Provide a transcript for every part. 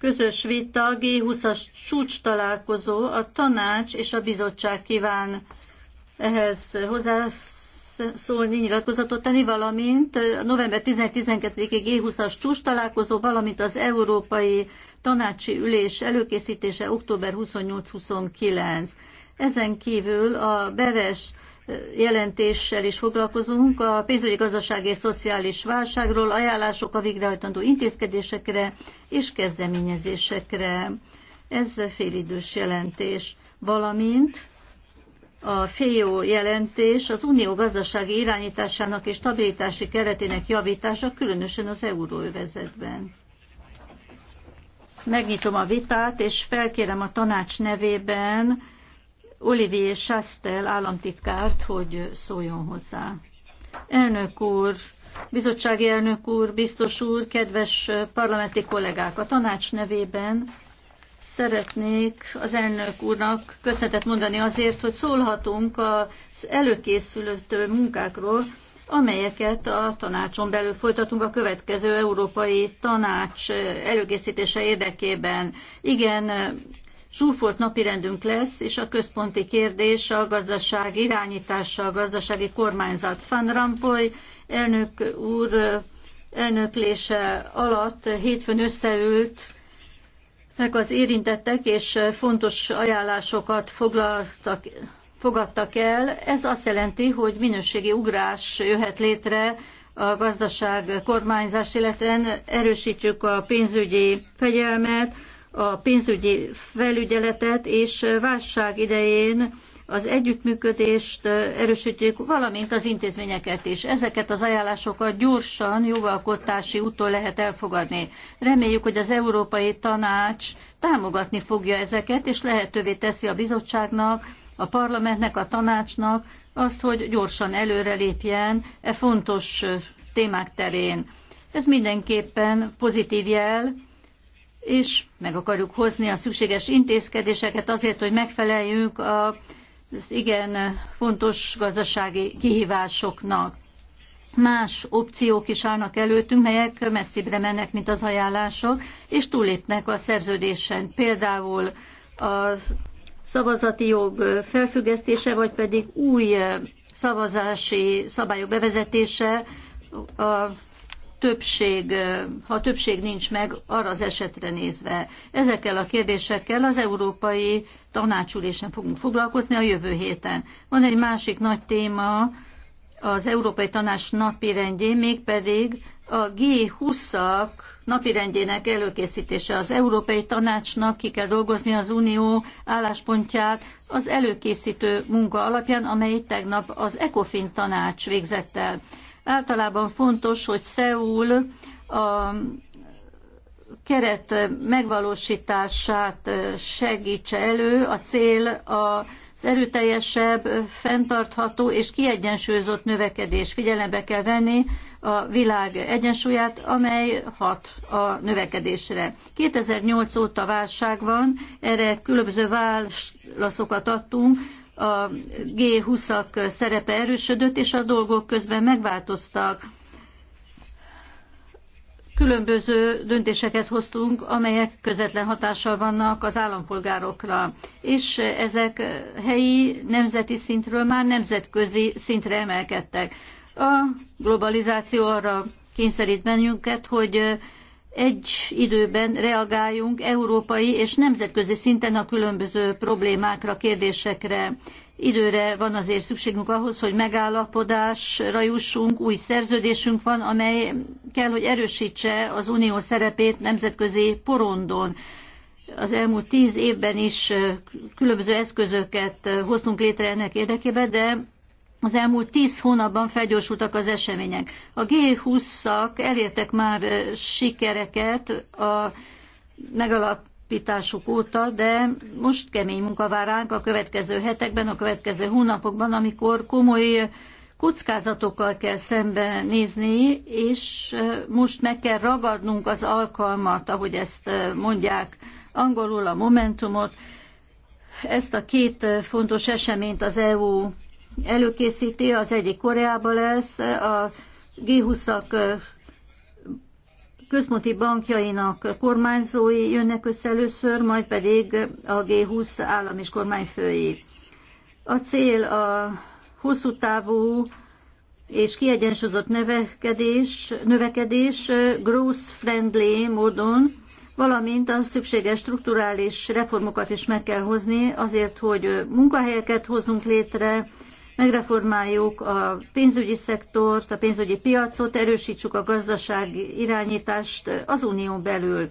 közös vita G20-as csúcs találkozó, a tanács és a bizottság kíván ehhez hozzászólni, nyilatkozatot tenni, valamint november 12 i G20-as csúcs találkozó, valamint az Európai Tanácsi Ülés előkészítése október 28-29. Ezen kívül a Beves jelentéssel is foglalkozunk a pénzügyi gazdasági és szociális válságról, ajánlások a végrehajtandó intézkedésekre és kezdeményezésekre. Ez félidős jelentés, valamint a FÉO jelentés az unió gazdasági irányításának és stabilitási keretének javítása, különösen az euróövezetben. Megnyitom a vitát, és felkérem a tanács nevében Olivier Chastel államtitkárt, hogy szóljon hozzá. Elnök úr, bizottsági elnök úr, biztos úr, kedves parlamenti kollégák, a tanács nevében szeretnék az elnök úrnak köszönetet mondani azért, hogy szólhatunk az előkészülött munkákról, amelyeket a tanácson belül folytatunk a következő európai tanács előkészítése érdekében. Igen, zsúfolt napirendünk lesz, és a központi kérdés a gazdaság irányítása, a gazdasági kormányzat. Van Rampoy elnök úr elnöklése alatt hétfőn összeült meg az érintettek, és fontos ajánlásokat foglaltak, fogadtak el. Ez azt jelenti, hogy minőségi ugrás jöhet létre a gazdaság kormányzás, illetve erősítjük a pénzügyi fegyelmet, a pénzügyi felügyeletet, és válság idején az együttműködést erősítjük, valamint az intézményeket is. Ezeket az ajánlásokat gyorsan jogalkotási úton lehet elfogadni. Reméljük, hogy az Európai Tanács támogatni fogja ezeket, és lehetővé teszi a bizottságnak, a parlamentnek, a tanácsnak azt, hogy gyorsan előrelépjen e fontos témák terén. Ez mindenképpen pozitív jel, és meg akarjuk hozni a szükséges intézkedéseket azért, hogy megfeleljünk az igen fontos gazdasági kihívásoknak. Más opciók is állnak előttünk, melyek messzibbre mennek, mint az ajánlások, és túlépnek a szerződésen. Például a szavazati jog felfüggesztése, vagy pedig új szavazási szabályok bevezetése a többség, ha többség nincs meg, arra az esetre nézve. Ezekkel a kérdésekkel az Európai Tanácsülésen fogunk foglalkozni a jövő héten. Van egy másik nagy téma az Európai Tanács rendjén, mégpedig a G20-ak napirendjének előkészítése az Európai Tanácsnak, ki kell dolgozni az Unió álláspontját az előkészítő munka alapján, amely tegnap az ECOFIN tanács végzett el. Általában fontos, hogy Szeul a keret megvalósítását segítse elő. A cél az erőteljesebb, fenntartható és kiegyensúlyozott növekedés. Figyelembe kell venni a világ egyensúlyát, amely hat a növekedésre. 2008 óta válság van, erre különböző válaszokat adtunk a G20-ak szerepe erősödött, és a dolgok közben megváltoztak. Különböző döntéseket hoztunk, amelyek közvetlen hatással vannak az állampolgárokra, és ezek helyi, nemzeti szintről már nemzetközi szintre emelkedtek. A globalizáció arra kényszerít bennünket, hogy egy időben reagáljunk európai és nemzetközi szinten a különböző problémákra, kérdésekre. Időre van azért szükségünk ahhoz, hogy megállapodásra jussunk, új szerződésünk van, amely kell, hogy erősítse az unió szerepét nemzetközi porondon. Az elmúlt tíz évben is különböző eszközöket hoztunk létre ennek érdekében, de az elmúlt tíz hónapban felgyorsultak az események. A G20-szak elértek már sikereket a megalapításuk óta, de most kemény munka vár ránk a következő hetekben, a következő hónapokban, amikor komoly kockázatokkal kell szembenézni, és most meg kell ragadnunk az alkalmat, ahogy ezt mondják angolul, a momentumot. Ezt a két fontos eseményt az EU előkészíti, az egyik Koreában lesz, a G20-ak központi bankjainak kormányzói jönnek össze először, majd pedig a G20 állam és kormányfői. A cél a hosszú távú és kiegyensúlyozott növekedés, növekedés growth-friendly módon, valamint a szükséges strukturális reformokat is meg kell hozni azért, hogy munkahelyeket hozzunk létre, megreformáljuk a pénzügyi szektort, a pénzügyi piacot, erősítsük a gazdaság irányítást az unión belül.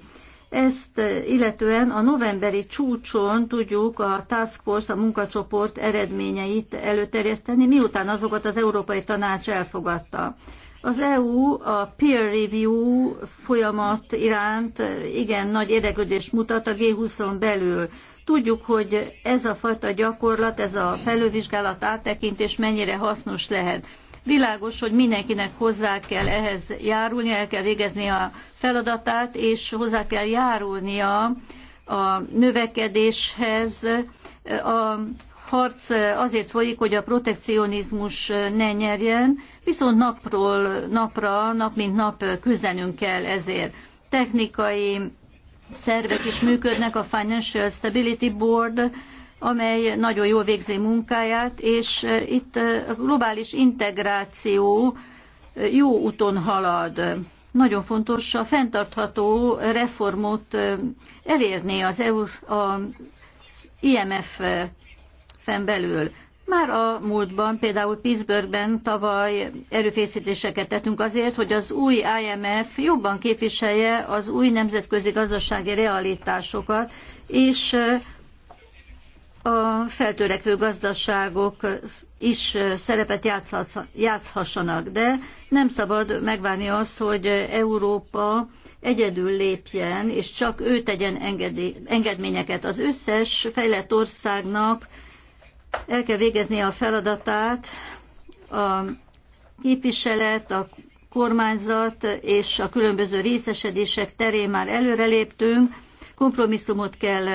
Ezt illetően a novemberi csúcson tudjuk a Task Force, a munkacsoport eredményeit előterjeszteni, miután azokat az Európai Tanács elfogadta. Az EU a peer review folyamat iránt igen nagy érdeklődést mutat a G20-on belül. Tudjuk, hogy ez a fajta gyakorlat, ez a felővizsgálat áttekintés mennyire hasznos lehet. Világos, hogy mindenkinek hozzá kell ehhez járulnia, el kell végezni a feladatát, és hozzá kell járulnia a növekedéshez. A harc azért folyik, hogy a protekcionizmus ne nyerjen, viszont napról napra, nap mint nap küzdenünk kell ezért. Technikai szervek is működnek, a Financial Stability Board, amely nagyon jól végzi munkáját, és e, itt e, a globális integráció e, jó úton halad. Nagyon fontos a fenntartható reformot elérni az, EU, az IMF-en belül. Már a múltban, például Pittsburghben tavaly erőfészítéseket tettünk azért, hogy az új IMF jobban képviselje az új nemzetközi gazdasági realitásokat, és a feltörekvő gazdaságok is szerepet játszhassanak, de nem szabad megvárni azt, hogy Európa egyedül lépjen, és csak ő tegyen engedi, engedményeket. Az összes fejlett országnak el kell végezni a feladatát, a képviselet, a kormányzat és a különböző részesedések terén már előreléptünk, kompromisszumot kell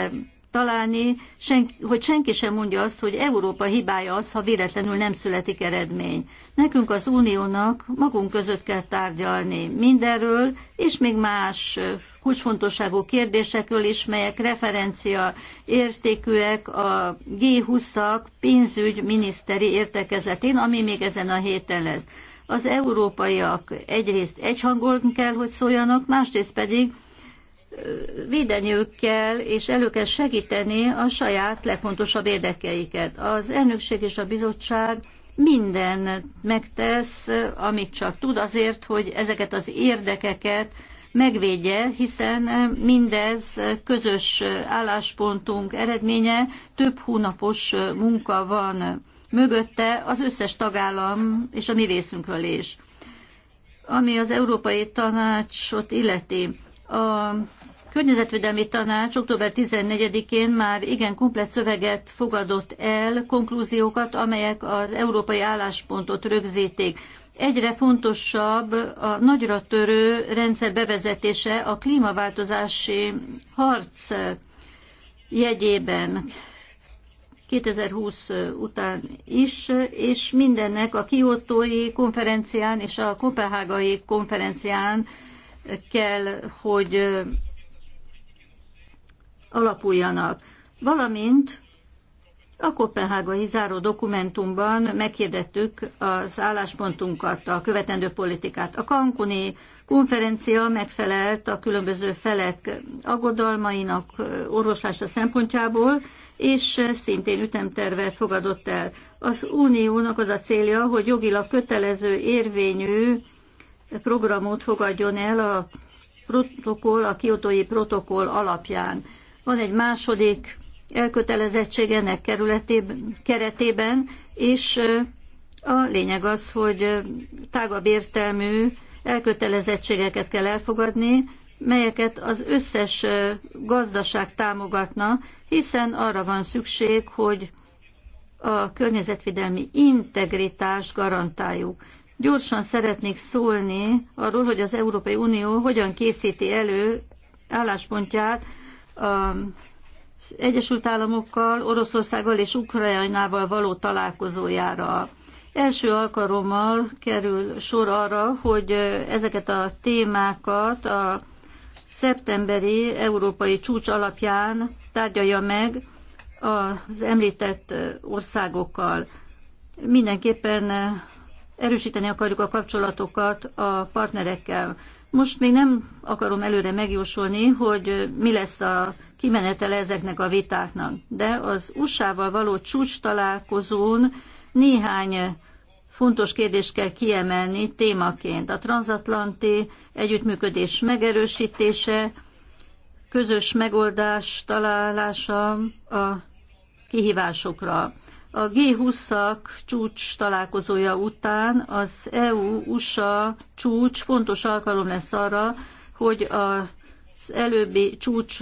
találni, senki, hogy senki sem mondja azt, hogy Európa hibája az, ha véletlenül nem születik eredmény. Nekünk az uniónak magunk között kell tárgyalni mindenről, és még más kulcsfontosságú kérdésekről is, melyek referencia értékűek a G20-ak pénzügyminiszteri értekezletén, ami még ezen a héten lesz. Az európaiak egyrészt egyhangon kell, hogy szóljanak, másrészt pedig védeniük kell, és elő kell segíteni a saját legfontosabb érdekeiket. Az elnökség és a bizottság minden megtesz, amit csak tud azért, hogy ezeket az érdekeket megvédje, hiszen mindez közös álláspontunk eredménye, több hónapos munka van mögötte az összes tagállam és a mi részünkről is. Ami az Európai Tanácsot illeti, a Környezetvédelmi Tanács október 14-én már igen komplet szöveget fogadott el, konklúziókat, amelyek az európai álláspontot rögzítik. Egyre fontosabb a nagyra törő rendszer bevezetése a klímaváltozási harc jegyében 2020 után is, és mindennek a kiótói konferencián és a kopenhágai konferencián kell, hogy alapuljanak, valamint a kopenhágai záró dokumentumban meghirdettük az álláspontunkat, a követendő politikát. A kankuni konferencia megfelelt a különböző felek aggodalmainak orvoslása szempontjából, és szintén ütemtervet fogadott el. Az uniónak az a célja, hogy jogilag kötelező érvényű programot fogadjon el a protokoll, a kiotói protokoll alapján. Van egy második elkötelezettség ennek keretében, és a lényeg az, hogy tágabb értelmű elkötelezettségeket kell elfogadni, melyeket az összes gazdaság támogatna, hiszen arra van szükség, hogy a környezetvédelmi integritást garantáljuk. Gyorsan szeretnék szólni arról, hogy az Európai Unió hogyan készíti elő álláspontját az Egyesült Államokkal, Oroszországgal és Ukrajnával való találkozójára. Első alkalommal kerül sor arra, hogy ezeket a témákat a szeptemberi európai csúcs alapján tárgyalja meg az említett országokkal. Mindenképpen erősíteni akarjuk a kapcsolatokat a partnerekkel. Most még nem akarom előre megjósolni, hogy mi lesz a kimenetele ezeknek a vitáknak, de az USA-val való csúcs találkozón néhány fontos kérdést kell kiemelni témaként. A transatlanti együttműködés megerősítése, közös megoldás találása a kihívásokra. A G20-ak csúcs találkozója után az EU-USA csúcs fontos alkalom lesz arra, hogy az előbbi csúcs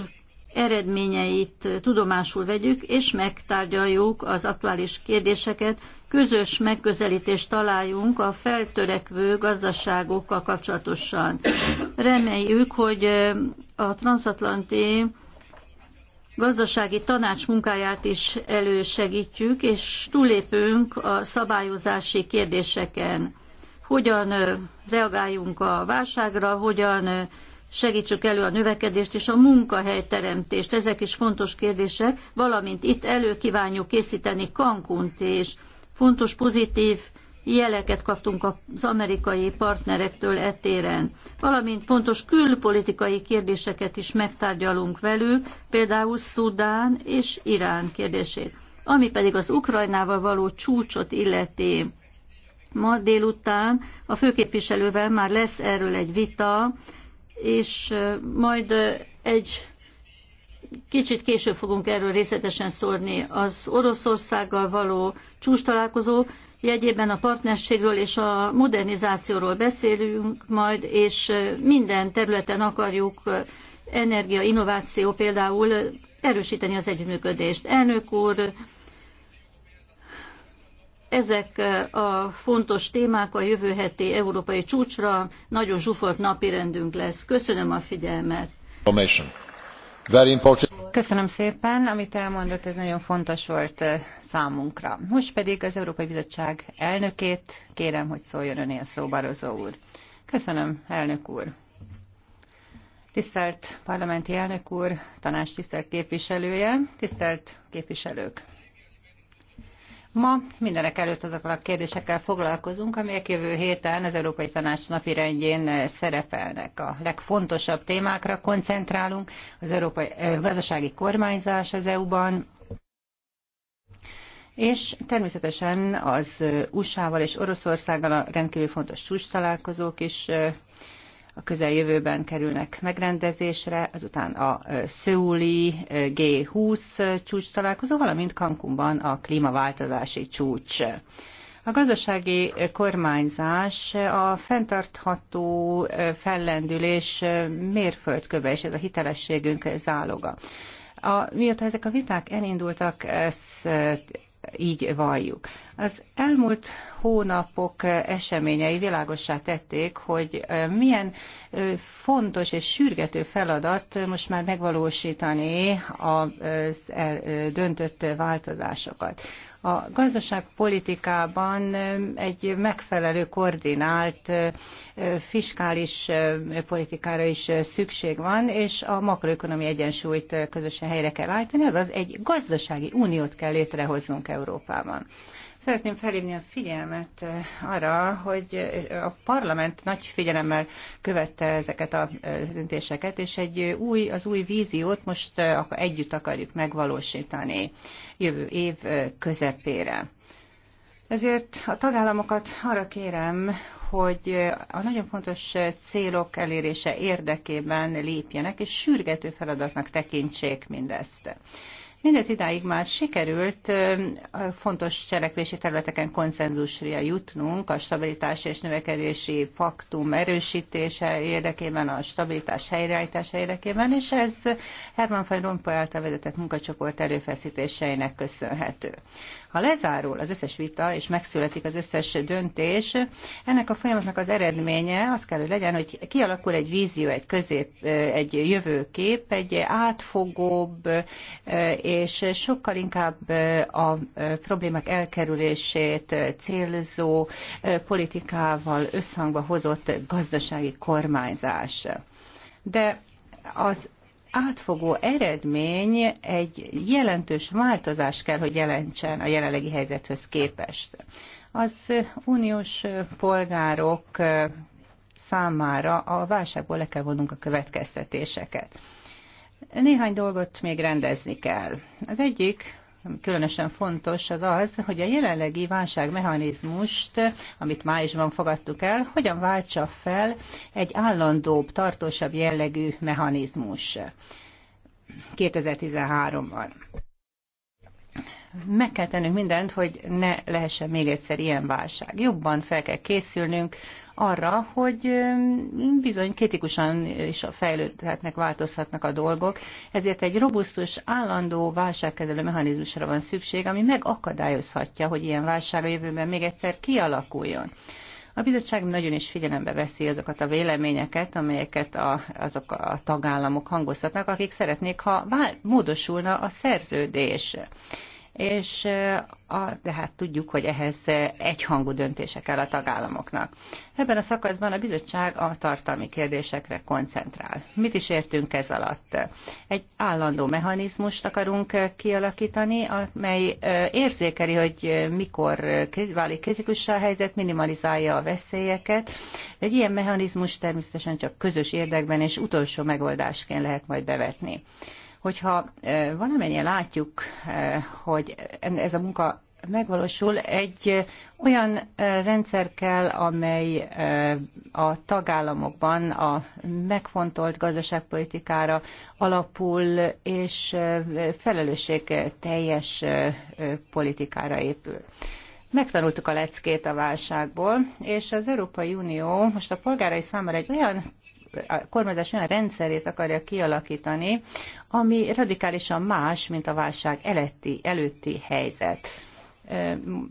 eredményeit tudomásul vegyük, és megtárgyaljuk az aktuális kérdéseket, közös megközelítést találjunk a feltörekvő gazdaságokkal kapcsolatosan. Reméljük, hogy a transatlanti gazdasági tanács munkáját is elősegítjük, és túlépünk a szabályozási kérdéseken. Hogyan reagáljunk a válságra, hogyan segítsük elő a növekedést és a munkahelyteremtést. Ezek is fontos kérdések, valamint itt elő kívánjuk készíteni Cancunt és fontos pozitív jeleket kaptunk az amerikai partnerektől etéren. Valamint fontos külpolitikai kérdéseket is megtárgyalunk velük, például Szudán és Irán kérdését. Ami pedig az Ukrajnával való csúcsot illeti. Ma délután a főképviselővel már lesz erről egy vita, és majd egy kicsit később fogunk erről részletesen szólni. Az Oroszországgal való csúcstalálkozó jegyében a partnerségről és a modernizációról beszélünk majd, és minden területen akarjuk energia, innováció például erősíteni az együttműködést. Elnök úr, ezek a fontos témák a jövő heti európai csúcsra nagyon zsúfolt napirendünk lesz. Köszönöm a figyelmet. Köszönöm szépen, amit elmondott, ez nagyon fontos volt eh, számunkra. Most pedig az Európai Bizottság elnökét kérem, hogy szóljon önél szó, Barozó úr. Köszönöm, elnök úr. Tisztelt parlamenti elnök úr, tanács tisztelt képviselője, tisztelt képviselők! Ma mindenek előtt azokkal a kérdésekkel foglalkozunk, amelyek jövő héten az Európai Tanács napirendjén szerepelnek. A legfontosabb témákra koncentrálunk, az európai eh, gazdasági kormányzás az EU-ban, és természetesen az eh, USA-val és Oroszországgal a rendkívül fontos csúcs találkozók is eh, a közeljövőben kerülnek megrendezésre, azután a Szöuli G20 csúcs találkozó, valamint Cancunban a klímaváltozási csúcs. A gazdasági kormányzás a fenntartható fellendülés mérföldköve, és ez a hitelességünk záloga. A, mióta ezek a viták elindultak, ez így valljuk. Az elmúlt hónapok eseményei világossá tették, hogy milyen fontos és sürgető feladat most már megvalósítani a döntött változásokat a gazdaságpolitikában um, egy megfelelő koordinált uh, fiskális uh, politikára is uh, szükség van, és a makroökonomi egyensúlyt közösen helyre kell állítani, azaz egy gazdasági uniót kell létrehoznunk Európában. Szeretném felhívni a figyelmet eh, arra, hogy eh, a parlament nagy figyelemmel követte ezeket a eh, döntéseket, és egy új, az új víziót most együtt akarjuk megvalósítani jövő év közepére. Ezért a tagállamokat arra kérem, hogy a nagyon fontos célok elérése érdekében lépjenek, és sürgető feladatnak tekintsék mindezt. Mindez idáig már sikerült fontos cselekvési területeken konszenzusra jutnunk, a stabilitás és növekedési paktum erősítése érdekében, a stabilitás helyreállítása érdekében, és ez Herman van Rompuy által vezetett munkacsoport erőfeszítéseinek köszönhető. Ha lezárul az összes vita, és megszületik az összes döntés, ennek a folyamatnak az eredménye az kell, hogy legyen, hogy kialakul egy vízió, egy közép, egy jövőkép, egy átfogóbb, és sokkal inkább a problémák elkerülését célzó politikával összhangba hozott gazdasági kormányzás. De az átfogó eredmény egy jelentős változás kell, hogy jelentsen a jelenlegi helyzethöz képest. Az uniós polgárok számára a válságból le kell vonnunk a következtetéseket. Néhány dolgot még rendezni kell. Az egyik, különösen fontos, az az, hogy a jelenlegi válságmechanizmust, amit májusban fogadtuk el, hogyan váltsa fel egy állandóbb, tartósabb jellegű mechanizmus 2013-ban. Meg kell tennünk mindent, hogy ne lehessen még egyszer ilyen válság. Jobban fel kell készülnünk, arra, hogy bizony kritikusan is fejlődhetnek, változhatnak a dolgok, ezért egy robusztus, állandó válságkezelő mechanizmusra van szükség, ami megakadályozhatja, hogy ilyen válság a jövőben még egyszer kialakuljon. A bizottság nagyon is figyelembe veszi azokat a véleményeket, amelyeket a, azok a tagállamok hangoztatnak, akik szeretnék, ha vál, módosulna a szerződés és eh, a, de hát tudjuk, hogy ehhez eh, egyhangú döntése kell a tagállamoknak. Ebben a szakaszban a bizottság a tartalmi kérdésekre koncentrál. Mit is értünk ez alatt? Egy állandó mechanizmust akarunk eh, kialakítani, amely érzékeli, hogy mikor válik kritikussá a helyzet, minimalizálja a veszélyeket. Egy ilyen mechanizmus természetesen csak közös érdekben és utolsó megoldásként lehet majd bevetni hogyha valamennyien látjuk, hogy ez a munka megvalósul, egy olyan rendszer kell, amely a tagállamokban a megfontolt gazdaságpolitikára alapul, és felelősség teljes politikára épül. Megtanultuk a leckét a válságból, és az Európai Unió most a polgárai számára egy olyan a kormányzás olyan rendszerét akarja kialakítani, ami radikálisan más, mint a válság eletti, előtti helyzet.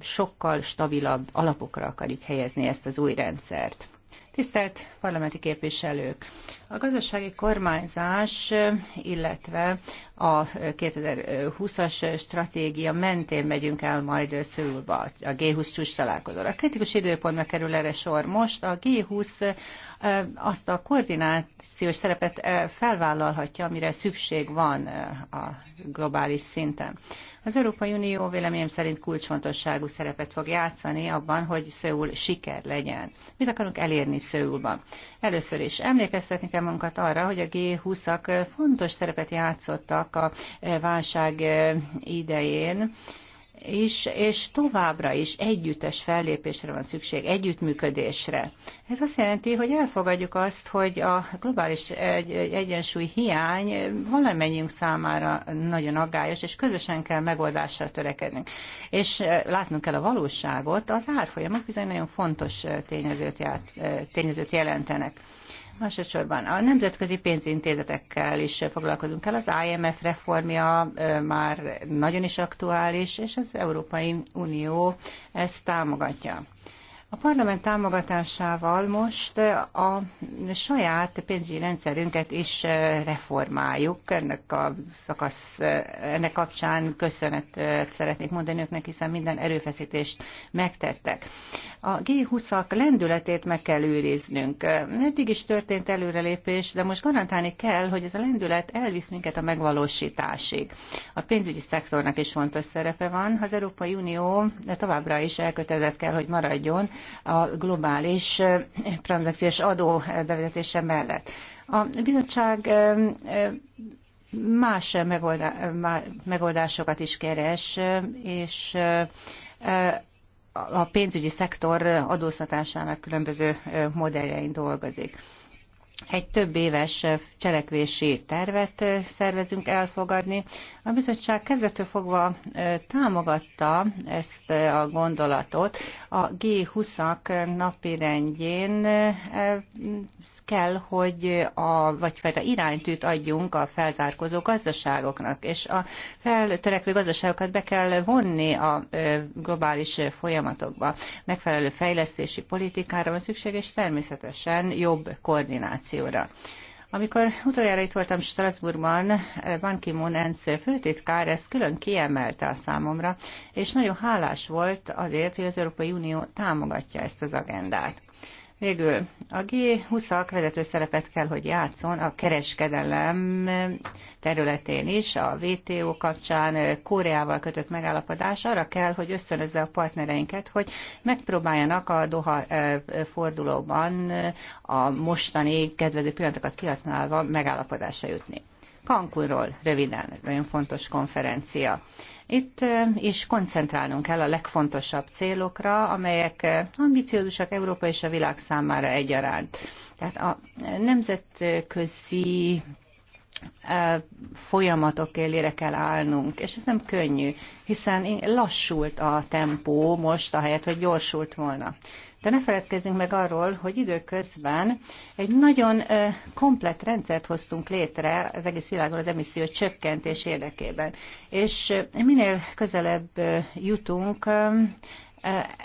Sokkal stabilabb alapokra akarjuk helyezni ezt az új rendszert. Tisztelt parlamenti képviselők! A gazdasági kormányzás, illetve a 2020-as stratégia mentén megyünk el majd Szülba, a G20 csúcs találkozóra. A kritikus időpont kerül erre sor most. A G20 eh, azt a koordinációs szerepet eh, felvállalhatja, amire szükség van eh, a globális szinten. Az Európai Unió véleményem szerint kulcsfontosságú szerepet fog játszani abban, hogy Szöul siker legyen. Mit akarunk elérni Szöulban? Először is emlékeztetni kell magunkat arra, hogy a G20-ak fontos szerepet játszottak voltak a e, válság e, idején és és továbbra is együttes fellépésre van szükség, együttműködésre. Ez azt jelenti, hogy elfogadjuk azt, hogy a globális egy, egyensúly hiány valamennyiünk számára nagyon aggályos, és közösen kell megoldásra törekednünk. És e, látnunk kell a valóságot, az árfolyamok bizony nagyon fontos tényezőt, ját, tényezőt jelentenek. Másodszorban a nemzetközi pénzintézetekkel is foglalkozunk el. Az IMF reformja már nagyon is aktuális, és az Európai Unió ezt támogatja. A parlament támogatásával most eh, a saját pénzügyi rendszerünket is eh, reformáljuk. Ennek a szakasz, eh, ennek kapcsán köszönetet szeretnék mondani önöknek, hiszen minden erőfeszítést megtettek. A G20-ak lendületét meg kell őriznünk. Eddig is történt előrelépés, de most garantálni kell, hogy ez a lendület elvisz minket a megvalósításig. A pénzügyi szektornak is fontos szerepe van. Az Európai Unió továbbra is elkötelezett kell, hogy maradjon a globális tranzakciós adó bevezetése mellett. A bizottság más megoldásokat is keres, és a pénzügyi szektor adóztatásának különböző modelljein dolgozik. Egy több éves cselekvési tervet szervezünk elfogadni, a bizottság kezdetől fogva támogatta ezt a gondolatot. A G20-ak rendjén e, kell, hogy a, vagy a iránytűt adjunk a felzárkozó gazdaságoknak, és a feltörekvő gazdaságokat be kell vonni a globális folyamatokba. Megfelelő fejlesztési politikára van szükség, és természetesen jobb koordinációra. Amikor utoljára itt voltam Strasbourgban, Ban Ki-moon ENSZ főtitkár ezt külön kiemelte a számomra, és nagyon hálás volt azért, hogy az Európai Unió támogatja ezt az agendát. Végül a G20-ak vezető szerepet kell, hogy játszon a kereskedelem területén is, a WTO kapcsán Koreával kötött megállapodás arra kell, hogy ösztönözze a partnereinket, hogy megpróbáljanak a Doha fordulóban a mostani kedvező pillanatokat kihasználva megállapodásra jutni. Cancunról röviden, nagyon fontos konferencia. Itt is koncentrálnunk kell a legfontosabb célokra, amelyek ambiciózusak Európa és a világ számára egyaránt. Tehát a nemzetközi folyamatok élére kell állnunk, és ez nem könnyű, hiszen lassult a tempó most, ahelyett, hogy gyorsult volna. De ne feledkezzünk meg arról, hogy időközben egy nagyon komplet rendszert hoztunk létre az egész világon az emisszió csökkentés érdekében. És minél közelebb jutunk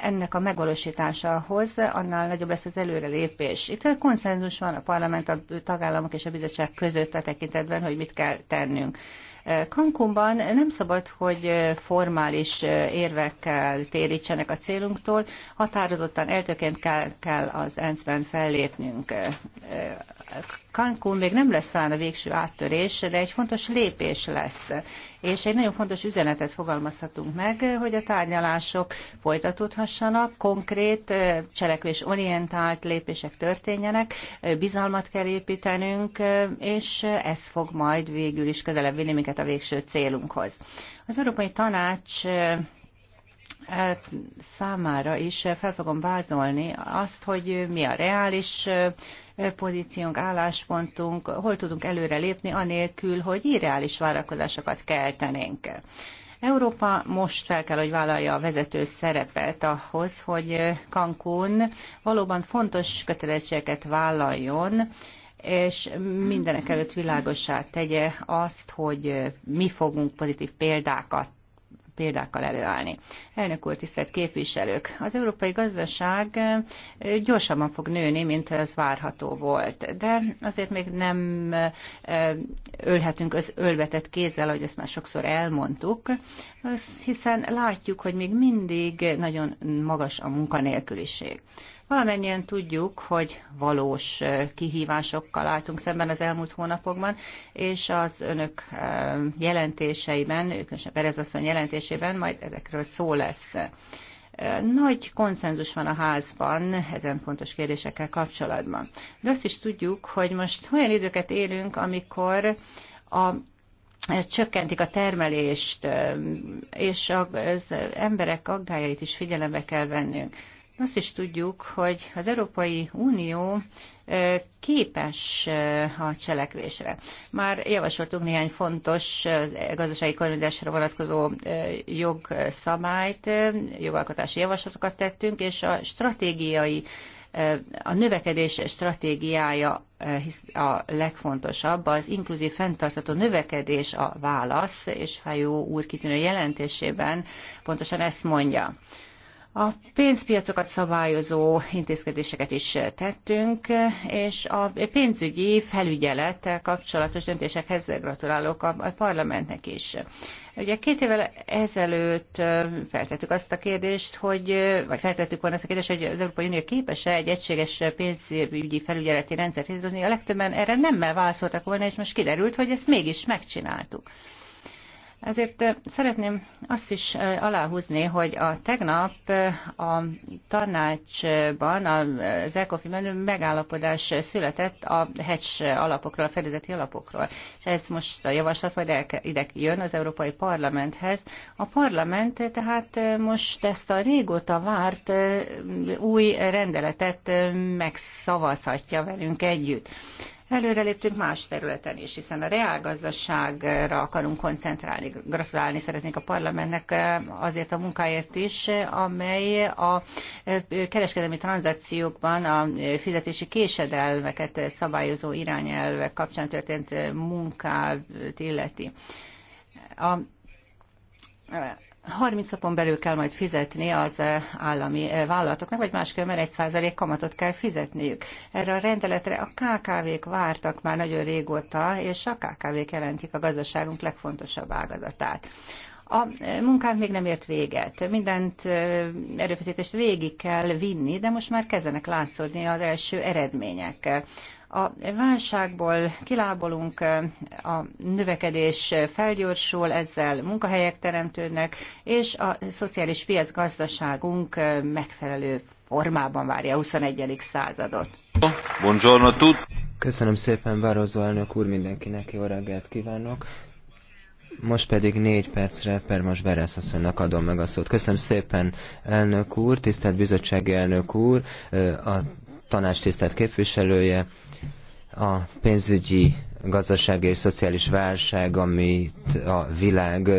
ennek a megvalósításához, annál nagyobb lesz az előrelépés. Itt a konszenzus van a parlament, a tagállamok és a bizottság között a tekintetben, hogy mit kell tennünk. Cancúnban nem szabad, hogy formális érvekkel térítsenek a célunktól, határozottan eltöként kell, kell az ENSZ-ben fellépnünk. Cancún még nem lesz talán a végső áttörés, de egy fontos lépés lesz és egy nagyon fontos üzenetet fogalmazhatunk meg, hogy a tárgyalások folytatódhassanak, konkrét cselekvés orientált lépések történjenek, bizalmat kell építenünk, és ez fog majd végül is közelebb vinni minket a végső célunkhoz. Az Európai Tanács Hát, számára is fel fogom vázolni azt, hogy mi a reális pozíciónk, álláspontunk, hol tudunk előre lépni, anélkül, hogy irreális várakozásokat keltenénk. Európa most fel kell, hogy vállalja a vezető szerepet ahhoz, hogy Cancún valóban fontos kötelezettségeket vállaljon, és mindenek előtt világosá tegye azt, hogy mi fogunk pozitív példákat példákkal előállni. Elnök úr, tisztelt képviselők! Az európai gazdaság gyorsabban fog nőni, mint az várható volt, de azért még nem ölhetünk az ölvetett kézzel, ahogy ezt már sokszor elmondtuk, hiszen látjuk, hogy még mindig nagyon magas a munkanélküliség. Valamennyien tudjuk, hogy valós kihívásokkal álltunk szemben az elmúlt hónapokban, és az önök jelentéseiben, különösen Perez asszony jelentésében majd ezekről szó lesz. Nagy konszenzus van a házban ezen fontos kérdésekkel kapcsolatban. De azt is tudjuk, hogy most olyan időket élünk, amikor a csökkentik a termelést, és az emberek aggájait is figyelembe kell vennünk. Azt is tudjuk, hogy az Európai Unió képes a cselekvésre. Már javasoltunk néhány fontos gazdasági kormányzásra vonatkozó jogszabályt, jogalkotási javaslatokat tettünk, és a stratégiai a növekedés stratégiája a legfontosabb, az inkluzív fenntartató növekedés a válasz, és Fajó úr kitűnő jelentésében pontosan ezt mondja. A pénzpiacokat szabályozó intézkedéseket is tettünk, és a pénzügyi felügyelettel kapcsolatos döntésekhez gratulálok a parlamentnek is. Ugye két évvel ezelőtt feltettük azt a kérdést, hogy, vagy feltettük volna azt a kérdést, hogy az Európai Unió képes-e egy egységes pénzügyi felügyeleti rendszert létrehozni. A legtöbben erre nemmel válaszoltak volna, és most kiderült, hogy ezt mégis megcsináltuk. Ezért szeretném azt is aláhúzni, hogy a tegnap a tanácsban az menő megállapodás született a hedge alapokról, a fedezeti alapokról. És ez most a javaslat majd ide jön az Európai Parlamenthez. A parlament tehát most ezt a régóta várt új rendeletet megszavazhatja velünk együtt. Előreléptünk más területen is, hiszen a reálgazdaságra akarunk koncentrálni. Gratulálni szeretnék a parlamentnek eh, azért a munkáért is, eh, amely a eh, kereskedelmi tranzakciókban a fizetési késedelmeket szabályozó irányelvek kapcsán történt munkát illeti. A 30 napon belül kell majd fizetni az eh, állami eh, vállalatoknak, vagy egy százalék kamatot kell fizetniük. Erre a rendeletre a KKV-k vártak már nagyon régóta, és a KKV-k jelentik a gazdaságunk legfontosabb ágazatát. A eh, munkánk még nem ért véget. Mindent erőfeszítést végig kell vinni, de most már kezdenek látszódni az első eredmények. A válságból kilábolunk, a növekedés felgyorsul, ezzel munkahelyek teremtődnek, és a szociális piacgazdaságunk megfelelő formában várja a 21. századot. Buongiorno tut. Köszönöm szépen, Vározó elnök úr, mindenkinek jó reggelt kívánok. Most pedig négy percre Permas Beresz asszonynak adom meg a szót. Köszönöm szépen, elnök úr, tisztelt bizottsági elnök úr, a tanács tisztelt képviselője, a pénzügyi, gazdasági és szociális válság, amit a világ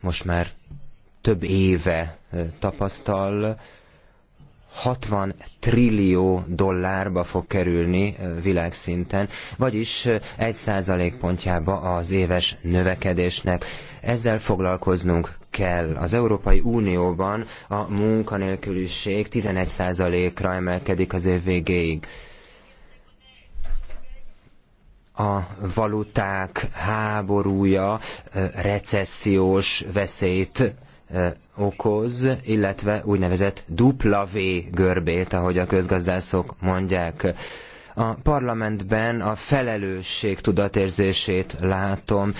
most már több éve tapasztal, 60 trillió dollárba fog kerülni világszinten, vagyis 1 százalékpontjába az éves növekedésnek. Ezzel foglalkoznunk kell. Az Európai Unióban a munkanélküliség 11 százalékra emelkedik az év végéig a valuták háborúja recessziós veszélyt okoz, illetve úgynevezett dupla V görbét, ahogy a közgazdászok mondják a parlamentben a felelősség tudatérzését látom.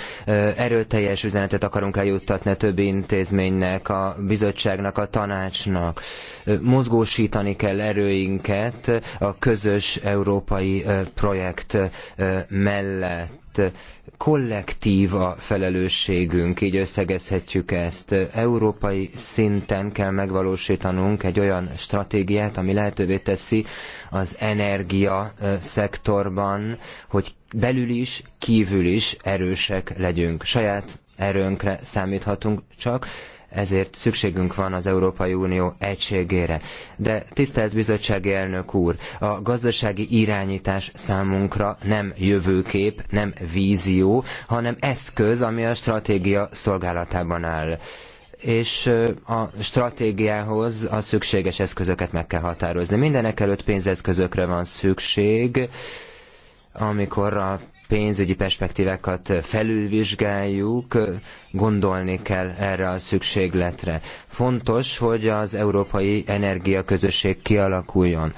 Erőteljes üzenetet akarunk eljuttatni a többi intézménynek, a bizottságnak, a tanácsnak. Mozgósítani kell erőinket a közös európai projekt mellett mert kollektív a felelősségünk, így összegezhetjük ezt. Európai szinten kell megvalósítanunk egy olyan stratégiát, ami lehetővé teszi az energia szektorban, hogy belül is, kívül is erősek legyünk. Saját erőnkre számíthatunk csak, ezért szükségünk van az Európai Unió egységére. De tisztelt bizottsági elnök úr, a gazdasági irányítás számunkra nem jövőkép, nem vízió, hanem eszköz, ami a stratégia szolgálatában áll és a stratégiához a szükséges eszközöket meg kell határozni. Mindenek előtt pénzeszközökre van szükség, amikor a pénzügyi perspektívákat felülvizsgáljuk, gondolni kell erre a szükségletre. Fontos, hogy az európai energiaközösség kialakuljon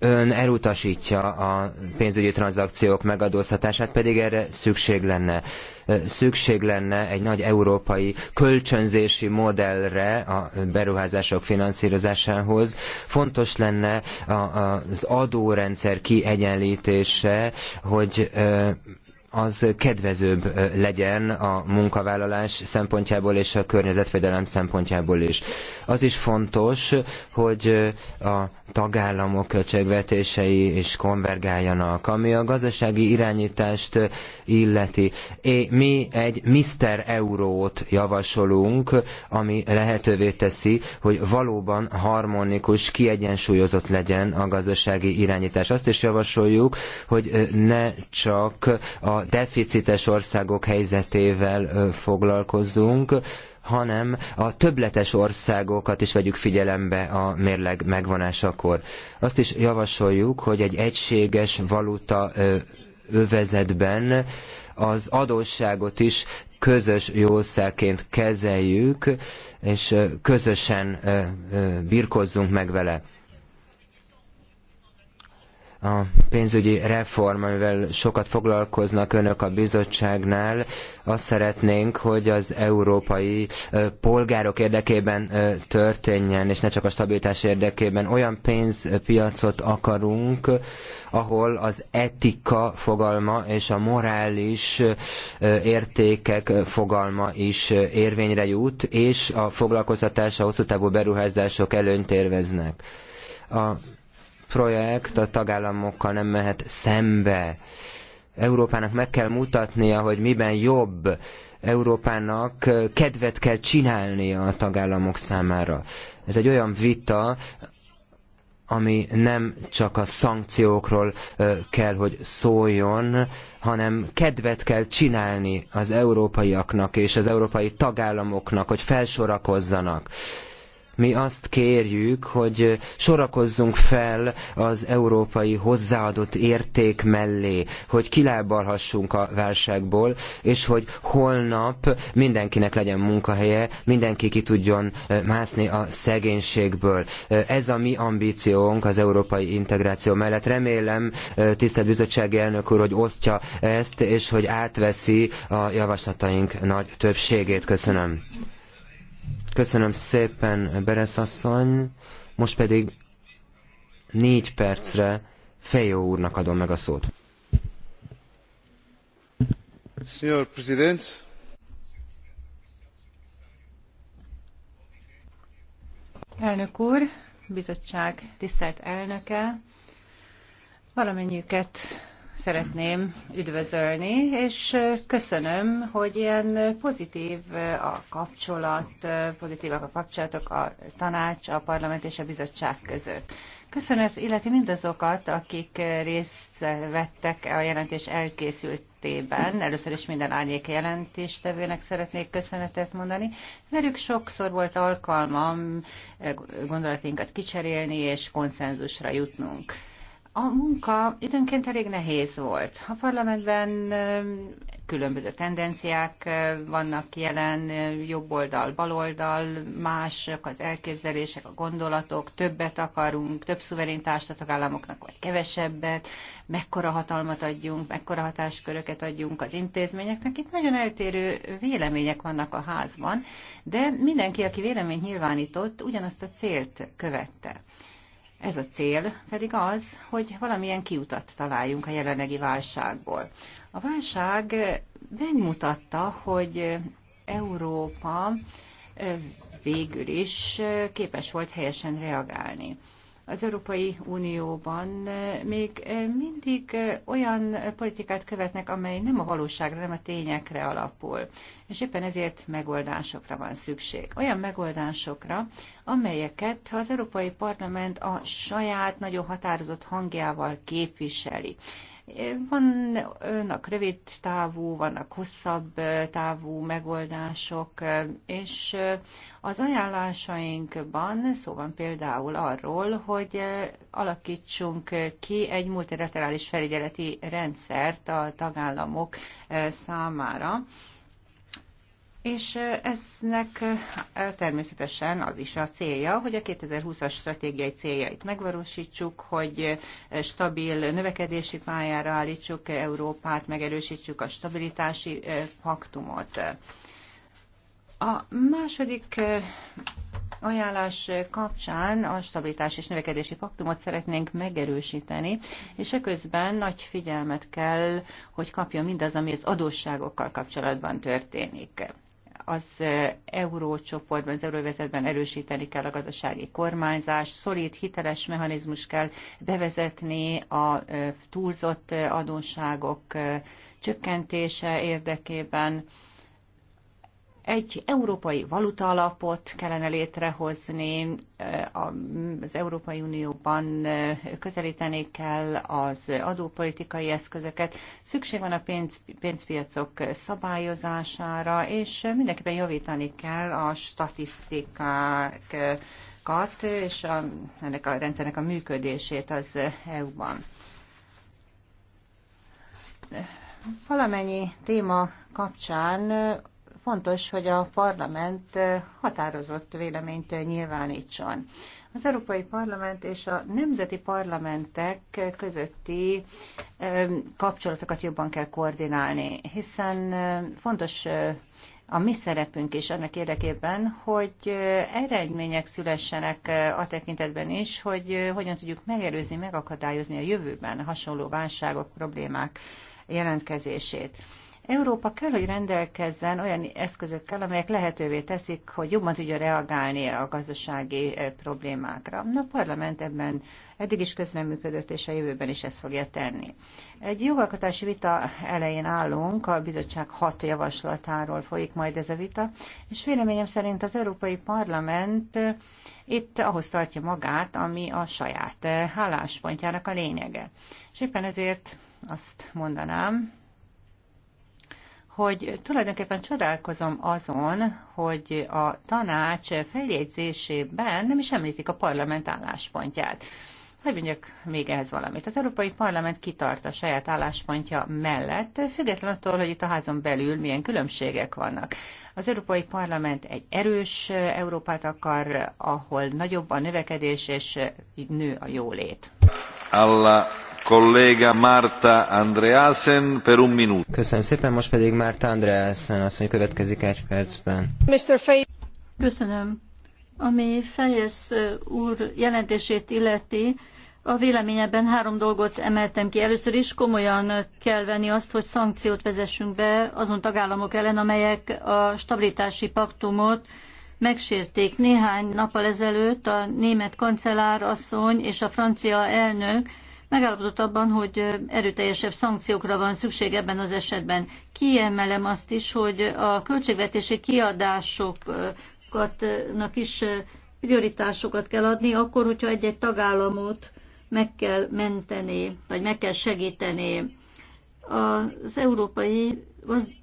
ön elutasítja a pénzügyi tranzakciók megadóztatását, pedig erre szükség lenne. Szükség lenne egy nagy európai kölcsönzési modellre a beruházások finanszírozásához. Fontos lenne az adórendszer kiegyenlítése, hogy az kedvezőbb legyen a munkavállalás szempontjából és a környezetvédelem szempontjából is. Az is fontos, hogy a tagállamok költségvetései is konvergáljanak, ami a gazdasági irányítást illeti. É, mi egy Mr. Eurót javasolunk, ami lehetővé teszi, hogy valóban harmonikus, kiegyensúlyozott legyen a gazdasági irányítás. Azt is javasoljuk, hogy ne csak a deficites országok helyzetével foglalkozzunk, hanem a többletes országokat is vegyük figyelembe a mérleg megvonásakor. Azt is javasoljuk, hogy egy egységes valuta övezetben az adósságot is közös jószágként kezeljük, és közösen birkozzunk meg vele a pénzügyi reform, amivel sokat foglalkoznak önök a bizottságnál, azt szeretnénk, hogy az európai polgárok érdekében történjen, és ne csak a stabilitás érdekében. Olyan pénzpiacot akarunk, ahol az etika fogalma és a morális értékek fogalma is érvényre jut, és a foglalkoztatás, a hosszú távú beruházások előnyt érveznek. A projekt a tagállamokkal nem mehet szembe. Európának meg kell mutatnia, hogy miben jobb. Európának kedvet kell csinálnia a tagállamok számára. Ez egy olyan vita, ami nem csak a szankciókról kell, hogy szóljon, hanem kedvet kell csinálni az európaiaknak és az európai tagállamoknak, hogy felsorakozzanak. Mi azt kérjük, hogy sorakozzunk fel az európai hozzáadott érték mellé, hogy kilábalhassunk a válságból, és hogy holnap mindenkinek legyen munkahelye, mindenki ki tudjon mászni a szegénységből. Ez a mi ambíciónk az európai integráció mellett. Remélem, tisztelt bizottsági elnök úr, hogy osztja ezt, és hogy átveszi a javaslataink nagy többségét. Köszönöm. Köszönöm szépen, Beresz asszony. Most pedig négy percre Fejó úrnak adom meg a szót. Señor Presidente, Elnök úr, bizottság tisztelt elnöke, valamennyiüket szeretném üdvözölni, és köszönöm, hogy ilyen pozitív a kapcsolat, pozitívak a kapcsolatok a tanács, a parlament és a bizottság között. Köszönöm, illeti mindazokat, akik részt vettek a jelentés elkészültében. Először is minden árnyék jelentéstevőnek szeretnék köszönetet mondani. Velük sokszor volt alkalmam gondolatinkat kicserélni és konszenzusra jutnunk. A munka időnként elég nehéz volt. A parlamentben különböző tendenciák vannak jelen, jobb oldal, bal oldal, mások az elképzelések, a gondolatok, többet akarunk, több szuverén a tagállamoknak, vagy kevesebbet, mekkora hatalmat adjunk, mekkora hatásköröket adjunk az intézményeknek. Itt nagyon eltérő vélemények vannak a házban, de mindenki, aki véleményt nyilvánított, ugyanazt a célt követte. Ez a cél pedig az, hogy valamilyen kiutat találjunk a jelenlegi válságból. A válság megmutatta, hogy Európa végül is képes volt helyesen reagálni az Európai Unióban eh, még eh, mindig eh, olyan politikát követnek, amely nem a valóságra, nem a tényekre alapul. És éppen ezért megoldásokra van szükség. Olyan megoldásokra, amelyeket az Európai Parlament a saját nagyon határozott hangjával képviseli. Vannak rövid távú, vannak hosszabb távú megoldások, és az ajánlásainkban szó van például arról, hogy alakítsunk ki egy multilaterális felügyeleti rendszert a tagállamok számára, és eznek természetesen az is a célja, hogy a 2020-as stratégiai céljait megvalósítsuk, hogy stabil növekedési pályára állítsuk Európát, megerősítsük a stabilitási paktumot. A második ajánlás kapcsán a stabilitás és növekedési paktumot szeretnénk megerősíteni, és eközben nagy figyelmet kell, hogy kapjon mindaz, ami az adósságokkal kapcsolatban történik az eurócsoportban, az euróvezetben erősíteni kell a gazdasági kormányzás, szolid, hiteles mechanizmus kell bevezetni a túlzott adósságok csökkentése érdekében, egy európai valuta alapot kellene létrehozni, eh, az Európai Unióban eh, közelíteni kell az adópolitikai eszközöket. Szükség van a pénz, pénzpiacok szabályozására, és mindenképpen javítani kell a statisztikákat és a, ennek a rendszernek a működését az EU-ban valamennyi téma kapcsán fontos, hogy a parlament határozott véleményt nyilvánítson. Az Európai Parlament és a nemzeti parlamentek közötti kapcsolatokat jobban kell koordinálni, hiszen fontos a mi szerepünk is annak érdekében, hogy eredmények szülessenek a tekintetben is, hogy hogyan tudjuk megerőzni, megakadályozni a jövőben hasonló válságok, problémák jelentkezését. Európa kell, hogy rendelkezzen olyan eszközökkel, amelyek lehetővé teszik, hogy jobban tudja reagálni a gazdasági eh, problémákra. Na, a parlament ebben eddig is közreműködött, és a jövőben is ezt fogja tenni. Egy jogalkotási vita elején állunk, a bizottság hat javaslatáról folyik majd ez a vita, és véleményem szerint az Európai Parlament eh, itt ahhoz tartja magát, ami a saját eh, álláspontjának a lényege. És éppen ezért azt mondanám, hogy tulajdonképpen csodálkozom azon, hogy a tanács feljegyzésében nem is említik a parlament álláspontját. Hogy mondjak még ehhez valamit. Az Európai Parlament kitart a saját álláspontja mellett, független attól, hogy itt a házon belül milyen különbségek vannak. Az Európai Parlament egy erős Európát akar, ahol nagyobb a növekedés és nő a jólét. Allah Köszönöm szépen, most pedig Marta Andreasen azt mondja, következik egy percben. Köszönöm. Ami Fejesz úr jelentését illeti, a véleményeben három dolgot emeltem ki. Először is komolyan kell venni azt, hogy szankciót vezessünk be azon tagállamok ellen, amelyek a stabilitási paktumot megsérték. Néhány nappal ezelőtt a német kancellár asszony és a francia elnök megállapodott abban, hogy erőteljesebb szankciókra van szükség ebben az esetben. Kiemelem azt is, hogy a költségvetési kiadásoknak is prioritásokat kell adni, akkor, hogyha egy-egy tagállamot meg kell menteni, vagy meg kell segíteni. Az európai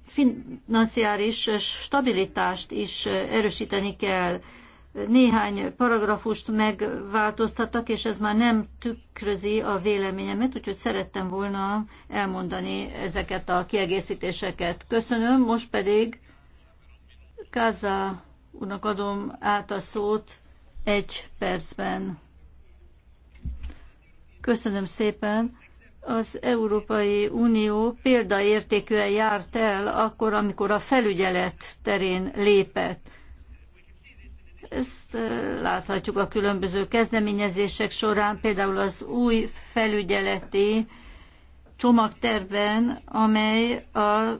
financiális stabilitást is erősíteni kell néhány paragrafust megváltoztattak, és ez már nem tükrözi a véleményemet, úgyhogy szerettem volna elmondani ezeket a kiegészítéseket. Köszönöm, most pedig Káza úrnak adom át a szót egy percben. Köszönöm szépen. Az Európai Unió példaértékűen járt el akkor, amikor a felügyelet terén lépett ezt láthatjuk a különböző kezdeményezések során, például az új felügyeleti csomagterben, amely a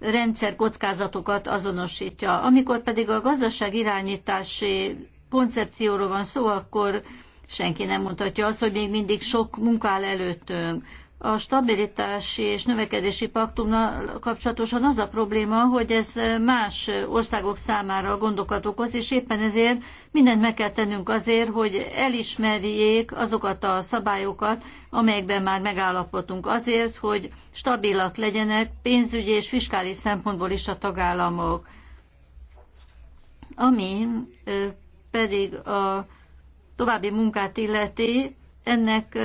rendszer kockázatokat azonosítja. Amikor pedig a gazdaság irányítási koncepcióról van szó, akkor senki nem mondhatja azt, hogy még mindig sok munka áll előttünk a stabilitási és növekedési paktumnal kapcsolatosan az a probléma, hogy ez más országok számára gondokat okoz, és éppen ezért mindent meg kell tennünk azért, hogy elismerjék azokat a szabályokat, amelyekben már megállapodtunk azért, hogy stabilak legyenek pénzügyi és fiskális szempontból is a tagállamok. Ami pedig a további munkát illeti, ennek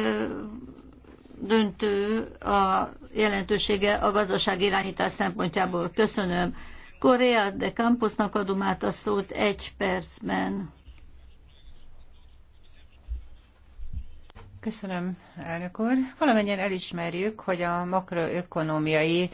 döntő a jelentősége a gazdaság irányítás szempontjából. Köszönöm. Korea de Camposnak adom át a szót egy percben. Köszönöm, elnök úr. Valamennyien elismerjük, hogy a makroökonomiai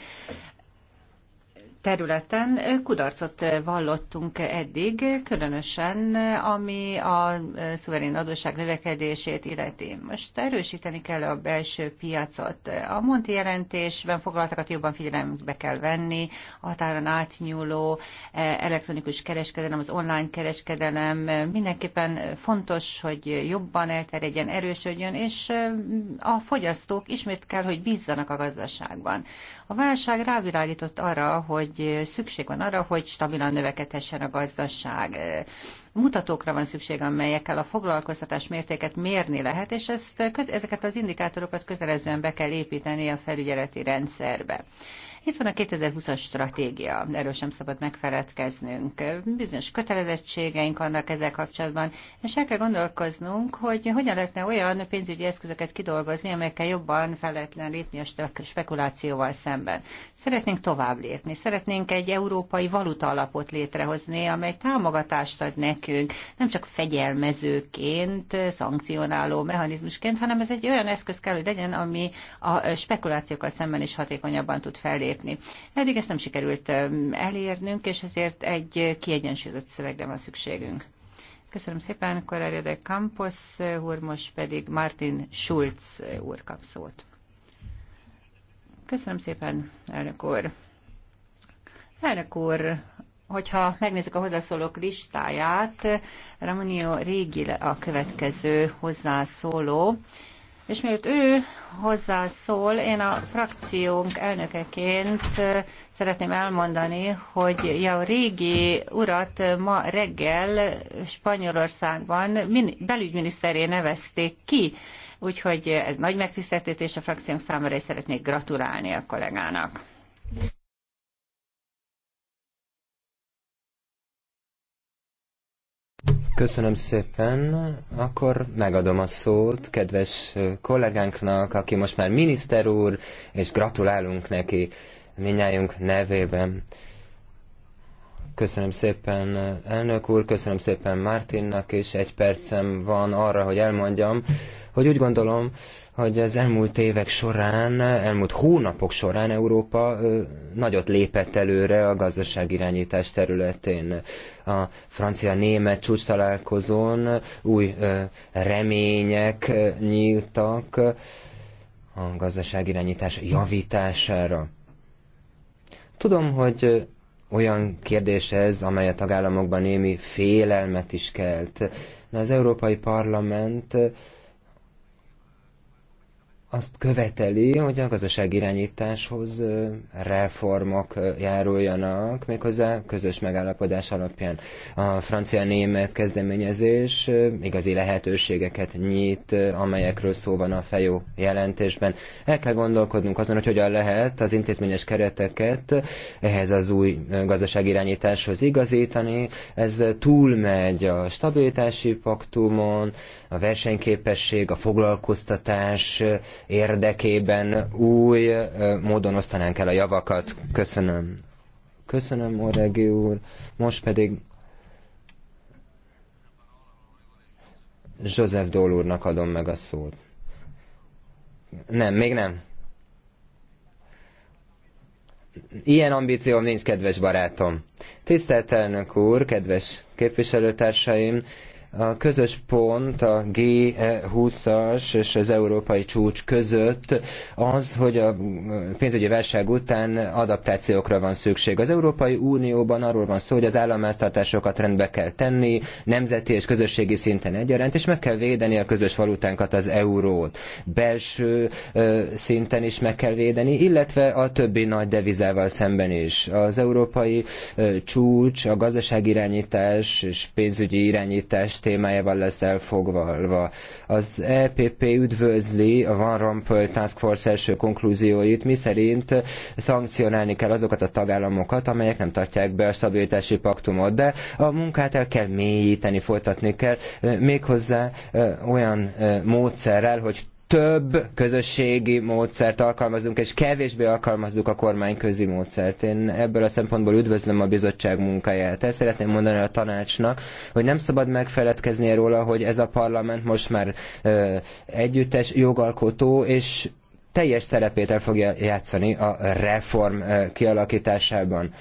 területen kudarcot vallottunk eddig, különösen ami a szuverén adósság növekedését illeti. Most erősíteni kell a belső piacot. A Monti jelentésben foglaltakat jobban figyelembe kell venni, a határon átnyúló eh, elektronikus kereskedelem, az online kereskedelem mindenképpen fontos, hogy jobban elterjedjen, erősödjön, és eh, a fogyasztók ismét kell, hogy bízzanak a gazdaságban. A válság rávilágított arra, hogy szükség van arra, hogy stabilan növekedhessen a gazdaság mutatókra van szükség, amelyekkel a foglalkoztatás mértéket mérni lehet, és ezt, ezeket az indikátorokat kötelezően be kell építeni a felügyeleti rendszerbe. Itt van a 2020-as stratégia, erről sem szabad megfeledkeznünk. Bizonyos kötelezettségeink vannak ezzel kapcsolatban, és el kell gondolkoznunk, hogy hogyan lehetne olyan pénzügyi eszközöket kidolgozni, amelyekkel jobban fel lehetne lépni a spekulációval szemben. Szeretnénk tovább lépni, szeretnénk egy európai valuta alapot létrehozni, amely támogatást ad nekünk, nem csak fegyelmezőként, szankcionáló mechanizmusként, hanem ez egy olyan eszköz kell, hogy legyen, ami a spekulációkkal szemben is hatékonyabban tud fellépni lépni. Eddig ezt nem sikerült elérnünk, és ezért egy kiegyensúlyozott szövegre van szükségünk. Köszönöm szépen, Correia de Campos úr, most pedig Martin Schulz úr kap szót. Köszönöm szépen, elnök úr. Elnök úr, hogyha megnézzük a hozzászólók listáját, Ramonio Régi a következő hozzászóló. És miért ő hozzászól, én a frakciónk elnökeként szeretném elmondani, hogy a régi urat ma reggel Spanyolországban belügyminiszteré nevezték ki, úgyhogy ez nagy megtiszteltetés a frakciónk számára, és szeretnék gratulálni a kollégának. Köszönöm szépen. Akkor megadom a szót kedves kollégánknak, aki most már miniszter úr, és gratulálunk neki minnyájunk nevében. Köszönöm szépen elnök úr, köszönöm szépen Mártinnak, és egy percem van arra, hogy elmondjam, hogy úgy gondolom, hogy az elmúlt évek során, elmúlt hónapok során Európa nagyot lépett előre a gazdaságirányítás területén. A francia-német csúcs találkozón új remények nyíltak a gazdaságirányítás javítására. Tudom, hogy olyan kérdés ez, amely a tagállamokban némi félelmet is kelt. De az Európai Parlament azt követeli, hogy a gazdaságirányításhoz reformok járuljanak, méghozzá közös megállapodás alapján. A francia-német kezdeményezés igazi lehetőségeket nyit, amelyekről szó van a fejó jelentésben. El kell gondolkodnunk azon, hogy hogyan lehet az intézményes kereteket ehhez az új gazdaságirányításhoz igazítani. Ez túlmegy a stabilitási paktumon, a versenyképesség, a foglalkoztatás, érdekében új módon osztanánk el a javakat. Köszönöm. Köszönöm, Oregi úr. Most pedig József Dól úrnak adom meg a szót. Nem, még nem. Ilyen ambícióm nincs, kedves barátom. Tisztelt elnök úr, kedves képviselőtársaim, a közös pont a G20-as és az európai csúcs között az, hogy a pénzügyi válság után adaptációkra van szükség. Az Európai Unióban arról van szó, hogy az államháztartásokat rendbe kell tenni, nemzeti és közösségi szinten egyaránt, és meg kell védeni a közös valutánkat, az eurót. Belső szinten is meg kell védeni, illetve a többi nagy devizával szemben is. Az európai csúcs, a gazdaságirányítás és pénzügyi irányítás témájával lesz elfoglalva. Az EPP üdvözli a Van Rompuy Task Force első konklúzióit, miszerint szankcionálni kell azokat a tagállamokat, amelyek nem tartják be a stabilitási paktumot, de a munkát el kell mélyíteni, folytatni kell, méghozzá olyan módszerrel, hogy több közösségi módszert alkalmazunk, és kevésbé alkalmazzuk a kormányközi módszert. Én ebből a szempontból üdvözlöm a bizottság munkáját. Ezt szeretném mondani a tanácsnak, hogy nem szabad megfeledkeznie róla, hogy ez a parlament most már ö, együttes jogalkotó, és teljes szerepét el fogja játszani a reform kialakításában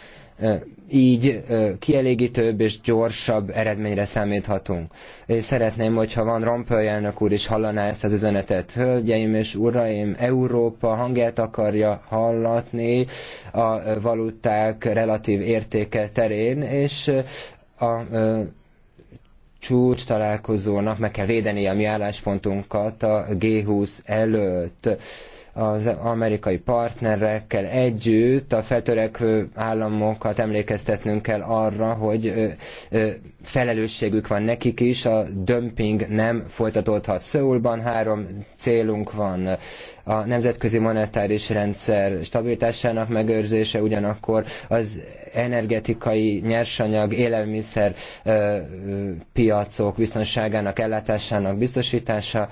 így kielégítőbb és gyorsabb eredményre számíthatunk. Én szeretném, hogyha van Rompuy elnök úr is hallaná ezt az üzenetet. Hölgyeim és uraim, Európa hangját akarja hallatni a valuták relatív értéke terén, és a csúcs találkozónak meg kell védeni a mi álláspontunkat a G20 előtt az amerikai partnerekkel együtt a feltörekvő államokat emlékeztetnünk kell arra, hogy felelősségük van nekik is, a dömping nem folytatódhat Szöulban. Három célunk van a nemzetközi monetáris rendszer stabilitásának megőrzése, ugyanakkor az energetikai nyersanyag, élelmiszer piacok biztonságának, ellátásának biztosítása,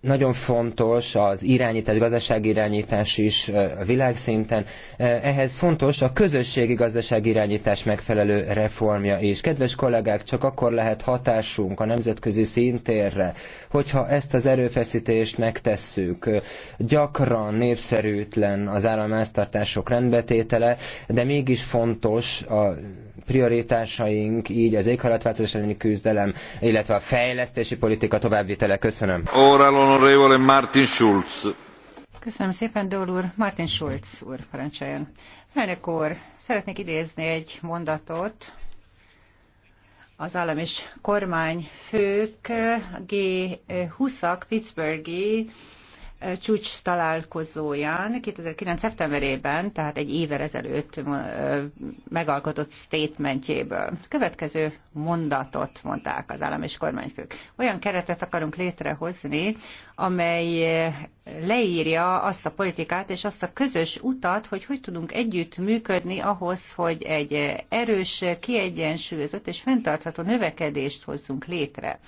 nagyon fontos az irányítás, gazdaságirányítás is világszinten. Ehhez fontos a közösségi gazdaságirányítás megfelelő reformja is. Kedves kollégák, csak akkor lehet hatásunk a nemzetközi szintérre, hogyha ezt az erőfeszítést megtesszük. Gyakran népszerűtlen az államháztartások rendbetétele, de mégis fontos a prioritásaink, így az éghajlatváltozás elleni küzdelem, illetve a fejlesztési politika továbbvitele. Köszönöm. Martin Schulz. Köszönöm szépen, Dól úr. Martin Schulz úr, parancsoljon. Elnök úr, szeretnék idézni egy mondatot, az állam és kormányfők G20-ak Pittsburghi Eh, csúcs találkozóján 2009. szeptemberében, tehát egy évvel ezelőtt eh, megalkotott statementjéből. Következő mondatot mondták az állam és kormányfők. Olyan keretet akarunk létrehozni, amely eh, leírja azt a politikát és azt a közös utat, hogy hogy tudunk együtt működni ahhoz, hogy egy erős, kiegyensúlyozott és fenntartható növekedést hozzunk létre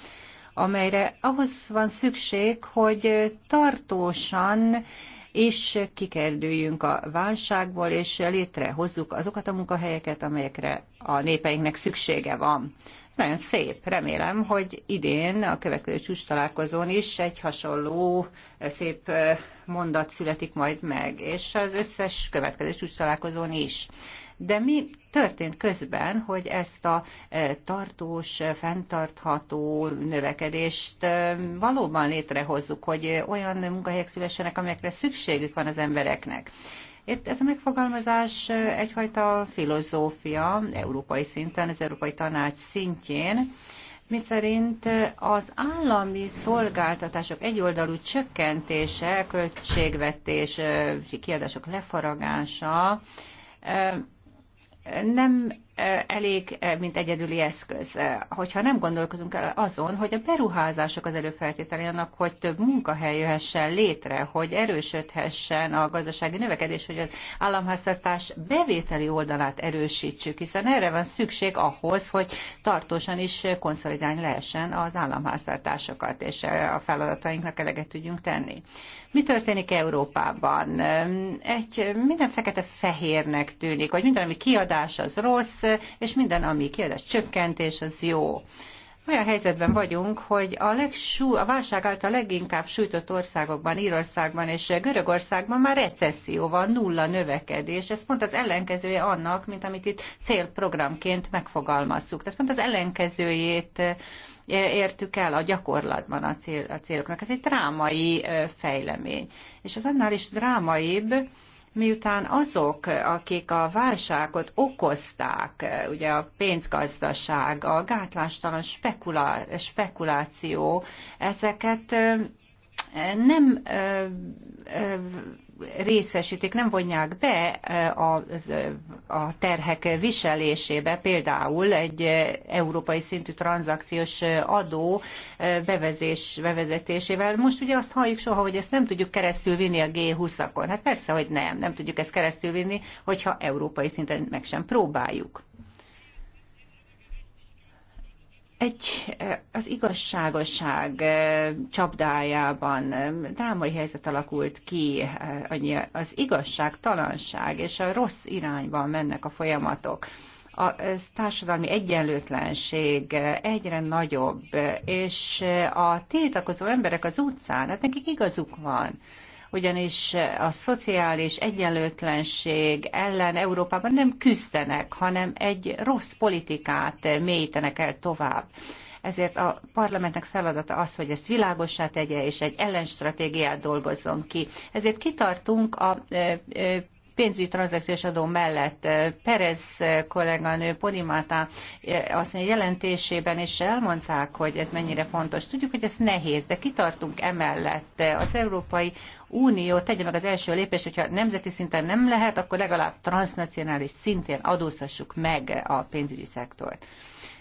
amelyre ahhoz van szükség, hogy tartósan és kikerüljünk a válságból, és létrehozzuk azokat a munkahelyeket, amelyekre a népeinknek szüksége van. Nagyon szép, remélem, hogy idén a következő csúcs találkozón is egy hasonló eh, szép eh, mondat születik majd meg, és az összes következő csúcs találkozón is. De mi történt közben, hogy ezt a e, tartós, e, fenntartható növekedést e, valóban létrehozzuk, hogy olyan munkahelyek szülessenek, amelyekre szükségük van az embereknek? Itt ez a megfogalmazás egyfajta filozófia európai szinten, az Európai Tanács szintjén, miszerint az állami szolgáltatások egyoldalú csökkentése, költségvetés, kiadások lefaragása nem elég, mint egyedüli eszköz. Hogyha nem gondolkozunk el azon, hogy a beruházások az előfeltételi annak, hogy több munkahely jöhessen létre, hogy erősödhessen a gazdasági növekedés, hogy az államháztartás bevételi oldalát erősítsük, hiszen erre van szükség ahhoz, hogy tartósan is konszolidálni lehessen az államháztartásokat, és a feladatainknak eleget tudjunk tenni. Mi történik Európában? Egy minden fekete-fehérnek tűnik, hogy minden, ami kiadás, az rossz, és minden, ami kiadás csökkentés, az jó. Olyan helyzetben vagyunk, hogy a, legsú, a válság által leginkább sújtott országokban, Írországban és Görögországban már recesszió van, nulla növekedés. Ez pont az ellenkezője annak, mint amit itt célprogramként megfogalmaztuk. Tehát pont az ellenkezőjét értük el a gyakorlatban a, cél, a céloknak. Ez egy drámai fejlemény. És az annál is drámaibb, miután azok, akik a válságot okozták, ugye a pénzgazdaság, a gátlástalan spekulá- spekuláció, ezeket nem részesítik, nem vonják be eh, a, eh, a terhek viselésébe, például egy eh, európai szintű tranzakciós adó bevezés, bevezetésével. Most ugye azt halljuk soha, hogy ezt nem tudjuk keresztül vinni a G20-akon. Hát persze, hogy nem, nem tudjuk ezt keresztül vinni, hogyha európai szinten meg sem próbáljuk. egy, az igazságosság csapdájában drámai helyzet alakult ki, az igazságtalanság és a rossz irányban mennek a folyamatok. A társadalmi egyenlőtlenség egyre nagyobb, és a tiltakozó emberek az utcán, hát nekik igazuk van ugyanis a szociális egyenlőtlenség ellen Európában nem küzdenek, hanem egy rossz politikát mélyítenek el tovább. Ezért a parlamentnek feladata az, hogy ezt világossá tegye, és egy ellenstratégiát dolgozzon ki. Ezért kitartunk a pénzügyi tranzakciós adó mellett. Perez kolléganő Podimata azt mondja, jelentésében is elmondták, hogy ez mennyire fontos. Tudjuk, hogy ez nehéz, de kitartunk emellett. Az Európai Unió tegye meg az első lépést, hogyha nemzeti szinten nem lehet, akkor legalább transnacionális szintén adóztassuk meg a pénzügyi szektort.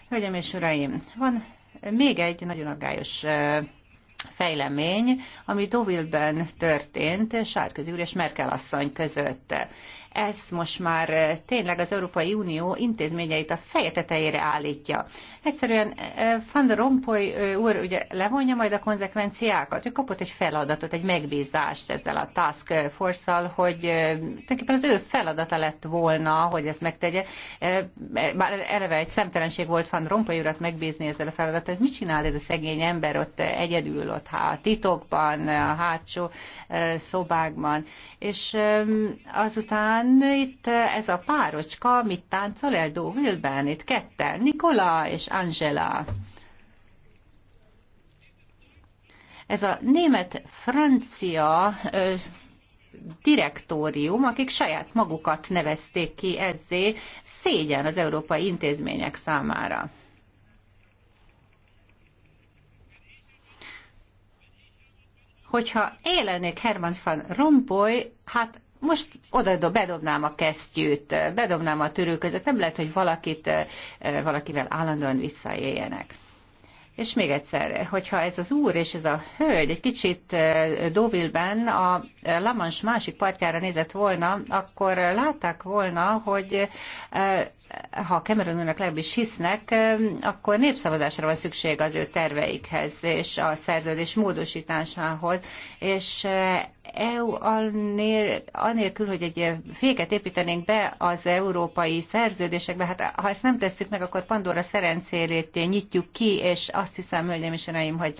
Hölgyeim és uraim, van még egy nagyon aggályos fejlemény, ami Dovilben történt Sárközi úr és Merkel asszony között. Ez most már tényleg az Európai Unió intézményeit a feje tetejére állítja. Egyszerűen Van der Rompuy úr ugye levonja majd a konzekvenciákat. Ő kapott egy feladatot, egy megbízást ezzel a task force hogy tulajdonképpen az ő feladata lett volna, hogy ezt megtegye. Már eleve egy szemtelenség volt Van Rompuy urat megbízni ezzel a feladatot, hogy mit csinál ez a szegény ember ott egyedül, ott hát titokban, a hátsó szobákban. És azután itt ez a párocska, mit táncol el Dóvilben, itt ketten, Nikola és Angela. Ez a német-francia direktórium, akik saját magukat nevezték ki ezzé, szégyen az európai intézmények számára. Hogyha én lennék Herman van Rompuy, hát most oda bedobnám a kesztyűt, bedobnám a törőközet, nem lehet, hogy valakit, eh, valakivel állandóan visszaéljenek. És még egyszer, hogyha ez az úr és ez a hölgy egy kicsit eh, deauville a eh, Lamans másik partjára nézett volna, akkor látták volna, hogy ha Cameron úrnak legalábbis hisznek, eh, akkor népszavazásra van szükség az ő terveikhez és a szerződés módosításához, és eh, EU annél, anélkül, hogy egy eh, féket építenénk be az európai szerződésekbe, hát ha ezt nem tesszük meg, akkor Pandora szerencélét nyitjuk ki, és azt hiszem, hölgyeim és uraim, hogy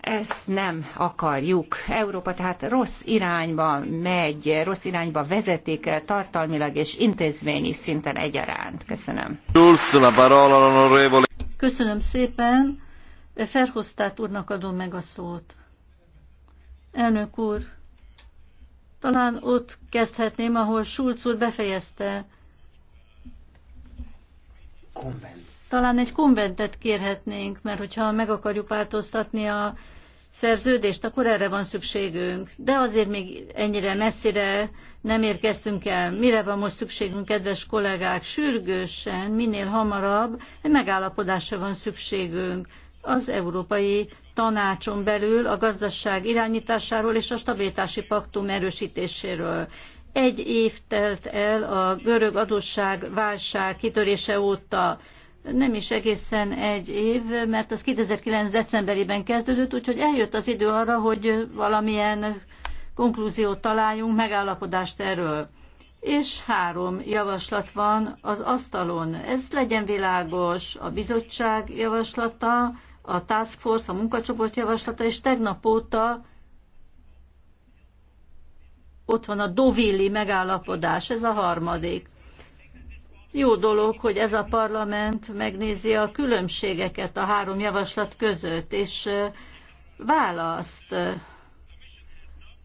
ezt nem akarjuk. Európa tehát rossz irányba megy, rossz irányba vezetik tartalmilag és intézményi szinten egyaránt. Köszönöm. Köszönöm szépen. Ferhoztát úrnak adom meg a szót. Elnök úr, talán ott kezdhetném, ahol Schulz úr befejezte. Konvent talán egy konventet kérhetnénk, mert hogyha meg akarjuk változtatni a szerződést, akkor erre van szükségünk. De azért még ennyire messzire nem érkeztünk el. Mire van most szükségünk, kedves kollégák? Sürgősen, minél hamarabb egy megállapodásra van szükségünk az Európai Tanácson belül a gazdaság irányításáról és a stabilitási paktum erősítéséről. Egy év telt el a görög adósság válság kitörése óta nem is egészen egy év, mert az 2009. decemberében kezdődött, úgyhogy eljött az idő arra, hogy valamilyen konklúziót találjunk, megállapodást erről. És három javaslat van az asztalon. Ez legyen világos a bizottság javaslata, a task force, a munkacsoport javaslata, és tegnap óta ott van a dovilli megállapodás, ez a harmadik. Jó dolog, hogy ez a parlament megnézi a különbségeket a három javaslat között, és választ.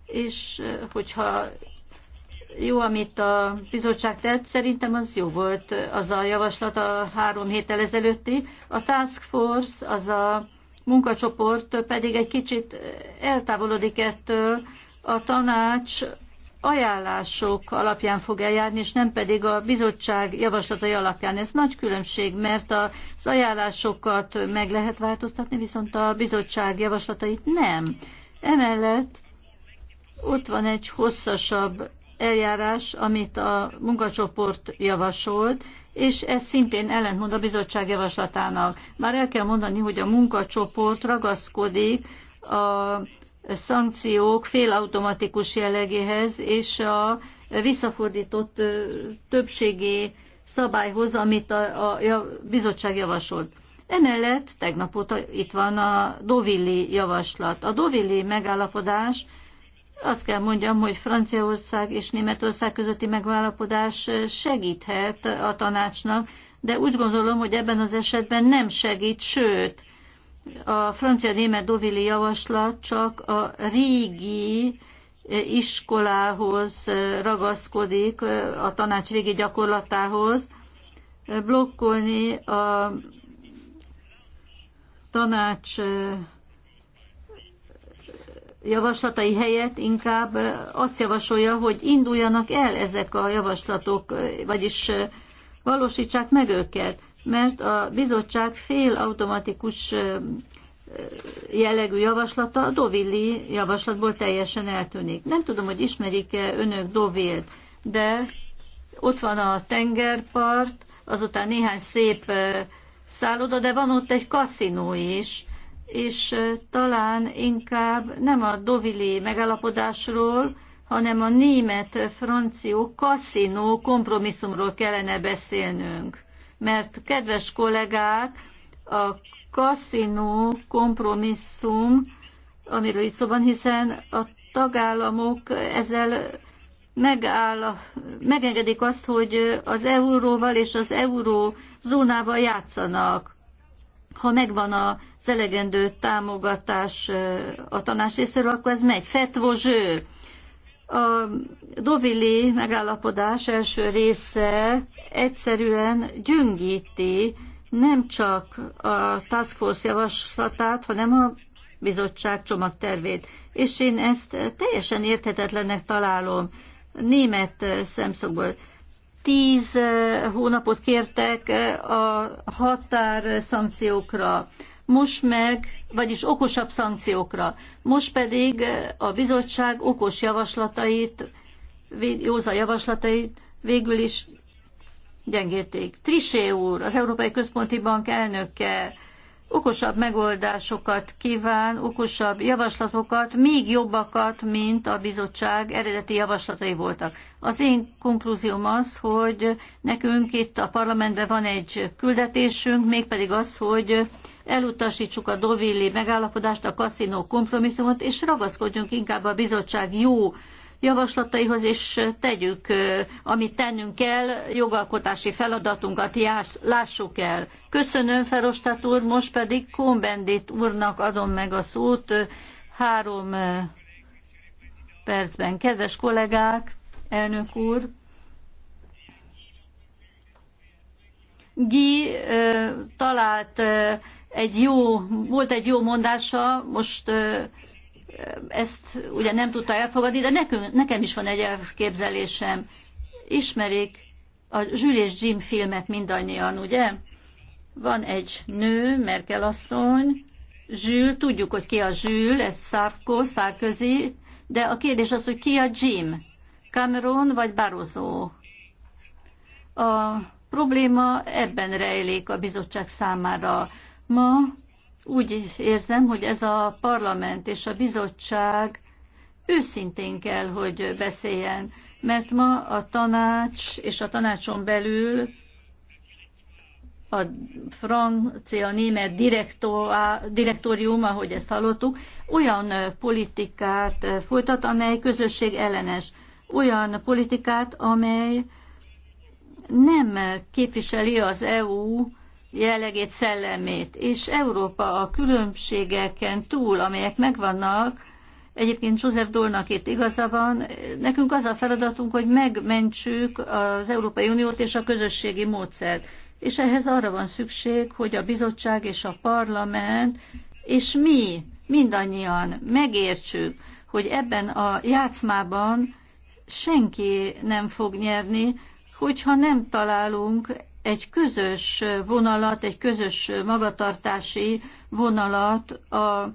És hogyha jó, amit a bizottság tett, szerintem az jó volt az a javaslat a három héttel ezelőtti. A Task Force, az a munkacsoport pedig egy kicsit eltávolodik ettől. A tanács ajánlások alapján fog eljárni, és nem pedig a bizottság javaslatai alapján. Ez nagy különbség, mert az ajánlásokat meg lehet változtatni, viszont a bizottság javaslatait nem. Emellett ott van egy hosszasabb eljárás, amit a munkacsoport javasolt, és ez szintén ellentmond a bizottság javaslatának. Már el kell mondani, hogy a munkacsoport ragaszkodik a szankciók félautomatikus jellegéhez és a visszafordított többségi szabályhoz, amit a, a, a bizottság javasolt. Emellett tegnap óta itt van a Dovilli javaslat. A Dovilli megállapodás, azt kell mondjam, hogy Franciaország és Németország közötti megállapodás segíthet a tanácsnak, de úgy gondolom, hogy ebben az esetben nem segít, sőt, a francia-német dovili javaslat csak a régi iskolához eh, ragaszkodik, eh, a tanács régi gyakorlatához, eh, blokkolni a tanács javaslatai helyett inkább azt javasolja, hogy induljanak el ezek a javaslatok, vagyis valósítsák meg őket mert a bizottság fél automatikus jellegű javaslata a Dovilli javaslatból teljesen eltűnik. Nem tudom, hogy ismerik-e önök Dovilt, de ott van a tengerpart, azután néhány szép szálloda, de van ott egy kaszinó is, és talán inkább nem a Dovili megállapodásról, hanem a német-franció kaszinó kompromisszumról kellene beszélnünk mert kedves kollégák, a kaszinó kompromisszum, amiről itt van, hiszen a tagállamok ezzel megáll, megengedik azt, hogy az euróval és az eurózónával játszanak, ha megvan az elegendő támogatás a tanács részéről, akkor ez megy. Fetvozső a Dovili megállapodás első része egyszerűen gyöngíti nem csak a Task Force javaslatát, hanem a bizottság csomagtervét. És én ezt teljesen érthetetlennek találom német szemszögből. Tíz eh, hónapot kértek eh, a határ szankciókra most meg, vagyis okosabb szankciókra. Most pedig eh, a bizottság okos javaslatait, józa javaslatait végül is gyengíték. Trisé úr, az Európai Központi Bank elnöke okosabb megoldásokat kíván, okosabb javaslatokat, még jobbakat, mint a bizottság eredeti javaslatai voltak. Az én konklúzióm az, hogy nekünk itt a parlamentben van egy küldetésünk, mégpedig az, hogy elutasítsuk a dovilli megállapodást, a kaszinó kompromisszumot, és ragaszkodjunk inkább a bizottság jó javaslataihoz, és tegyük, amit tennünk kell, jogalkotási feladatunkat jás, lássuk el. Köszönöm, Ferostat úr, most pedig Kombendit úrnak adom meg a szót három percben. Kedves kollégák, elnök úr, Guy talált egy jó, volt egy jó mondása, most ezt ugye nem tudta elfogadni, de nekem, nekem is van egy elképzelésem. Ismerik a Jules és Jim filmet mindannyian, ugye? Van egy nő, Merkel asszony, Zsül, tudjuk, hogy ki a Zsül, ez Sarko, Szárközi, de a kérdés az, hogy ki a Jim, Cameron vagy Barozó? A probléma ebben rejlik a bizottság számára. Ma úgy érzem, hogy ez a parlament és a bizottság őszintén kell, hogy beszéljen, mert ma a tanács és a tanácson belül a francia-német direktórium, ahogy ezt hallottuk, olyan politikát folytat, amely közösség ellenes. Olyan politikát, amely nem képviseli az EU jellegét, szellemét. És Európa a különbségeken túl, amelyek megvannak, Egyébként Joseph Dolnak itt igaza van, nekünk az a feladatunk, hogy megmentsük az Európai Uniót és a közösségi módszert. És ehhez arra van szükség, hogy a bizottság és a parlament, és mi mindannyian megértsük, hogy ebben a játszmában senki nem fog nyerni, hogyha nem találunk egy közös vonalat, egy közös magatartási vonalat, a,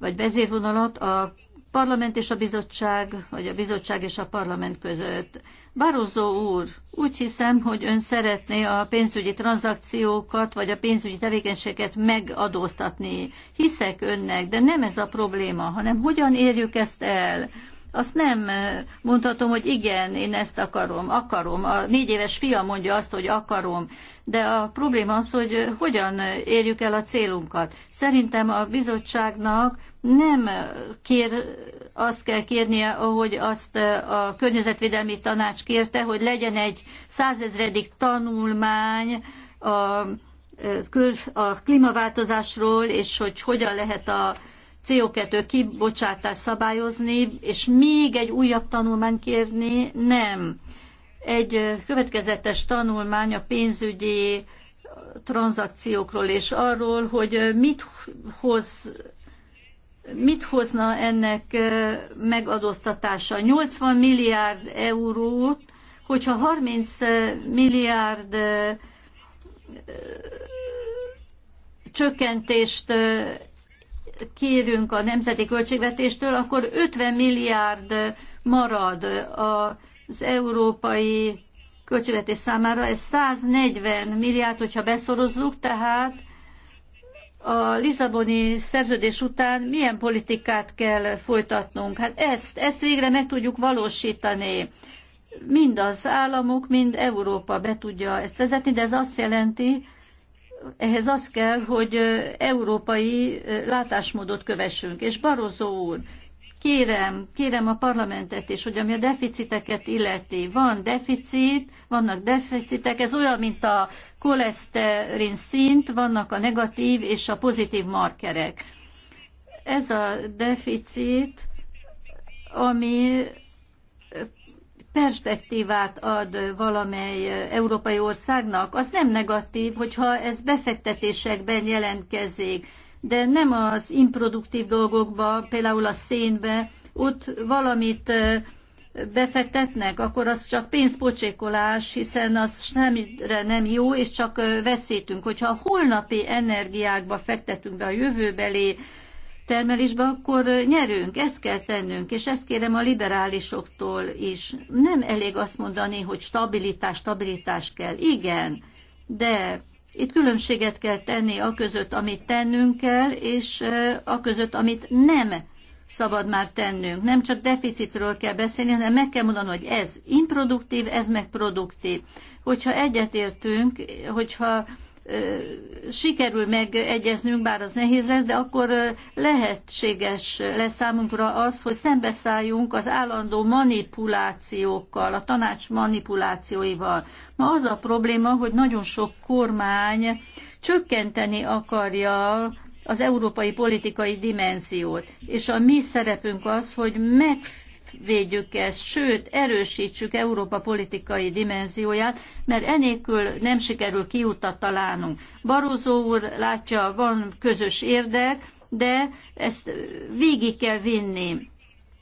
vagy vezérvonalat a parlament és a bizottság, vagy a bizottság és a parlament között. Barozó úr, úgy hiszem, hogy ön szeretné a pénzügyi tranzakciókat, vagy a pénzügyi tevékenységet megadóztatni. Hiszek önnek, de nem ez a probléma, hanem hogyan érjük ezt el azt nem eh, mondhatom, hogy igen, én ezt akarom, akarom. A négy éves fia mondja azt, hogy akarom, de a probléma az, hogy eh, hogyan eh, érjük el a célunkat. Szerintem a bizottságnak nem kér, azt kell kérnie, ahogy azt a környezetvédelmi tanács kérte, hogy legyen egy százezredik tanulmány a, a klímaváltozásról, és hogy hogyan lehet a CO2 kibocsátást szabályozni, és még egy újabb tanulmányt kérni, nem. Egy következetes tanulmány a pénzügyi tranzakciókról és arról, hogy mit hoz mit hozna ennek megadóztatása? 80 milliárd eurót, hogyha 30 milliárd csökkentést kérünk a nemzeti költségvetéstől, akkor 50 milliárd marad az európai költségvetés számára. Ez 140 milliárd, hogyha beszorozzuk, tehát a Lisszaboni szerződés után milyen politikát kell folytatnunk. Hát ezt, ezt végre meg tudjuk valósítani. Mind az államok, mind Európa be tudja ezt vezetni, de ez azt jelenti, ehhez az kell, hogy európai látásmódot kövessünk. És Barozó úr, kérem, kérem a parlamentet is, hogy ami a deficiteket illeti, van deficit, vannak deficitek, ez olyan, mint a koleszterin szint, vannak a negatív és a pozitív markerek. Ez a deficit, ami perspektívát ad valamely európai országnak, az nem negatív, hogyha ez befektetésekben jelentkezik, de nem az improduktív dolgokba, például a szénbe, ott valamit befektetnek, akkor az csak pénzpocsékolás, hiszen az semmire nem jó, és csak veszítünk. Hogyha a holnapi energiákba fektetünk be a jövőbeli termelésbe, akkor nyerünk, ezt kell tennünk, és ezt kérem a liberálisoktól is. Nem elég azt mondani, hogy stabilitás, stabilitás kell. Igen, de itt különbséget kell tenni a között, amit tennünk kell, és a között, amit nem szabad már tennünk. Nem csak deficitről kell beszélni, hanem meg kell mondani, hogy ez improduktív, ez meg produktív. Hogyha egyetértünk, hogyha sikerül megegyeznünk, bár az nehéz lesz, de akkor lehetséges lesz számunkra az, hogy szembeszálljunk az állandó manipulációkkal, a tanács manipulációival. Ma az a probléma, hogy nagyon sok kormány csökkenteni akarja az európai politikai dimenziót, és a mi szerepünk az, hogy megfelelően védjük ezt, sőt, erősítsük Európa politikai dimenzióját, mert enélkül nem sikerül kiutat találnunk. Barózó úr látja, van közös érdek, de ezt végig kell vinni.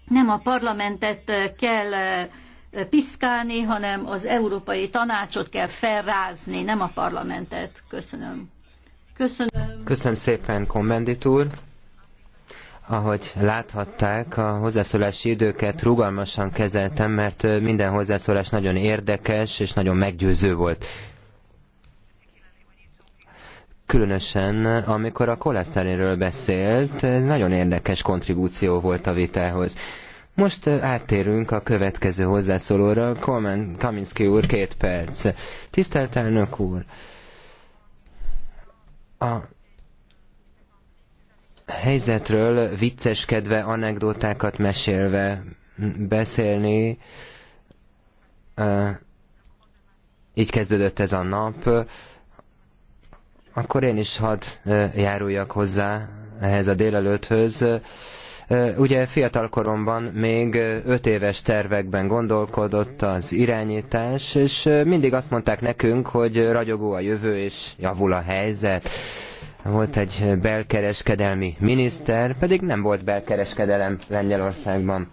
Nem a parlamentet kell eh, piszkálni, hanem az Európai Tanácsot kell felrázni, nem a parlamentet. Köszönöm. Köszönöm. Köszönöm szépen, Kommendit úr. Ahogy láthatták, a hozzászólási időket rugalmasan kezeltem, mert minden hozzászólás nagyon érdekes és nagyon meggyőző volt. Különösen, amikor a koleszterinről beszélt, ez nagyon érdekes kontribúció volt a vitához. Most áttérünk a következő hozzászólóra, Kolman Kaminski úr két perc. Tisztelt elnök úr! A helyzetről vicceskedve, anekdotákat mesélve beszélni. Eh, így kezdődött ez a nap. Akkor én is hadd eh, járuljak hozzá ehhez a délelőthöz. Eh, ugye fiatal koromban még öt éves tervekben gondolkodott az irányítás, és mindig azt mondták nekünk, hogy ragyogó a jövő és javul a helyzet. Volt egy belkereskedelmi miniszter, pedig nem volt belkereskedelem Lengyelországban.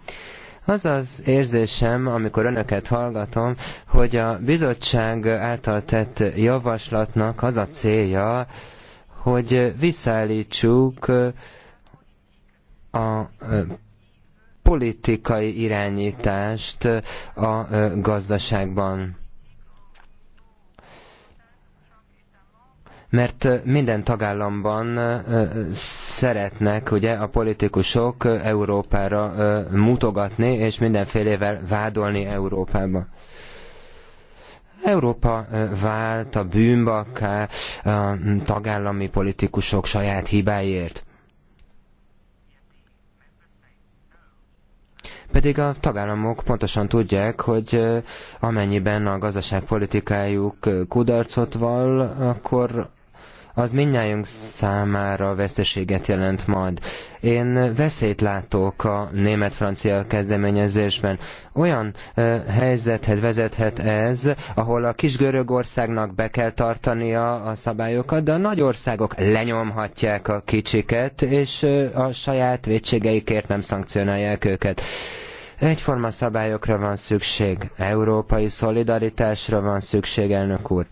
Az az érzésem, amikor önöket hallgatom, hogy a bizottság által tett javaslatnak az a célja, hogy visszaállítsuk a politikai irányítást a gazdaságban. mert minden tagállamban szeretnek ugye a politikusok Európára mutogatni, és mindenfélével vádolni Európába. Európa vált a bűnbakká a tagállami politikusok saját hibáért. Pedig a tagállamok pontosan tudják, hogy amennyiben a gazdaságpolitikájuk kudarcot val, akkor az mindnyájunk számára veszteséget jelent majd. Én veszélyt látok a német-francia kezdeményezésben. Olyan ö, helyzethez vezethet ez, ahol a kis Görögországnak be kell tartania a szabályokat, de a nagy országok lenyomhatják a kicsiket, és ö, a saját védségeikért nem szankcionálják őket. Egyforma szabályokra van szükség, európai szolidaritásra van szükség, elnök úr.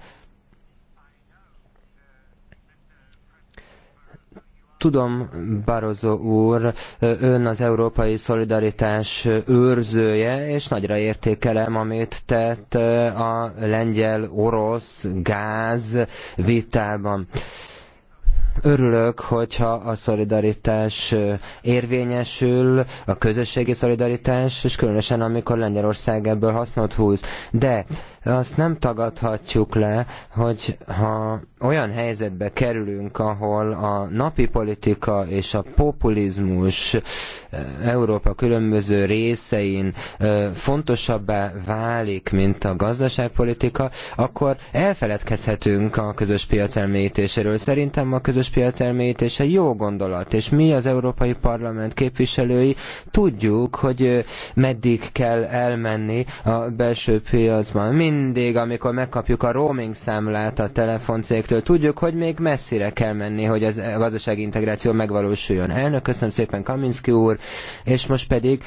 Tudom, Barozó úr, ön az európai szolidaritás őrzője, és nagyra értékelem, amit tett a lengyel-orosz gáz vitában örülök, hogyha a szolidaritás érvényesül, a közösségi szolidaritás, és különösen amikor Lengyelország ebből hasznot húz. De azt nem tagadhatjuk le, hogy ha olyan helyzetbe kerülünk, ahol a napi politika és a populizmus Európa különböző részein fontosabbá válik, mint a gazdaságpolitika, akkor elfeledkezhetünk a közös piac elmélyítéséről. Szerintem a közös piac elmélyítése jó gondolat, és mi az Európai Parlament képviselői tudjuk, hogy meddig kell elmenni a belső piacban. Mind mindig, amikor megkapjuk a roaming számlát a telefoncégtől, tudjuk, hogy még messzire kell menni, hogy az gazdasági integráció megvalósuljon. Elnök, köszönöm szépen Kaminski úr, és most pedig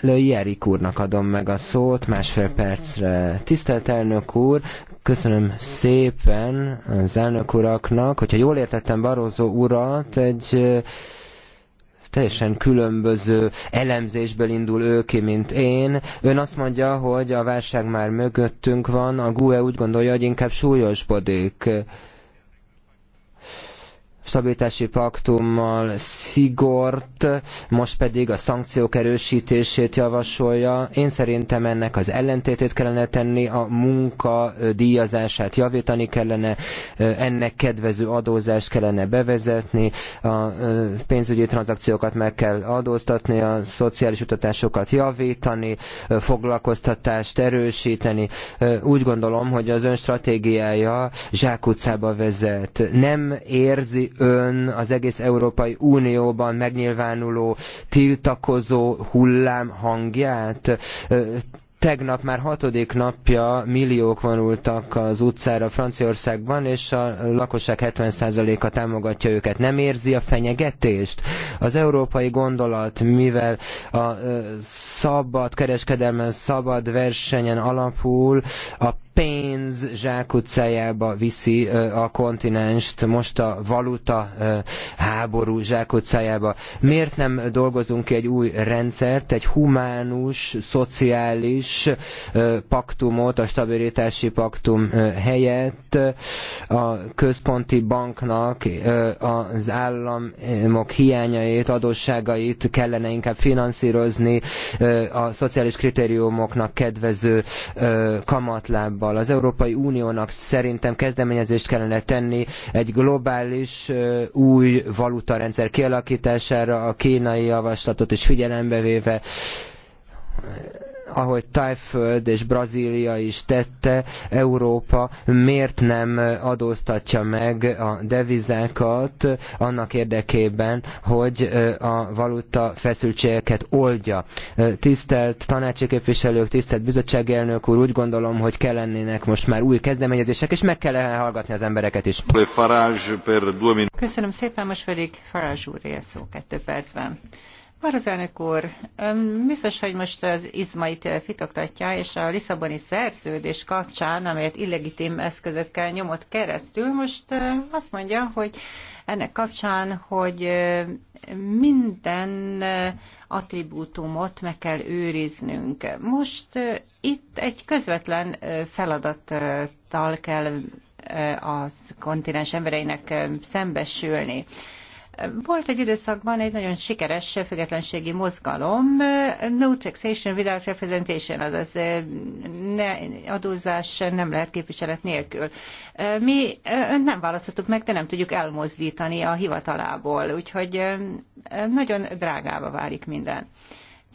Löjjerik úrnak adom meg a szót másfél percre. Tisztelt elnök úr, köszönöm szépen az elnök uraknak, hogyha jól értettem Barózó urat, egy teljesen különböző elemzésből indul ő ki, mint én. Ön azt mondja, hogy a válság már mögöttünk van, a GUE úgy gondolja, hogy inkább súlyosbodik stabilitási paktummal szigort, most pedig a szankciók erősítését javasolja. Én szerintem ennek az ellentétét kellene tenni, a munka díjazását javítani kellene, ennek kedvező adózást kellene bevezetni, a pénzügyi tranzakciókat meg kell adóztatni, a szociális utatásokat javítani, foglalkoztatást erősíteni. Úgy gondolom, hogy az ön stratégiája zsákutcába vezet. Nem érzi ön az egész Európai Unióban megnyilvánuló tiltakozó hullám hangját? tegnap már hatodik napja milliók vonultak az utcára Franciaországban, és a lakosság 70%-a támogatja őket. Nem érzi a fenyegetést? Az európai gondolat, mivel a szabad kereskedelmen, szabad versenyen alapul, a pénz zsákutcájába viszi a kontinenst, most a valuta háború zsákutcájába. Miért nem dolgozunk ki egy új rendszert, egy humánus, szociális paktumot, a stabilitási paktum helyett a központi banknak az államok hiányait, adósságait kellene inkább finanszírozni, a szociális kritériumoknak kedvező kamatlábba Afrikával. Az Európai Uniónak szerintem kezdeményezést kellene tenni egy globális új valutarendszer kialakítására, a kínai javaslatot is figyelembe véve ahogy Tájföld és Brazília is tette, Európa miért nem adóztatja meg a devizákat annak érdekében, hogy a valuta feszültségeket oldja. Tisztelt tanácsi képviselők, tisztelt bizottsági elnök úr, úgy gondolom, hogy kell lennének most már új kezdeményezések, és meg kellene hallgatni az embereket is. Köszönöm szépen, most pedig Farage úr szó kettő percben. Város elnök úr, biztos, hogy most az izmait fitoktatja, és a Lisszaboni szerződés kapcsán, amelyet illegitim eszközökkel nyomott keresztül, most azt mondja, hogy ennek kapcsán, hogy minden attribútumot meg kell őriznünk. Most itt egy közvetlen feladattal kell a kontinens embereinek szembesülni. Volt egy időszakban egy nagyon sikeres függetlenségi mozgalom, no taxation without representation, azaz eh, ne, adózás nem lehet képviselet nélkül. Eh, mi eh, nem választottuk meg, de nem tudjuk elmozdítani a hivatalából, úgyhogy nagyon drágába válik minden.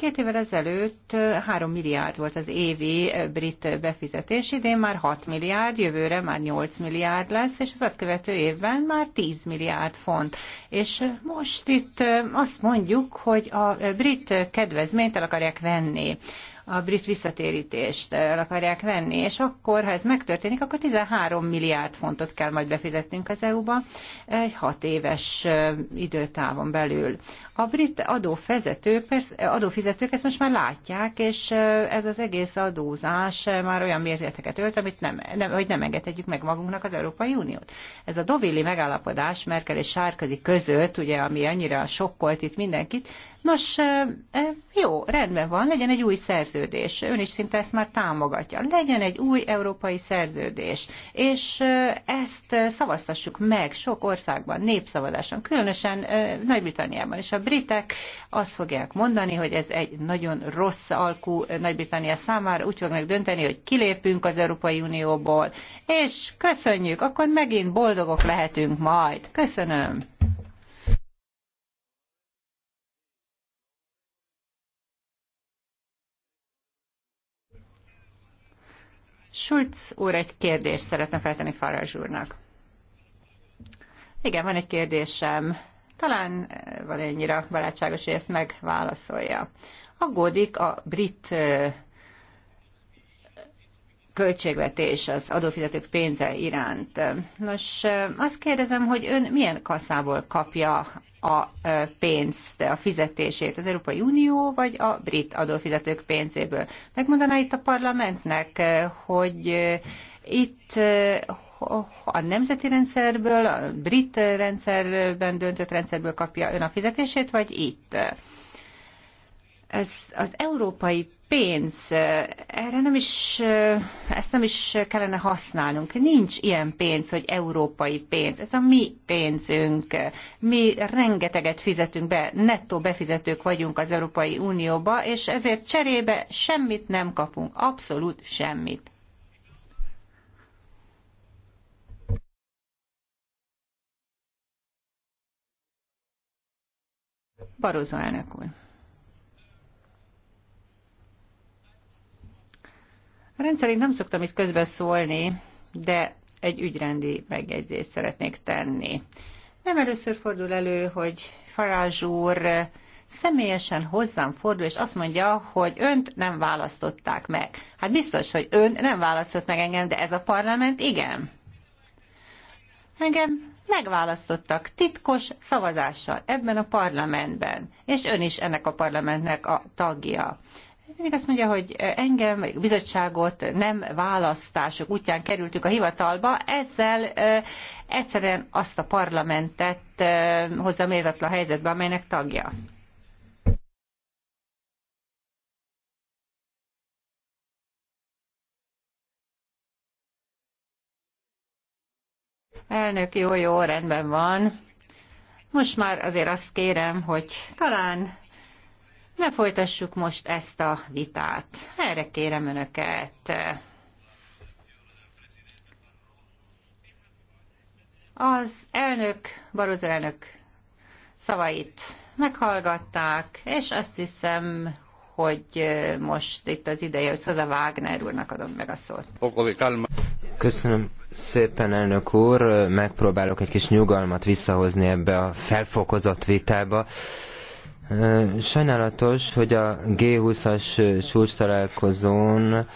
Két évvel ezelőtt 3 milliárd volt az évi brit befizetés, idén már 6 milliárd, jövőre már 8 milliárd lesz, és az azt követő évben már 10 milliárd font. És most itt azt mondjuk, hogy a brit kedvezményt el akarják venni a brit visszatérítést el akarják venni, és akkor, ha ez megtörténik, akkor 13 milliárd fontot kell majd befizetnünk az EU-ba egy hat éves időtávon belül. A brit adófizetők, persze, adófizetők ezt most már látják, és ez az egész adózás már olyan mértékeket ölt, amit nem, nem, hogy nem engedhetjük meg magunknak az Európai Uniót. Ez a dovilli megállapodás Merkel és Sárközi között, ugye, ami annyira sokkolt itt mindenkit, Nos, jó, rendben van, legyen egy új szerződés. Ön is szinte ezt már támogatja. Legyen egy új európai szerződés. És ezt szavaztassuk meg sok országban, népszavazáson, különösen Nagy-Britanniában. És a britek azt fogják mondani, hogy ez egy nagyon rossz alkú Nagy-Britannia számára, úgy fognak dönteni, hogy kilépünk az Európai Unióból, és köszönjük, akkor megint boldogok lehetünk majd. Köszönöm. Schulz úr egy kérdést szeretne feltenni Farage úrnak. Igen, van egy kérdésem talán eh, van ennyire barátságos, hogy ezt megválaszolja. Aggódik a brit eh, költségvetés az adófizetők pénze iránt. Nos, eh, azt kérdezem, hogy ön milyen kasszából kapja a pénzt, a fizetését, az Európai Unió vagy a brit adófizetők pénzéből. Megmondaná itt a parlamentnek, hogy itt a nemzeti rendszerből, a brit rendszerben döntött rendszerből kapja ön a fizetését, vagy itt? Ez az európai pénz, erre nem is, ezt nem is kellene használnunk. Nincs ilyen pénz, hogy európai pénz. Ez a mi pénzünk. Mi rengeteget fizetünk be, nettó befizetők vagyunk az Európai Unióba, és ezért cserébe semmit nem kapunk, abszolút semmit. Barozó elnök úr. Rendszerint nem szoktam itt közbeszólni, de egy ügyrendi megjegyzést szeretnék tenni. Nem először fordul elő, hogy Farázs úr személyesen hozzám fordul, és azt mondja, hogy önt nem választották meg. Hát biztos, hogy ön nem választott meg engem, de ez a parlament igen. Engem megválasztottak titkos szavazással ebben a parlamentben, és ön is ennek a parlamentnek a tagja. Mindig azt mondja, hogy engem, a bizottságot nem választások útján kerültük a hivatalba, ezzel egyszerűen azt a parlamentet hozza méltatlan helyzetbe, amelynek tagja. Elnök, jó, jó, rendben van. Most már azért azt kérem, hogy talán ne folytassuk most ezt a vitát. Erre kérem önöket. Az elnök, Barozó elnök szavait meghallgatták, és azt hiszem, hogy most itt az ideje, hogy Szaza Wagner úrnak adom meg a szót. Köszönöm szépen, elnök úr. Megpróbálok egy kis nyugalmat visszahozni ebbe a felfokozott vitába. Sajnálatos, hogy a G20-as csúcs találkozón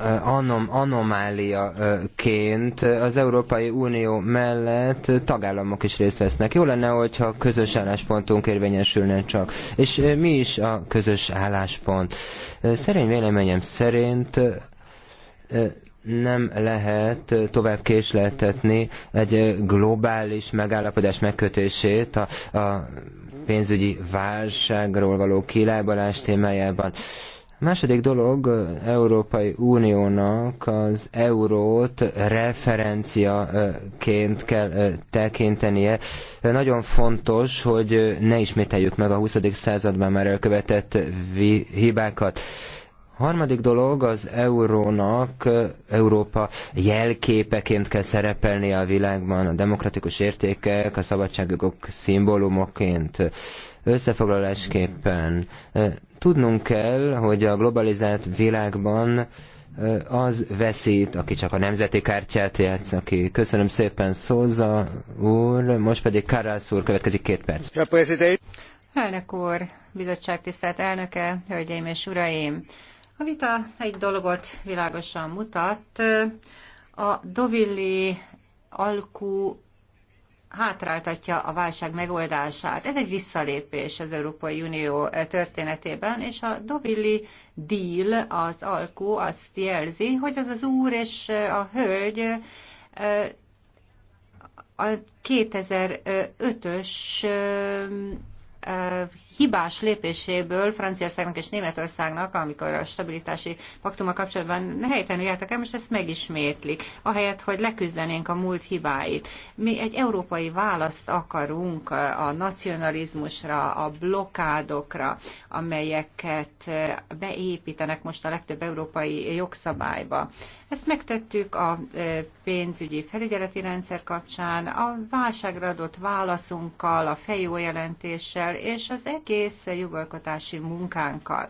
Eh, anom, anomáliaként eh, az Európai Unió mellett eh, tagállamok is részt vesznek. Jó lenne, hogyha közös álláspontunk érvényesülne csak. És mi is a közös álláspont? Szerény véleményem szerint nem lehet tovább késletetni egy globális megállapodás megkötését a, a pénzügyi válságról való kilábalás témájában. A második dolog, Európai Uniónak az eurót referenciaként kell tekintenie. Nagyon fontos, hogy ne ismételjük meg a 20. században már elkövetett hibákat. A harmadik dolog, az eurónak Európa jelképeként kell szerepelni a világban, a demokratikus értékek, a szabadságjogok szimbólumoként. Összefoglalásképpen Tudnunk kell, hogy a globalizált világban az veszít, aki csak a nemzeti kártyát játsz, aki. Köszönöm szépen Szóza úr, most pedig Karász úr, következik két perc. Elnök úr, bizottság tisztelt elnöke, hölgyeim és uraim! A vita egy dologot világosan mutat. A Dovilli alkú hátráltatja a válság megoldását. Ez egy visszalépés az Európai Unió eh, történetében, és a Dovilli deal, az alkó azt jelzi, hogy az az úr és eh, a hölgy eh, a 2005-ös hibás lépéséből Franciaországnak és Németországnak, amikor a stabilitási paktuma kapcsolatban helytelenül jártak el, most ezt megismétlik, ahelyett, hogy leküzdenénk a múlt hibáit. Mi egy európai választ akarunk a nacionalizmusra, a blokádokra, amelyeket beépítenek most a legtöbb európai jogszabályba. Ezt megtettük a pénzügyi felügyeleti rendszer kapcsán, a válságra adott válaszunkkal, a fejó jelentéssel, és az egész jogalkotási munkánkkal.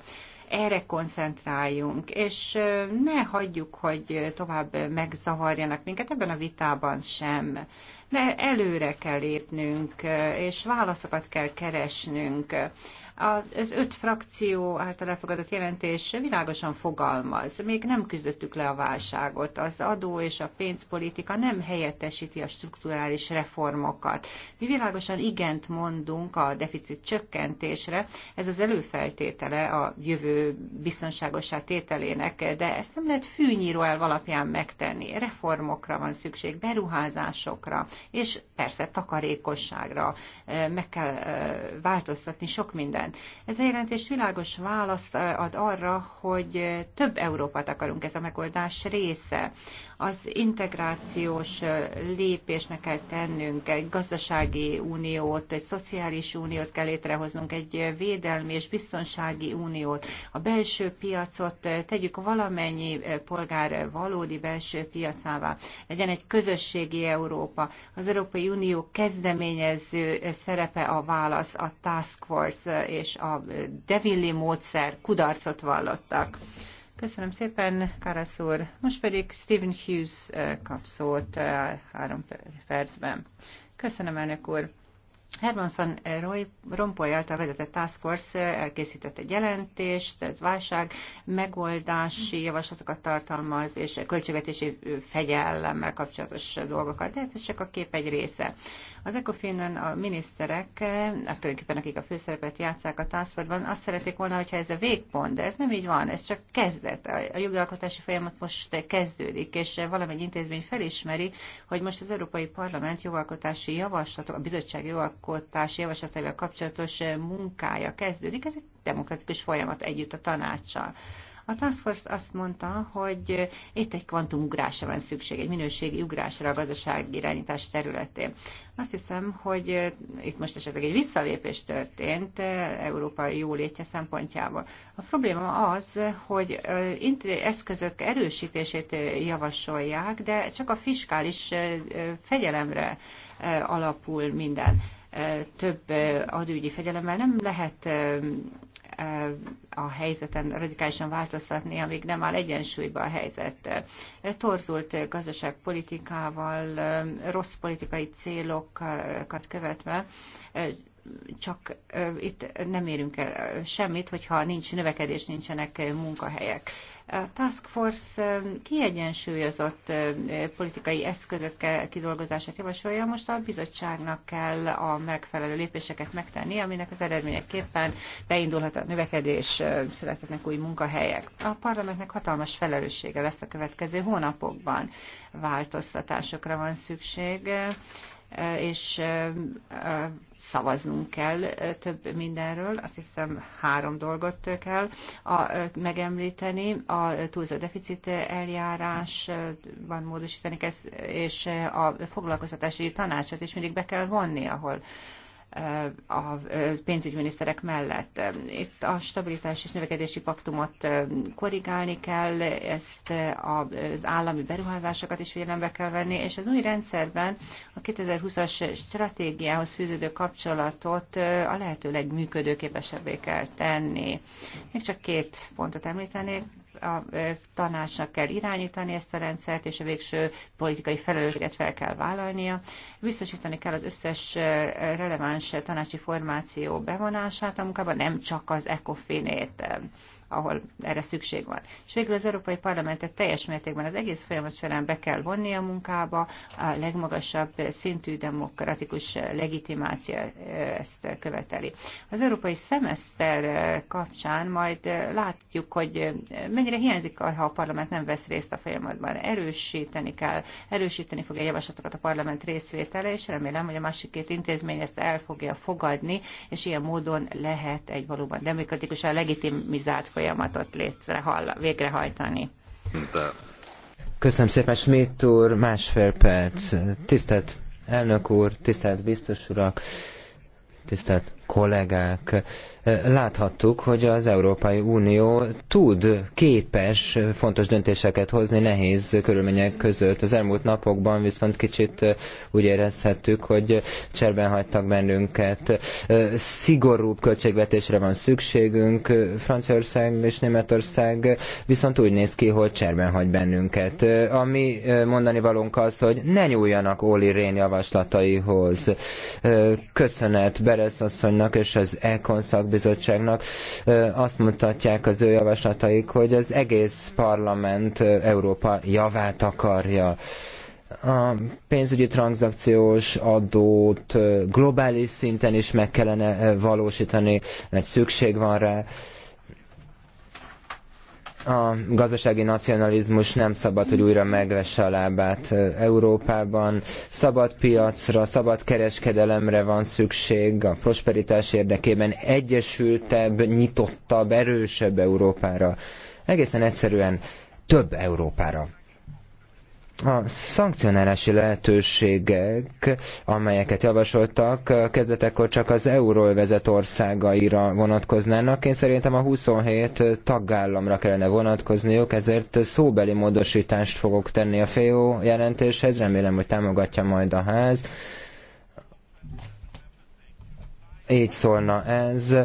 Erre koncentráljunk, és ne hagyjuk, hogy tovább megzavarjanak minket ebben a vitában sem. De előre kell lépnünk, és válaszokat kell keresnünk. Az öt frakció által elfogadott jelentés világosan fogalmaz. Még nem küzdöttük le a válságot. Az adó és a pénzpolitika nem helyettesíti a strukturális reformokat. Mi világosan igent mondunk a deficit csökkentésre. Ez az előfeltétele a jövő biztonságosá tételének, de ezt nem lehet fűnyíró el alapján megtenni. Reformokra van szükség, beruházásokra, és persze takarékosságra. Meg kell változtatni sok minden ellen. Ez a jelentés világos választ ad arra, hogy több Európát akarunk, ez a megoldás része az integrációs lépésnek kell tennünk, egy gazdasági uniót, egy szociális uniót kell létrehoznunk, egy védelmi és biztonsági uniót, a belső piacot tegyük valamennyi polgár valódi belső piacává. Legyen egy közösségi Európa. Az Európai Unió kezdeményező szerepe a válasz, a task force és a devilli módszer kudarcot vallottak. Köszönöm szépen, Karasz úr. Most pedig Stephen Hughes eh, kap szót eh, három percben. Köszönöm, elnök úr. Herman van Roy, Rompuy által vezetett Task Force eh, elkészített egy jelentést, ez válság megoldási javaslatokat tartalmaz, és költségvetési fegyellemmel kapcsolatos dolgokat, de hát ez csak a kép egy része. Az ecofin a miniszterek, eh, hát tulajdonképpen akik a főszerepet játszák a Task Force-ban, azt szeretik volna, hogyha ez a végpont, de ez nem így van, ez csak kezdet. A jogalkotási folyamat most kezdődik, és valamely intézmény felismeri, hogy most az Európai Parlament jogalkotási javaslatok, a bizottság jogalkotási jogalkotási javaslatával kapcsolatos munkája kezdődik. Ez egy demokratikus folyamat együtt a tanácssal. A Task Force azt mondta, hogy itt egy kvantumugrásra van szükség, egy minőségi ugrásra a gazdasági irányítás területén. Azt hiszem, hogy itt most esetleg egy visszalépés történt európai jólétje szempontjából. A probléma az, hogy eszközök erősítését javasolják, de csak a fiskális fegyelemre alapul minden több adőgyi fegyelemmel nem lehet a helyzeten radikálisan változtatni, amíg nem áll egyensúlyba a helyzet. Torzult gazdaságpolitikával, rossz politikai célokat követve csak itt nem érünk el semmit, hogyha nincs növekedés, nincsenek munkahelyek. A Task Force kiegyensúlyozott politikai eszközökkel kidolgozását javasolja, most a bizottságnak kell a megfelelő lépéseket megtenni, aminek az eredményeképpen beindulhat a növekedés, születhetnek új munkahelyek. A parlamentnek hatalmas felelőssége lesz a következő hónapokban. Változtatásokra van szükség és szavaznunk kell több mindenről. Azt hiszem három dolgot kell a, megemlíteni. A túlzó deficit van módosítani és a foglalkoztatási tanácsot is mindig be kell vonni, ahol a pénzügyminiszterek mellett. Itt a stabilitás és növekedési paktumot korrigálni kell, ezt az állami beruházásokat is figyelembe kell venni, és az új rendszerben a 2020-as stratégiához fűződő kapcsolatot a lehető legműködőképesebbé kell tenni. Még csak két pontot említenék a tanácsnak kell irányítani ezt a rendszert, és a végső politikai felelősséget fel kell vállalnia. Biztosítani kell az összes releváns tanácsi formáció bevonását a munkába, nem csak az ECOFIN-ét ahol erre szükség van. És végül az Európai Parlamentet teljes mértékben az egész folyamat során be kell vonni a munkába, a legmagasabb szintű demokratikus legitimáció ezt követeli. Az európai szemeszter kapcsán majd látjuk, hogy mennyire hiányzik, ha a parlament nem vesz részt a folyamatban. Erősíteni kell, erősíteni fogja a javaslatokat a parlament részvétele, és remélem, hogy a másik két intézmény ezt el fogja fogadni, és ilyen módon lehet egy valóban demokratikusan legitimizált folyamatot létrehall, végrehajtani. Köszönöm szépen, Smit úr, másfél perc. Tisztelt elnök úr, tisztelt biztos urak, tisztelt kollégák. Láthattuk, hogy az Európai Unió tud, képes fontos döntéseket hozni nehéz körülmények között. Az elmúlt napokban viszont kicsit úgy érezhettük, hogy cserben hagytak bennünket. Szigorúbb költségvetésre van szükségünk. Franciaország és Németország viszont úgy néz ki, hogy cserben hagy bennünket. Ami mondani valónk az, hogy ne nyúljanak Oli Rén javaslataihoz. Köszönet Beres asszony Ombudsmannak és az Econ szakbizottságnak azt mutatják az ő javaslataik, hogy az egész parlament Európa javát akarja a pénzügyi tranzakciós adót globális szinten is meg kellene valósítani, mert szükség van rá a gazdasági nacionalizmus nem szabad, hogy újra megvesse a lábát Európában. Szabad piacra, szabad kereskedelemre van szükség a prosperitás érdekében, egyesültebb, nyitottabb, erősebb Európára. Egészen egyszerűen több Európára a szankcionálási lehetőségek, amelyeket javasoltak, kezdetekkor csak az vezet országaira vonatkoznának. Én szerintem a 27 tagállamra kellene vonatkozniuk, ezért szóbeli módosítást fogok tenni a FEO jelentéshez. Remélem, hogy támogatja majd a ház. Így szólna ez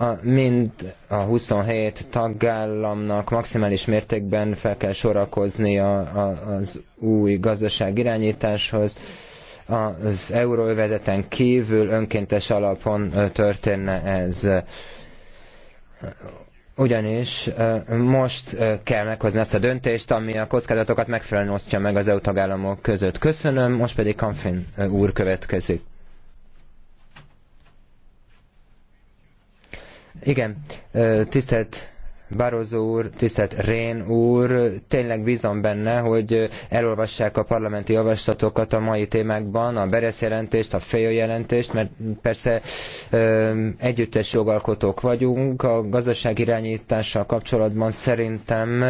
a, mind a 27 tagállamnak maximális mértékben fel kell sorakozni a, a, az új gazdaság irányításhoz. Az euróövezeten kívül önkéntes alapon történne ez. Ugyanis most kell meghozni azt a döntést, ami a kockázatokat megfelelően osztja meg az EU tagállamok között. Köszönöm, most pedig Kanfin úr következik. Igen, tisztelt Barozó úr, tisztelt Rén úr, tényleg bízom benne, hogy elolvassák a parlamenti javaslatokat a mai témákban, a Beresz jelentést, a Fejó jelentést, mert persze együttes jogalkotók vagyunk. A gazdaság irányítással kapcsolatban szerintem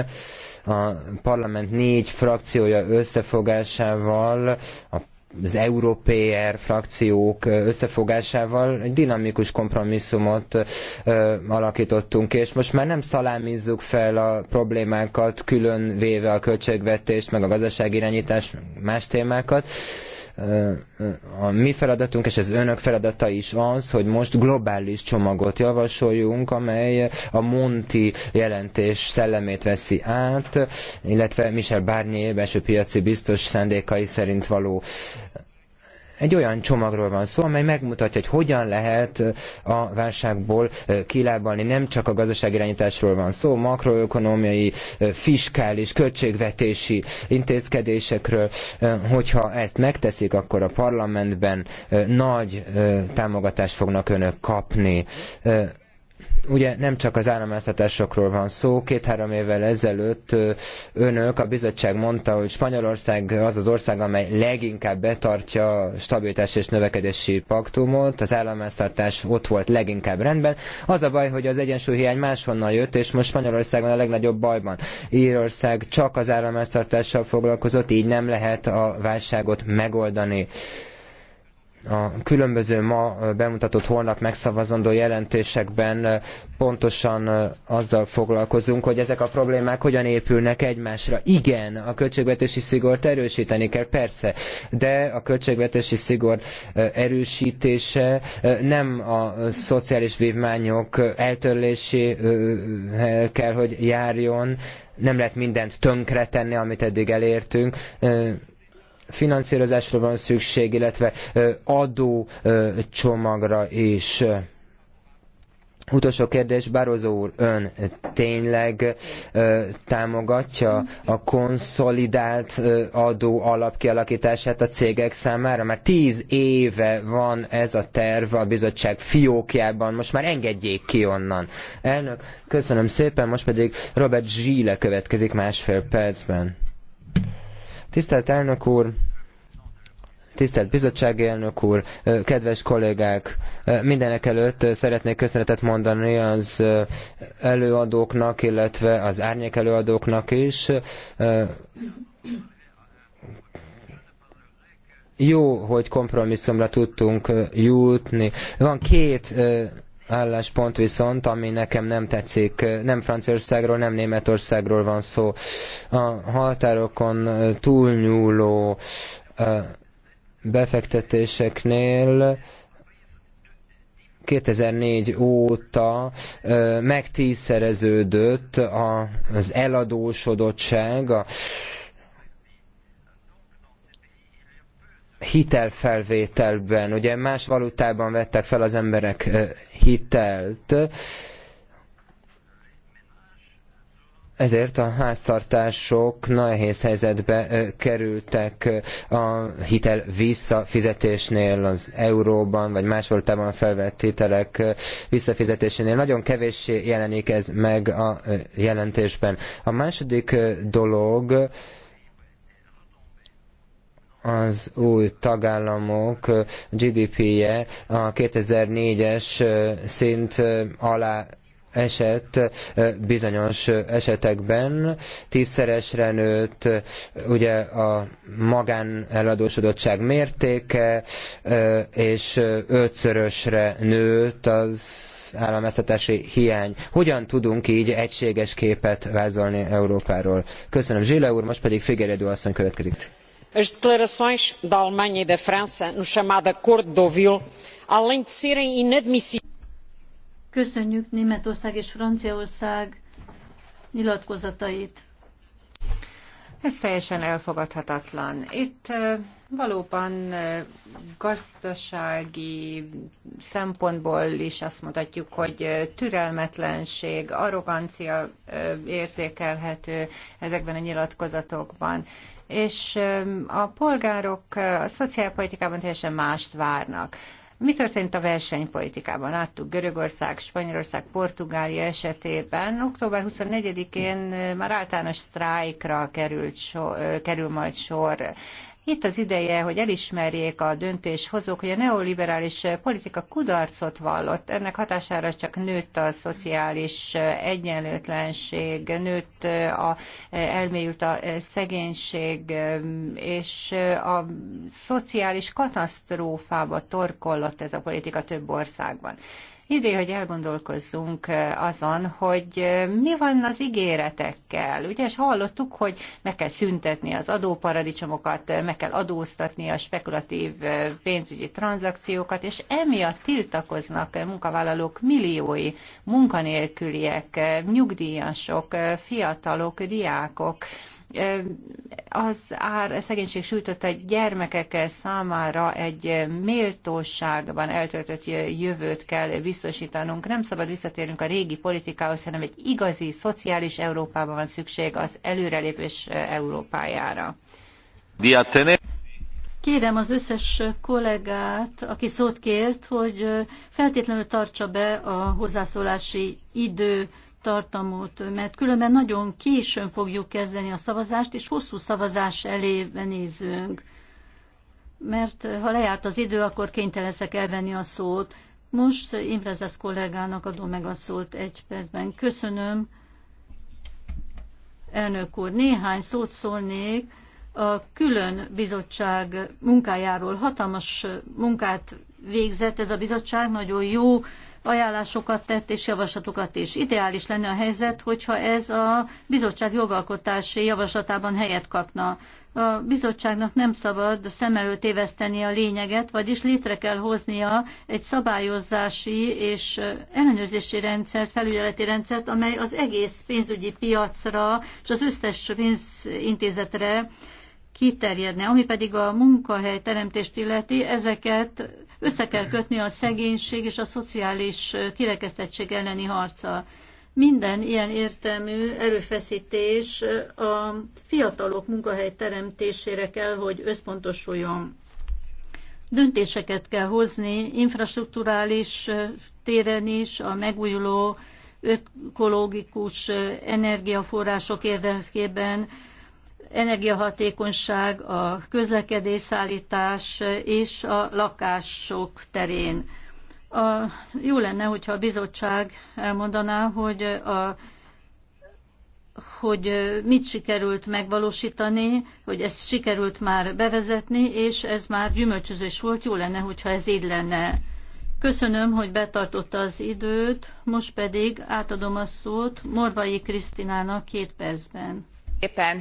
a parlament négy frakciója összefogásával a az európér frakciók összefogásával egy dinamikus kompromisszumot ö, alakítottunk, és most már nem szalámizzuk fel a problémákat, külön véve a költségvetést, meg a irányítás más témákat, a mi feladatunk és az önök feladata is az, hogy most globális csomagot javasoljunk, amely a Monti jelentés szellemét veszi át, illetve Michel Barnier belső piaci biztos szándékai szerint való egy olyan csomagról van szó, amely megmutatja, hogy hogyan lehet a válságból kilábalni. Nem csak a gazdaságirányításról van szó, makroökonomiai, fiskális, költségvetési intézkedésekről. Hogyha ezt megteszik, akkor a parlamentben nagy támogatást fognak önök kapni Ugye nem csak az államáztatásokról van szó, két-három évvel ezelőtt önök, a bizottság mondta, hogy Spanyolország az az ország, amely leginkább betartja a stabilitás és növekedési paktumot, az államáztatás ott volt leginkább rendben. Az a baj, hogy az egyensúlyhiány máshonnan jött, és most Spanyolország van a legnagyobb bajban. Írország csak az államáztatással foglalkozott, így nem lehet a válságot megoldani a különböző ma bemutatott holnap megszavazandó jelentésekben pontosan azzal foglalkozunk, hogy ezek a problémák hogyan épülnek egymásra. Igen, a költségvetési szigort erősíteni kell, persze, de a költségvetési szigor erősítése nem a szociális vívmányok eltörlésével kell, hogy járjon, nem lehet mindent tönkretenni, amit eddig elértünk, finanszírozásra van szükség, illetve adó csomagra is. Utolsó kérdés, Barozó úr, ön tényleg ö, támogatja a konszolidált ö, adó alapkialakítását a cégek számára? Már tíz éve van ez a terv a bizottság fiókjában, most már engedjék ki onnan. Elnök, köszönöm szépen, most pedig Robert Zsíle következik másfél percben. Tisztelt elnök úr, Tisztelt bizottsági elnök úr, kedves kollégák! Mindenek előtt szeretnék köszönetet mondani az előadóknak, illetve az árnyék előadóknak is. Jó, hogy kompromisszumra tudtunk jutni. Van két álláspont viszont, ami nekem nem tetszik, nem Franciaországról, nem Németországról van szó. A határokon túlnyúló befektetéseknél 2004 óta megtízszereződött az eladósodottság, a hitelfelvételben. Ugye más valutában vettek fel az emberek hitelt, ezért a háztartások nehéz helyzetbe kerültek a hitel visszafizetésnél, az euróban vagy más valutában felvett hitelek visszafizetésénél. Nagyon kevés jelenik ez meg a jelentésben. A második dolog, az új tagállamok GDP-je a 2004-es szint alá esett bizonyos esetekben, tízszeresre nőtt, ugye a magáneladósodottság mértéke, és ötszörösre nőtt az állameztetési hiány. Hogyan tudunk így egységes képet vázolni Európáról? Köszönöm Zsile úr, most pedig Figyeredő asszony következik as declarações da alemanha e da frança no chamado acordo de deauville além de serem inadmissíveis Köszönjük Németország és Franciaország nyilatkozatait. Ez teljesen elfogadhatatlan. Itt valóban gazdasági szempontból is azt mondhatjuk, hogy türelmetlenség, arrogancia érzékelhető ezekben a nyilatkozatokban és a polgárok a szociálpolitikában teljesen mást várnak. Mi történt a versenypolitikában? Láttuk Görögország, Spanyolország, Portugália esetében. Október 24-én már általános sztrájkra került so, kerül majd sor. Itt az ideje, hogy elismerjék a döntéshozók, hogy a neoliberális politika kudarcot vallott. Ennek hatására csak nőtt a szociális egyenlőtlenség, nőtt a, elmélyült a szegénység, és a szociális katasztrófába torkollott ez a politika több országban. Idő, hogy elgondolkozzunk azon, hogy mi van az ígéretekkel. Ugye, és hallottuk, hogy meg kell szüntetni az adóparadicsomokat, meg kell adóztatni a spekulatív pénzügyi tranzakciókat, és emiatt tiltakoznak munkavállalók milliói, munkanélküliek, nyugdíjasok, fiatalok, diákok, az ár szegénység sújtotta gyermekek számára egy méltóságban eltöltött jövőt kell biztosítanunk. Nem szabad visszatérnünk a régi politikához, hanem egy igazi, szociális Európában van szükség az előrelépés Európájára. Kérem az összes kollégát, aki szót kért, hogy feltétlenül tartsa be a hozzászólási idő tartamot, mert különben nagyon későn fogjuk kezdeni a szavazást, és hosszú szavazás elé nézünk. Mert ha lejárt az idő, akkor kénytelenek elvenni a szót. Most Imrezesz kollégának adom meg a szót egy percben. Köszönöm, elnök úr. Néhány szót szólnék a külön bizottság munkájáról. Hatalmas munkát végzett ez a bizottság, nagyon jó ajánlásokat tett és javaslatokat is. Ideális lenne a helyzet, hogyha ez a bizottság jogalkotási javaslatában helyet kapna. A bizottságnak nem szabad szem előtt éveszteni a lényeget, vagyis létre kell hoznia egy szabályozási és ellenőrzési rendszert, felügyeleti rendszert, amely az egész pénzügyi piacra és az összes pénzintézetre kiterjedne. Ami pedig a munkahely teremtést illeti, ezeket össze kell kötni a szegénység és a szociális kirekesztettség elleni harca. Minden ilyen értelmű erőfeszítés a fiatalok munkahely teremtésére kell, hogy összpontosuljon. Döntéseket kell hozni infrastruktúrális téren is, a megújuló ökológikus energiaforrások érdekében, energiahatékonyság, a szállítás és a lakások terén. A, jó lenne, hogyha a bizottság elmondaná, hogy, a, hogy mit sikerült megvalósítani, hogy ezt sikerült már bevezetni, és ez már gyümölcsözés volt. Jó lenne, hogyha ez így lenne. Köszönöm, hogy betartotta az időt, most pedig átadom a szót Morvai Krisztinának két percben. Éppen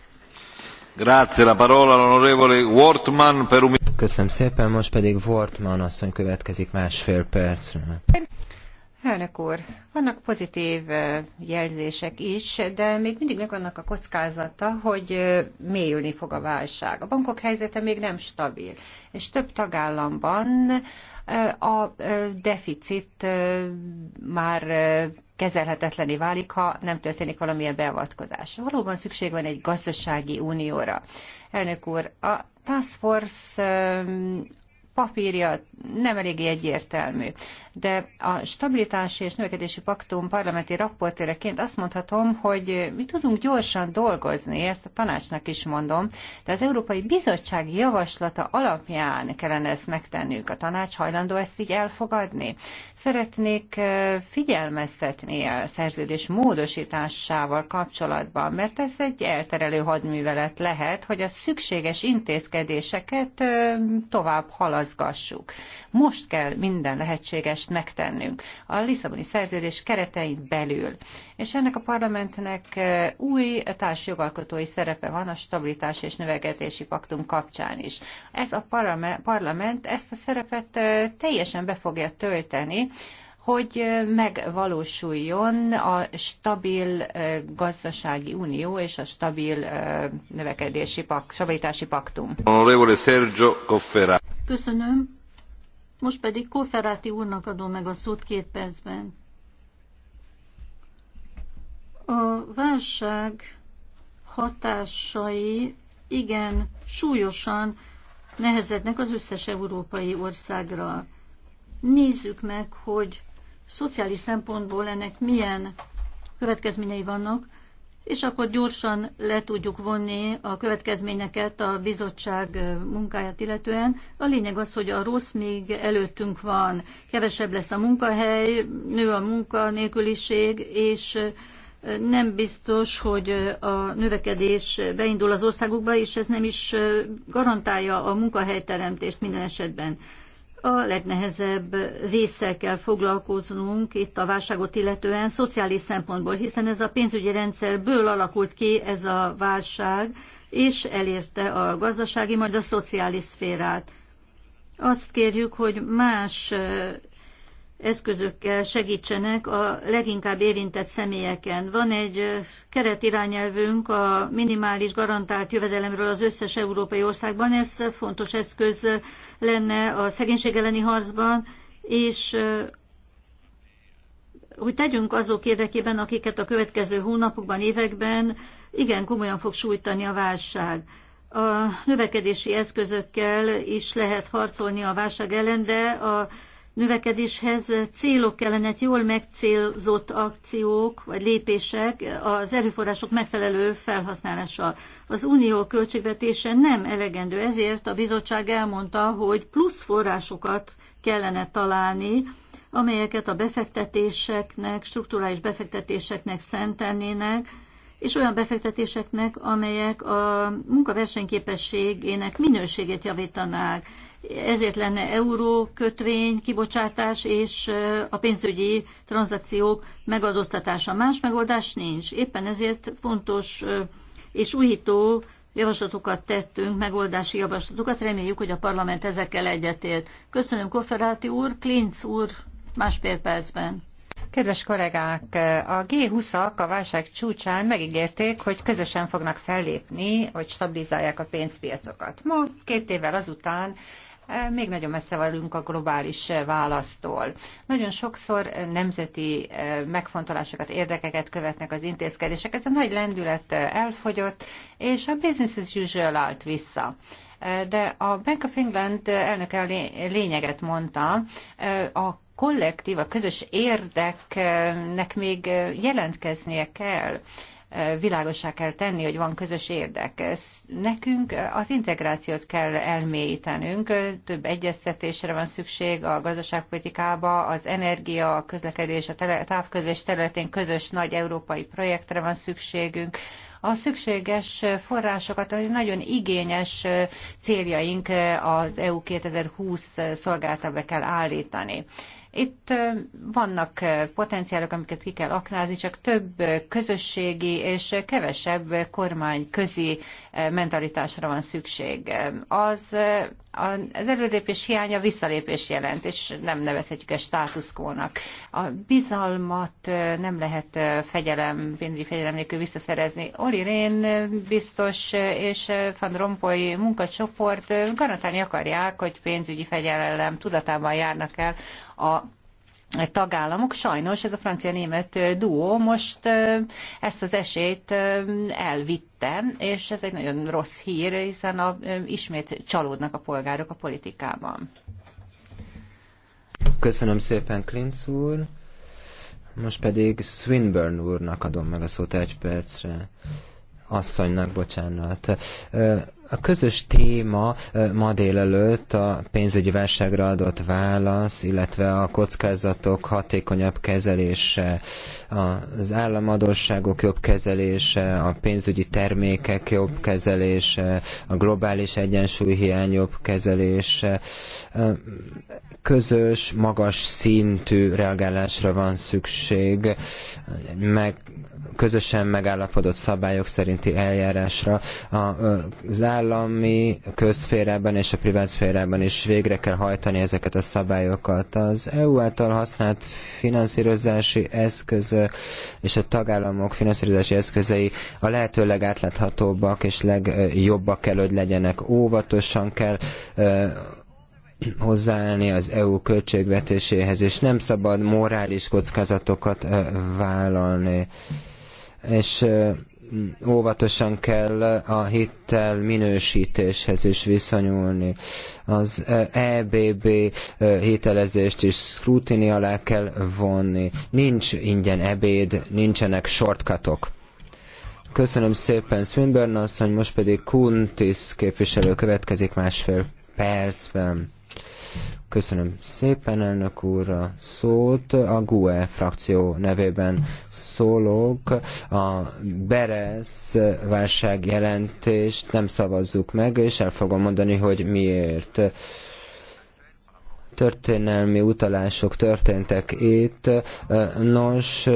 Grazie, la parola l'onorevole Wortman per un... Köszönöm szépen, most pedig Wortman asszony következik másfél percre. Elnök úr, vannak pozitív jelzések is, de még mindig megvannak a kockázata, hogy mélyülni fog a válság. A bankok helyzete még nem stabil, és több tagállamban a deficit már kezelhetetlené válik, ha nem történik valamilyen beavatkozás. Valóban szükség van egy gazdasági unióra. Elnök úr, a Task Force papírja nem eléggé egyértelmű de a stabilitási és növekedési paktum parlamenti raportőreként azt mondhatom, hogy mi tudunk gyorsan dolgozni, ezt a tanácsnak is mondom, de az Európai Bizottság javaslata alapján kellene ezt megtennünk. A tanács hajlandó ezt így elfogadni. Szeretnék figyelmeztetni a szerződés módosításával kapcsolatban, mert ez egy elterelő hadművelet lehet, hogy a szükséges intézkedéseket tovább halazgassuk. Most kell minden lehetségest megtennünk. A Lisszaboni szerződés keretein belül. És ennek a parlamentnek új társjogalkotói szerepe van a stabilitás és növekedési paktum kapcsán is. Ez a parlament ezt a szerepet teljesen be fogja tölteni, hogy megvalósuljon a stabil gazdasági unió és a stabil növekedési pakt, stabilitási paktum. Sergio Köszönöm. Most pedig Koferáti úrnak adom meg a szót két percben. A válság hatásai igen súlyosan nehezednek az összes európai országra. Nézzük meg, hogy szociális szempontból ennek milyen következményei vannak és akkor gyorsan le tudjuk vonni a következményeket a bizottság munkáját illetően. A lényeg az, hogy a rossz még előttünk van, kevesebb lesz a munkahely, nő a munkanélküliség, és nem biztos, hogy a növekedés beindul az országokba, és ez nem is garantálja a munkahelyteremtést minden esetben a legnehezebb résszel kell foglalkoznunk itt a válságot illetően szociális szempontból, hiszen ez a pénzügyi rendszerből alakult ki ez a válság, és elérte a gazdasági, majd a szociális szférát. Azt kérjük, hogy más eszközökkel segítsenek a leginkább érintett személyeken. Van egy keretirányelvünk a minimális garantált jövedelemről az összes európai országban. Ez fontos eszköz lenne a szegénység elleni harcban, és hogy tegyünk azok érdekében, akiket a következő hónapokban, években igen komolyan fog sújtani a válság. A növekedési eszközökkel is lehet harcolni a válság ellen, de a növekedéshez célok kellenek, hát jól megcélzott akciók vagy lépések az erőforrások megfelelő felhasználással. Az unió költségvetése nem elegendő, ezért a bizottság elmondta, hogy plusz forrásokat kellene találni, amelyeket a befektetéseknek, strukturális befektetéseknek szentennének, és olyan befektetéseknek, amelyek a munkaversenyképességének minőségét javítanák ezért lenne euró, kötvény, kibocsátás és a pénzügyi tranzakciók megadóztatása. Más megoldás nincs. Éppen ezért fontos és újító javaslatokat tettünk, megoldási javaslatokat. Reméljük, hogy a parlament ezekkel egyetért. Köszönöm Koferáti úr, Klinc úr másfél percben. Kedves kollégák, a G20-ak a válság csúcsán megígérték, hogy közösen fognak fellépni, hogy stabilizálják a pénzpiacokat. Ma, két évvel azután még nagyon messze vagyunk a globális választól. Nagyon sokszor nemzeti eh, megfontolásokat, érdekeket követnek az intézkedések. Ez a nagy lendület eh, elfogyott, és a business as usual állt vissza eh, de a Bank of England elnöke a lényeget mondta, a kollektív, a közös érdeknek még jelentkeznie kell világossá kell tenni, hogy van közös érdek. Nekünk az integrációt kell elmélyítenünk, több egyeztetésre van szükség a gazdaságpolitikába, az energia, a közlekedés, a távközlés területén közös nagy európai projektre van szükségünk, a szükséges forrásokat, az nagyon igényes céljaink az EU 2020 szolgálta be kell állítani. Itt vannak potenciálok, amiket ki kell aknázni, csak több közösségi és kevesebb kormányközi mentalitásra van szükség. Az az előrépés hiánya visszalépés jelent, és nem nevezhetjük ezt státuszkónak. A bizalmat nem lehet fegyelem, pénzügyi fegyelem nélkül visszaszerezni. Oli Rén biztos és Van Rompoy munkacsoport garantálni akarják, hogy pénzügyi fegyelem tudatában járnak el a tagállamok. Sajnos ez a francia-német duó most ezt az esélyt elvitte, és ez egy nagyon rossz hír, hiszen a, ismét csalódnak a polgárok a politikában. Köszönöm szépen, Klinc úr. Most pedig Swinburne úrnak adom meg a szót egy percre. Asszonynak, bocsánat a közös téma ma délelőtt a pénzügyi válságra adott válasz, illetve a kockázatok hatékonyabb kezelése, az államadóságok jobb kezelése, a pénzügyi termékek jobb kezelése, a globális egyensúlyhiány jobb kezelése közös, magas szintű reagálásra van szükség, meg közösen megállapodott szabályok szerinti eljárásra. Az állami közszférában és a privátszférában is végre kell hajtani ezeket a szabályokat. Az EU által használt finanszírozási eszközök és a tagállamok finanszírozási eszközei a lehető legátláthatóbbak és legjobbak kell, hogy legyenek. Óvatosan kell hozzáállni az EU költségvetéséhez, és nem szabad morális kockázatokat vállalni. És óvatosan kell a hittel minősítéshez is viszonyulni. Az EBB hitelezést is szkrutini alá kell vonni. Nincs ingyen ebéd, nincsenek shortcutok. Köszönöm szépen Swinburne asszony, most pedig Kuntis képviselő következik másfél percben. Köszönöm szépen, elnök úr, a szót. A GUE frakció nevében szólok. A Beres válság jelentést nem szavazzuk meg, és el fogom mondani, hogy miért történelmi utalások történtek itt. Nos,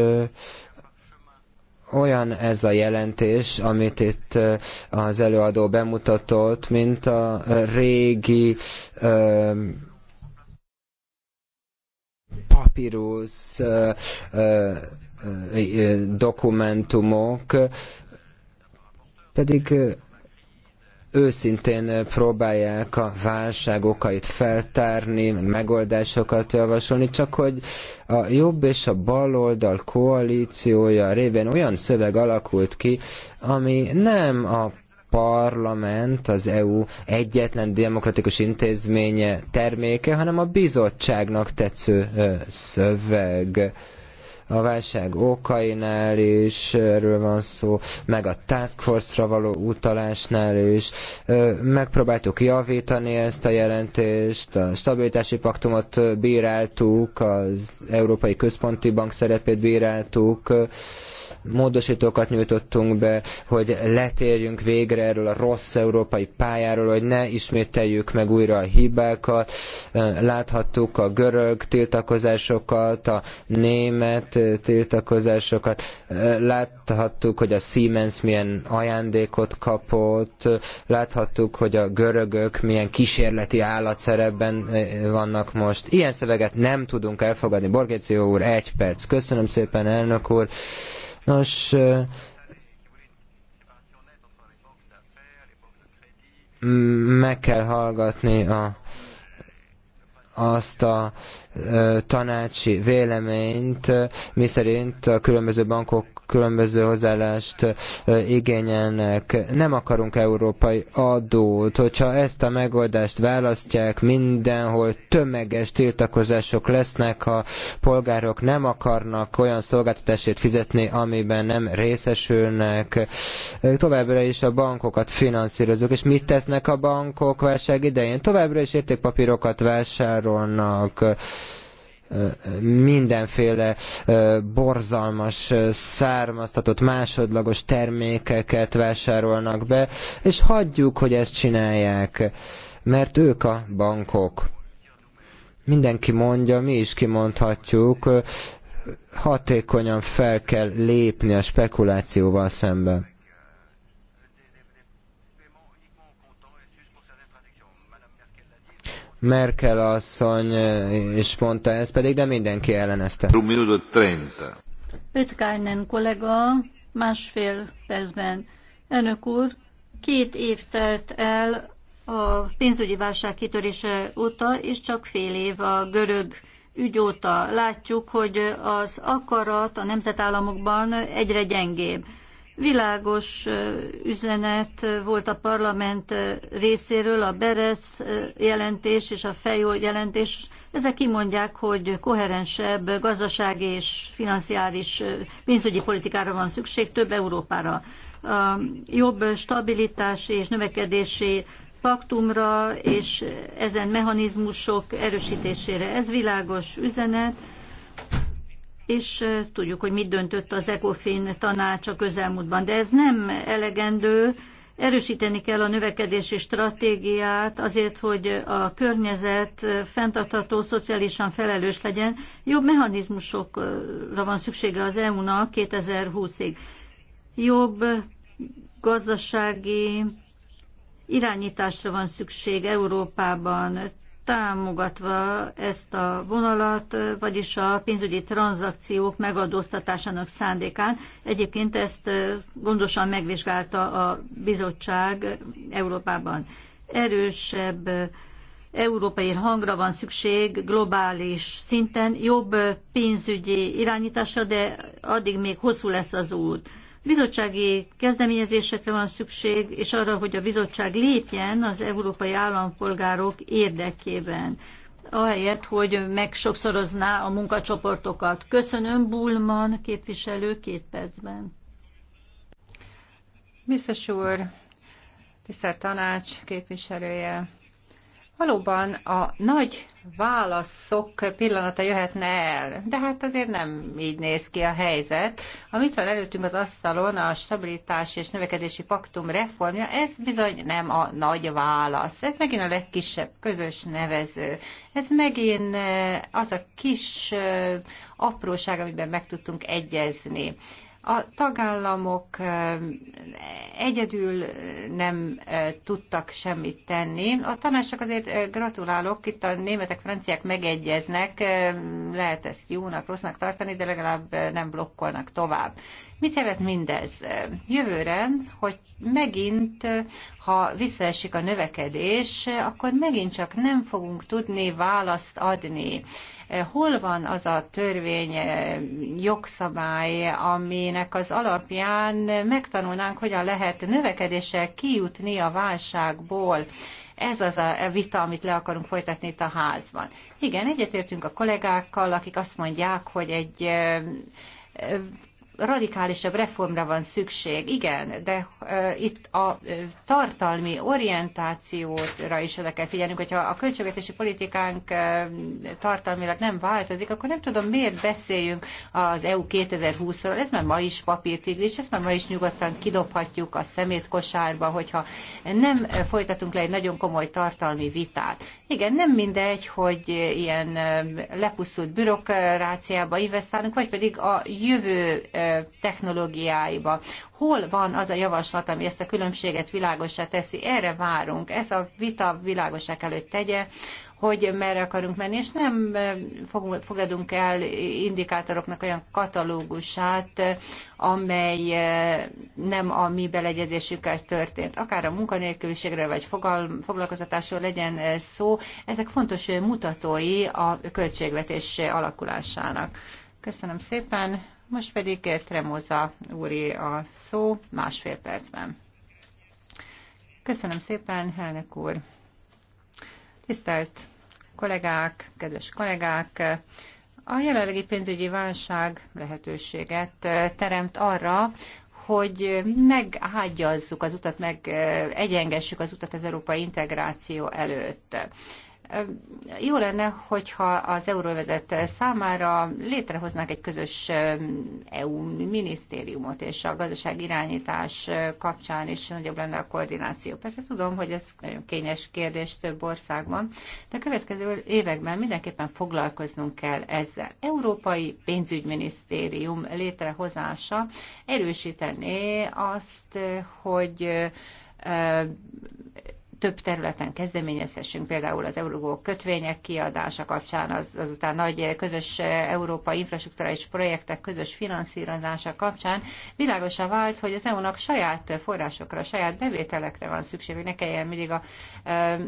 olyan ez a jelentés, amit itt az előadó bemutatott, mint a régi papírus dokumentumok, pedig őszintén próbálják a válság okait feltárni, megoldásokat javasolni, csak hogy a jobb és a baloldal koalíciója révén olyan szöveg alakult ki, ami nem a parlament az EU egyetlen demokratikus intézménye terméke, hanem a bizottságnak tetsző szöveg a válság okainál is erről van szó, meg a task force-ra való utalásnál is. Megpróbáltuk javítani ezt a jelentést, a stabilitási paktumot bíráltuk, az Európai Központi Bank szerepét bíráltuk, módosítókat nyújtottunk be, hogy letérjünk végre erről a rossz európai pályáról, hogy ne ismételjük meg újra a hibákat. Láthattuk a görög tiltakozásokat, a német tiltakozásokat, láthattuk, hogy a Siemens milyen ajándékot kapott, láthattuk, hogy a görögök milyen kísérleti állatszerepben vannak most. Ilyen szöveget nem tudunk elfogadni. Borgéció úr, egy perc. Köszönöm szépen, elnök úr. Nos, meg kell hallgatni a, azt a tanácsi véleményt, miszerint a különböző bankok különböző hozzáállást igényelnek. Nem akarunk európai adót, hogyha ezt a megoldást választják, mindenhol tömeges tiltakozások lesznek, ha polgárok nem akarnak olyan szolgáltatásért fizetni, amiben nem részesülnek. Továbbra is a bankokat finanszírozunk, és mit tesznek a bankok válság idején? Továbbra is értékpapírokat vásárolnak mindenféle borzalmas, származtatott, másodlagos termékeket vásárolnak be, és hagyjuk, hogy ezt csinálják, mert ők a bankok. Mindenki mondja, mi is kimondhatjuk, hatékonyan fel kell lépni a spekulációval szemben. Merkel asszony is mondta ezt pedig, de mindenki ellenezte. 1 kollega, másfél percben. Önök úr, két év telt el a pénzügyi válság kitörése óta, és csak fél év a görög ügy óta. Látjuk, hogy az akarat a nemzetállamokban egyre gyengébb Világos üzenet volt a parlament részéről, a Beres jelentés és a Fejó jelentés. Ezek kimondják, hogy koherensebb gazdasági és financiális pénzügyi politikára van szükség, több Európára. A jobb stabilitás és növekedési paktumra és ezen mechanizmusok erősítésére. Ez világos üzenet és tudjuk, hogy mit döntött az ECOFIN tanács a közelmúltban. De ez nem elegendő, erősíteni kell a növekedési stratégiát azért, hogy a környezet fenntartható, szociálisan felelős legyen. Jobb mechanizmusokra van szüksége az EU-nak 2020-ig. Jobb gazdasági irányításra van szükség Európában támogatva ezt a vonalat, vagyis a pénzügyi tranzakciók megadóztatásának szándékán. Egyébként ezt gondosan megvizsgálta a bizottság Európában. Erősebb európai hangra van szükség globális szinten, jobb pénzügyi irányításra, de addig még hosszú lesz az út. Bizottsági kezdeményezésekre van szükség, és arra, hogy a bizottság lépjen az európai állampolgárok érdekében, ahelyett, hogy megsokszorozná a munkacsoportokat. Köszönöm, Bulman képviselő, két percben. Mr. úr, tisztelt tanács képviselője, Valóban a nagy válaszok pillanata jöhetne el, de hát azért nem így néz ki a helyzet. Amit van előttünk az asztalon, a stabilitási és növekedési paktum reformja, ez bizony nem a nagy válasz. Ez megint a legkisebb közös nevező. Ez megint eh, az a kis eh, apróság, amiben meg tudtunk egyezni. A tagállamok egyedül nem tudtak semmit tenni. A tanácsnak azért gratulálok, itt a németek, franciák megegyeznek, lehet ezt jónak, rossznak tartani, de legalább nem blokkolnak tovább. Mit jelent mindez? Jövőre, hogy megint, ha visszaesik a növekedés, akkor megint csak nem fogunk tudni választ adni. Eh, hol van az a törvény, eh, jogszabály, aminek az alapján megtanulnánk, hogyan lehet növekedéssel kijutni a válságból. Ez az a vita, amit le akarunk folytatni itt a házban. Igen, egyetértünk a kollégákkal, akik azt mondják, hogy egy eh, radikálisabb reformra van szükség, igen, de uh, itt a uh, tartalmi orientációra is oda kell figyelnünk, hogyha a költségvetési politikánk uh, tartalmilag nem változik, akkor nem tudom, miért beszéljünk az EU 2020-ról, ez már ma is papírtigris, ezt már ma is nyugodtan kidobhatjuk a szemét kosárba, hogyha nem folytatunk le egy nagyon komoly tartalmi vitát. Igen, nem mindegy, hogy ilyen lepusztult bürokráciába investálunk, vagy pedig a jövő technológiáiba. Hol van az a javaslat, ami ezt a különbséget világosá teszi? Erre várunk. Ez a vita világosak előtt tegye, hogy merre akarunk menni, és nem eh, fogadunk el indikátoroknak olyan katalógusát, amely eh, nem a mi beleegyezésükkel történt. Akár a munkanélküliségről vagy foglalkoztatásról legyen eh, szó, ezek fontos mutatói a költségvetés alakulásának. Köszönöm szépen, most pedig Tremoza úri a szó másfél percben. Köszönöm szépen, elnök úr! Tisztelt kollégák, kedves kollégák! A jelenlegi pénzügyi válság lehetőséget eh, teremt arra, hogy megágyazzuk az utat, meg eh, egyengessük az utat az európai integráció előtt jó lenne, hogyha az euróvezet számára létrehoznák egy közös EU minisztériumot, és a gazdaság irányítás kapcsán is nagyobb lenne a koordináció. Persze tudom, hogy ez nagyon kényes kérdés több országban, de a következő években mindenképpen foglalkoznunk kell ezzel. Európai pénzügyminisztérium létrehozása erősítené azt, hogy több területen kezdeményezhessünk, például az euró kötvények kiadása kapcsán, az, azután nagy közös európai infrastruktúrális projektek közös finanszírozása kapcsán világosá vált, hogy az EU-nak saját forrásokra, saját bevételekre van szükség, hogy ne kelljen mindig a e,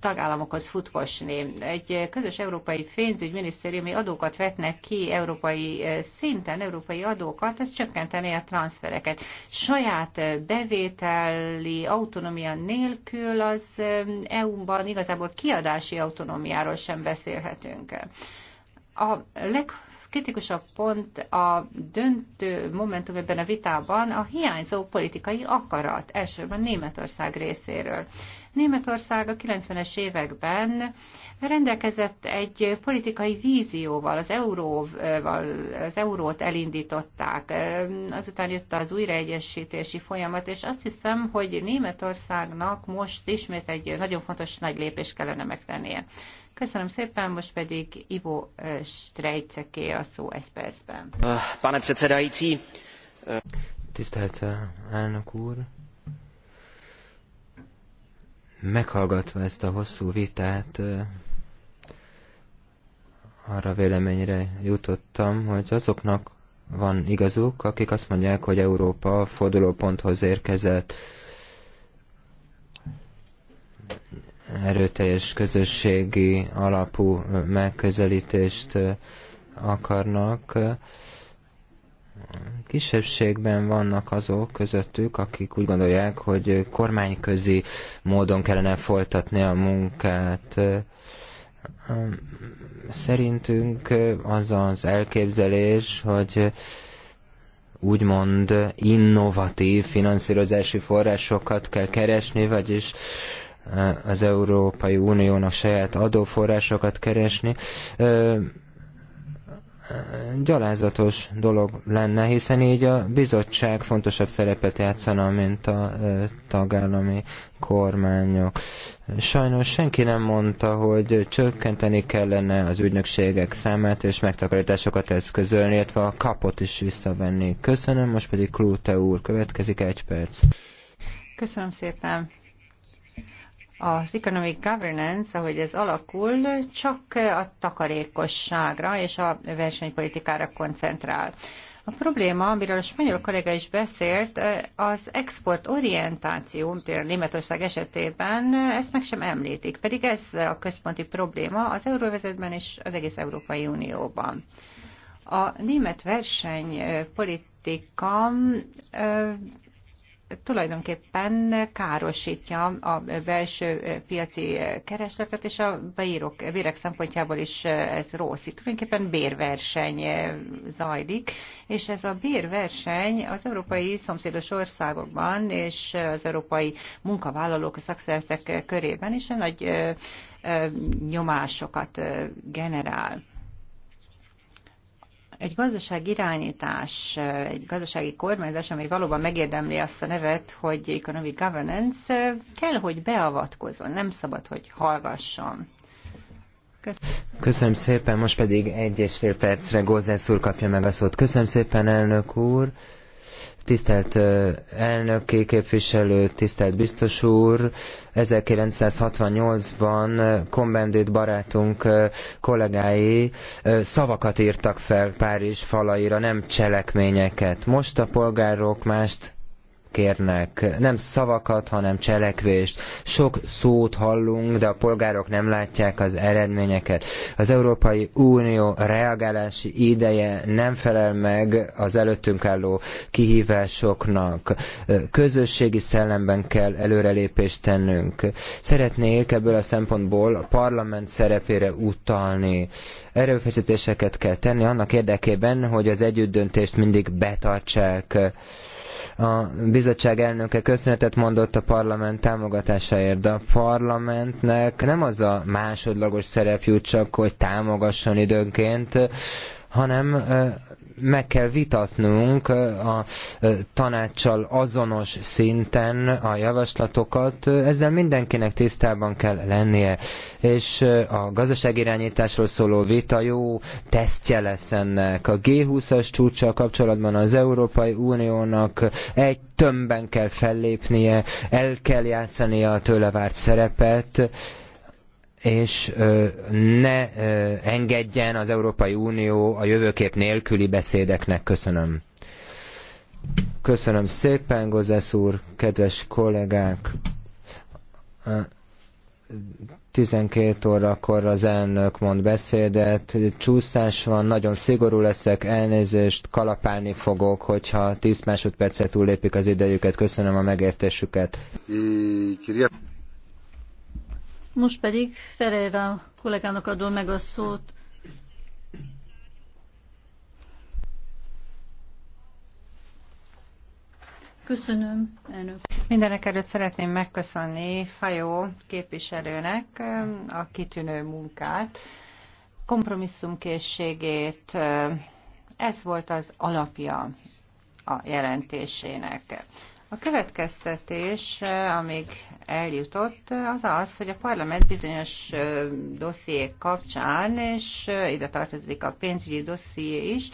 tagállamokhoz futkosni. Egy közös európai pénzügyminisztériumi adókat vetnek ki európai eh, szinten, európai adókat, ez csökkenteni a transfereket. Saját bevételi autonómia nélkül az az EU-ban e igazából kiadási autonómiáról sem beszélhetünk. A legkritikusabb pont a döntő momentum ebben a vitában a hiányzó politikai akarat, elsősorban Németország részéről. Németország a 90-es években rendelkezett egy politikai vízióval, az euróval, az eurót elindították, azután jött az újraegyesítési folyamat, és azt hiszem, hogy Németországnak most ismét egy nagyon fontos nagy lépés kellene megtennie. Köszönöm szépen, most pedig Ivo Strejceké a szó egy percben. Pane předsedající. Tisztelt elnök úr, meghallgatva ezt a hosszú vitát, arra véleményre jutottam, hogy azoknak van igazuk, akik azt mondják, hogy Európa fordulóponthoz érkezett erőteljes közösségi alapú megközelítést akarnak. Kisebbségben vannak azok közöttük, akik úgy gondolják, hogy kormányközi módon kellene folytatni a munkát. Szerintünk az az elképzelés, hogy úgymond innovatív finanszírozási forrásokat kell keresni, vagyis az Európai Uniónak saját adóforrásokat keresni gyalázatos dolog lenne, hiszen így a bizottság fontosabb szerepet játszana, mint a tagállami kormányok. Sajnos senki nem mondta, hogy csökkenteni kellene az ügynökségek számát, és megtakarításokat eszközölni, illetve a kapot is visszavenni. Köszönöm, most pedig Klúte úr, következik egy perc. Köszönöm szépen az economic governance, ahogy ez alakul, csak a takarékosságra és a versenypolitikára koncentrál. A probléma, amiről a spanyol kollega is beszélt, az export orientáció, például Németország esetében ezt meg sem említik, pedig ez a központi probléma az euróvezetben és az egész Európai Unióban. A német versenypolitika tulajdonképpen károsítja a belső piaci keresletet, és a bérok, bérek szempontjából is ez rossz. Itt tulajdonképpen bérverseny zajlik, és ez a bérverseny az európai szomszédos országokban és az európai munkavállalók, a szakszervezetek körében is nagy nyomásokat generál egy gazdaság irányítás, egy gazdasági kormányzás, ami valóban megérdemli azt a nevet, hogy economic governance, kell, hogy beavatkozzon, nem szabad, hogy hallgasson. Köszönöm. Köszönöm szépen, most pedig egy és fél percre Gózes úr kapja meg a szót. Köszönöm szépen, elnök úr. Tisztelt elnöki képviselő, tisztelt biztos úr, 1968-ban Kombendit barátunk kollégái szavakat írtak fel Párizs falaira, nem cselekményeket. Most a polgárok mást kérnek. Nem szavakat, hanem cselekvést. Sok szót hallunk, de a polgárok nem látják az eredményeket. Az Európai Unió reagálási ideje nem felel meg az előttünk álló kihívásoknak. Közösségi szellemben kell előrelépést tennünk. Szeretnék ebből a szempontból a parlament szerepére utalni. Erőfeszítéseket kell tenni annak érdekében, hogy az együttdöntést mindig betartsák. A bizottság elnöke köszönetet mondott a parlament támogatásáért, de a parlamentnek nem az a másodlagos szerep jut csak, hogy támogasson időnként, hanem meg kell vitatnunk a tanácssal azonos szinten a javaslatokat, ezzel mindenkinek tisztában kell lennie, és a gazdaságirányításról szóló vita jó tesztje lesz ennek. A G20-as csúcssal kapcsolatban az Európai Uniónak egy tömbben kell fellépnie, el kell játszania a tőle várt szerepet, és ne engedjen az Európai Unió a jövőkép nélküli beszédeknek. Köszönöm. Köszönöm szépen, Gozesz úr, kedves kollégák. 12 órakor az elnök mond beszédet, csúszás van, nagyon szigorú leszek, elnézést, kalapálni fogok, hogyha 10 másodpercet túllépik az idejüket. Köszönöm a megértésüket. Most pedig Ferreira kollégának adom meg a szót. Köszönöm, elnök. Mindenek előtt szeretném megköszönni Fajó képviselőnek um, a kitűnő munkát, kompromisszumkészségét. Um, ez volt az alapja a jelentésének. A következtetés, eh, amíg eljutott, az az, hogy a parlament bizonyos eh, dossziék kapcsán, és eh, ide tartozik a pénzügyi dosszié is,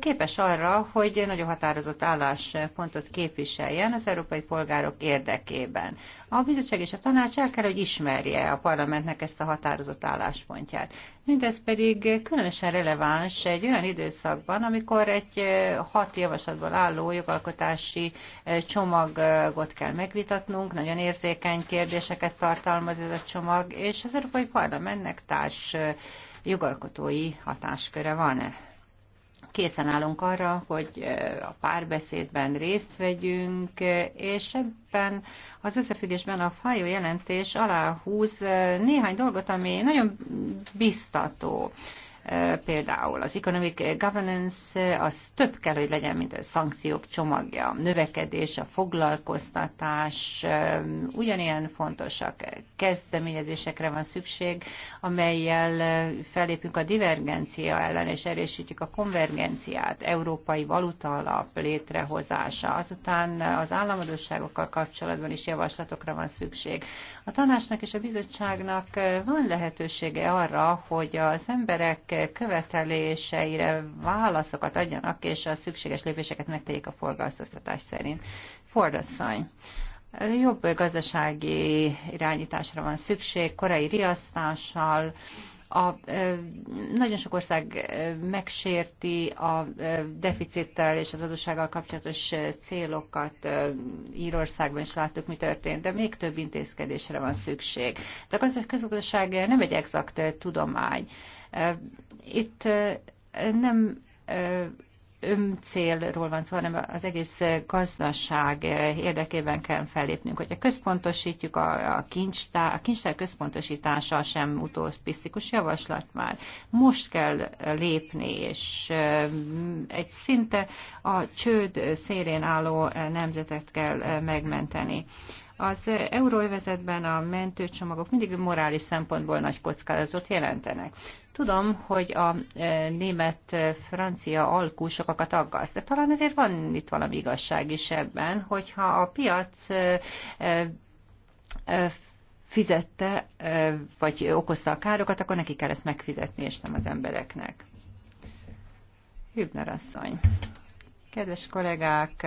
képes arra, hogy nagyon határozott álláspontot képviseljen az európai polgárok érdekében. A bizottság és a tanács el kell, hogy ismerje a parlamentnek ezt a határozott álláspontját. Mindez pedig különösen releváns egy olyan időszakban, amikor egy hat javaslatból álló jogalkotási csomagot kell megvitatnunk, nagyon érzékeny kérdéseket tartalmaz ez a csomag, és az Európai Parlamentnek társ jogalkotói hatásköre van-e? készen állunk arra, hogy a párbeszédben részt vegyünk, és ebben az összefüggésben a fájó jelentés aláhúz néhány dolgot, ami nagyon biztató például az economic governance az több kell, hogy legyen, mint a szankciók csomagja. A növekedés, a foglalkoztatás um, ugyanilyen fontosak. Kezdeményezésekre van szükség, amelyel uh, fellépünk a divergencia ellen, és erősítjük a konvergenciát, európai valuta alap létrehozása. Azután az államadóságokkal kapcsolatban is javaslatokra van szükség. A tanácsnak és a bizottságnak eh, van lehetősége arra, hogy az emberek követeléseire válaszokat adjanak, és a szükséges lépéseket megtegyék a forgalmaztatás szerint. Fordasszony. Jobb gazdasági irányításra van szükség, korai riasztással, a, nagyon sok ország megsérti a deficittel és az adóssággal kapcsolatos célokat. Írországban is láttuk, mi történt, de még több intézkedésre van szükség. De a közgazdaság nem egy exakt tudomány. Itt nem öncélról van szó, hanem az egész gazdaság érdekében kell fellépnünk. Hogyha központosítjuk a, a kincstár, a kincstár központosítása sem utópisztikus javaslat már. Most kell lépni, és egy szinte a csőd szélén álló nemzetet kell megmenteni. Az euróövezetben a mentőcsomagok mindig morális szempontból nagy kockázatot jelentenek. Tudom, hogy a e, német-francia e, alkú sokakat aggaszt, de talán ezért van itt valami igazság is ebben, hogyha a piac e, fizette, vagy okozta a károkat, akkor neki kell ezt megfizetni, és nem az embereknek. Hübner asszony. Kedves kollégák,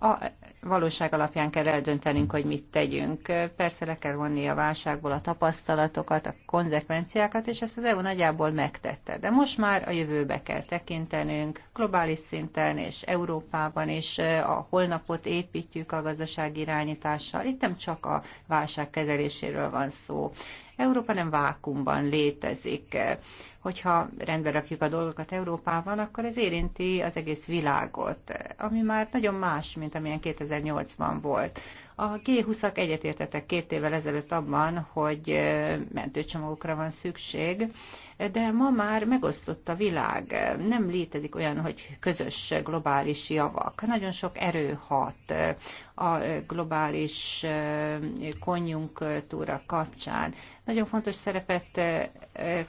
a valóság alapján kell eldöntenünk, hogy mit tegyünk. Persze le kell vonni a válságból a tapasztalatokat, a konzekvenciákat, és ezt az EU nagyjából megtette. De most már a jövőbe kell tekintenünk, globális szinten és Európában is a holnapot építjük a gazdaság irányítással. Itt nem csak a válság kezeléséről van szó. Európa nem vákumban létezik. Hogyha rendbe rakjuk a dolgokat Európában, akkor ez érinti az egész világot, ami már nagyon más, mint amilyen 2008-ban volt. A G20-ak egyetértettek két évvel ezelőtt abban, hogy mentőcsomagokra van szükség, de ma már megosztott a világ. Nem létezik olyan, hogy közös globális javak. Nagyon sok erő hat a globális konjunktúra kapcsán. Nagyon fontos szerepet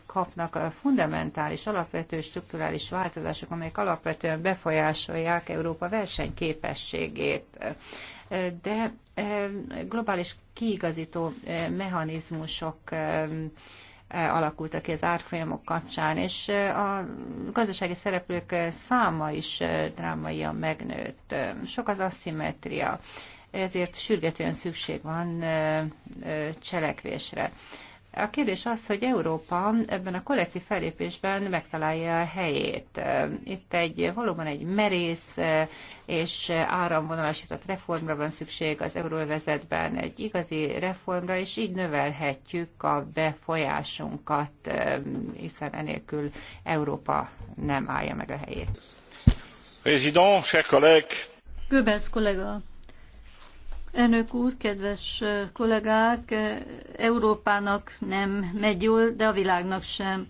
kapnak a fundamentális, alapvető strukturális változások, amelyek alapvetően befolyásolják Európa versenyképességét de eh, globális kiigazító eh, mechanizmusok eh, alakultak ki az árfolyamok kapcsán, és a gazdasági szereplők száma is drámaian megnőtt. Sok az asszimetria, ezért sürgetően szükség van cselekvésre. A kérdés az, hogy Európa ebben a kollektív fellépésben megtalálja a helyét. Itt egy valóban egy merész eh, és áramvonalasított reformra van szükség az euróvezetben, egy igazi reformra, és így növelhetjük a befolyásunkat, eh, hiszen enélkül Európa nem állja meg a helyét. Président, chers collègues! Göbels kollega, Elnök úr, kedves kollégák, Európának nem megy jól, de a világnak sem.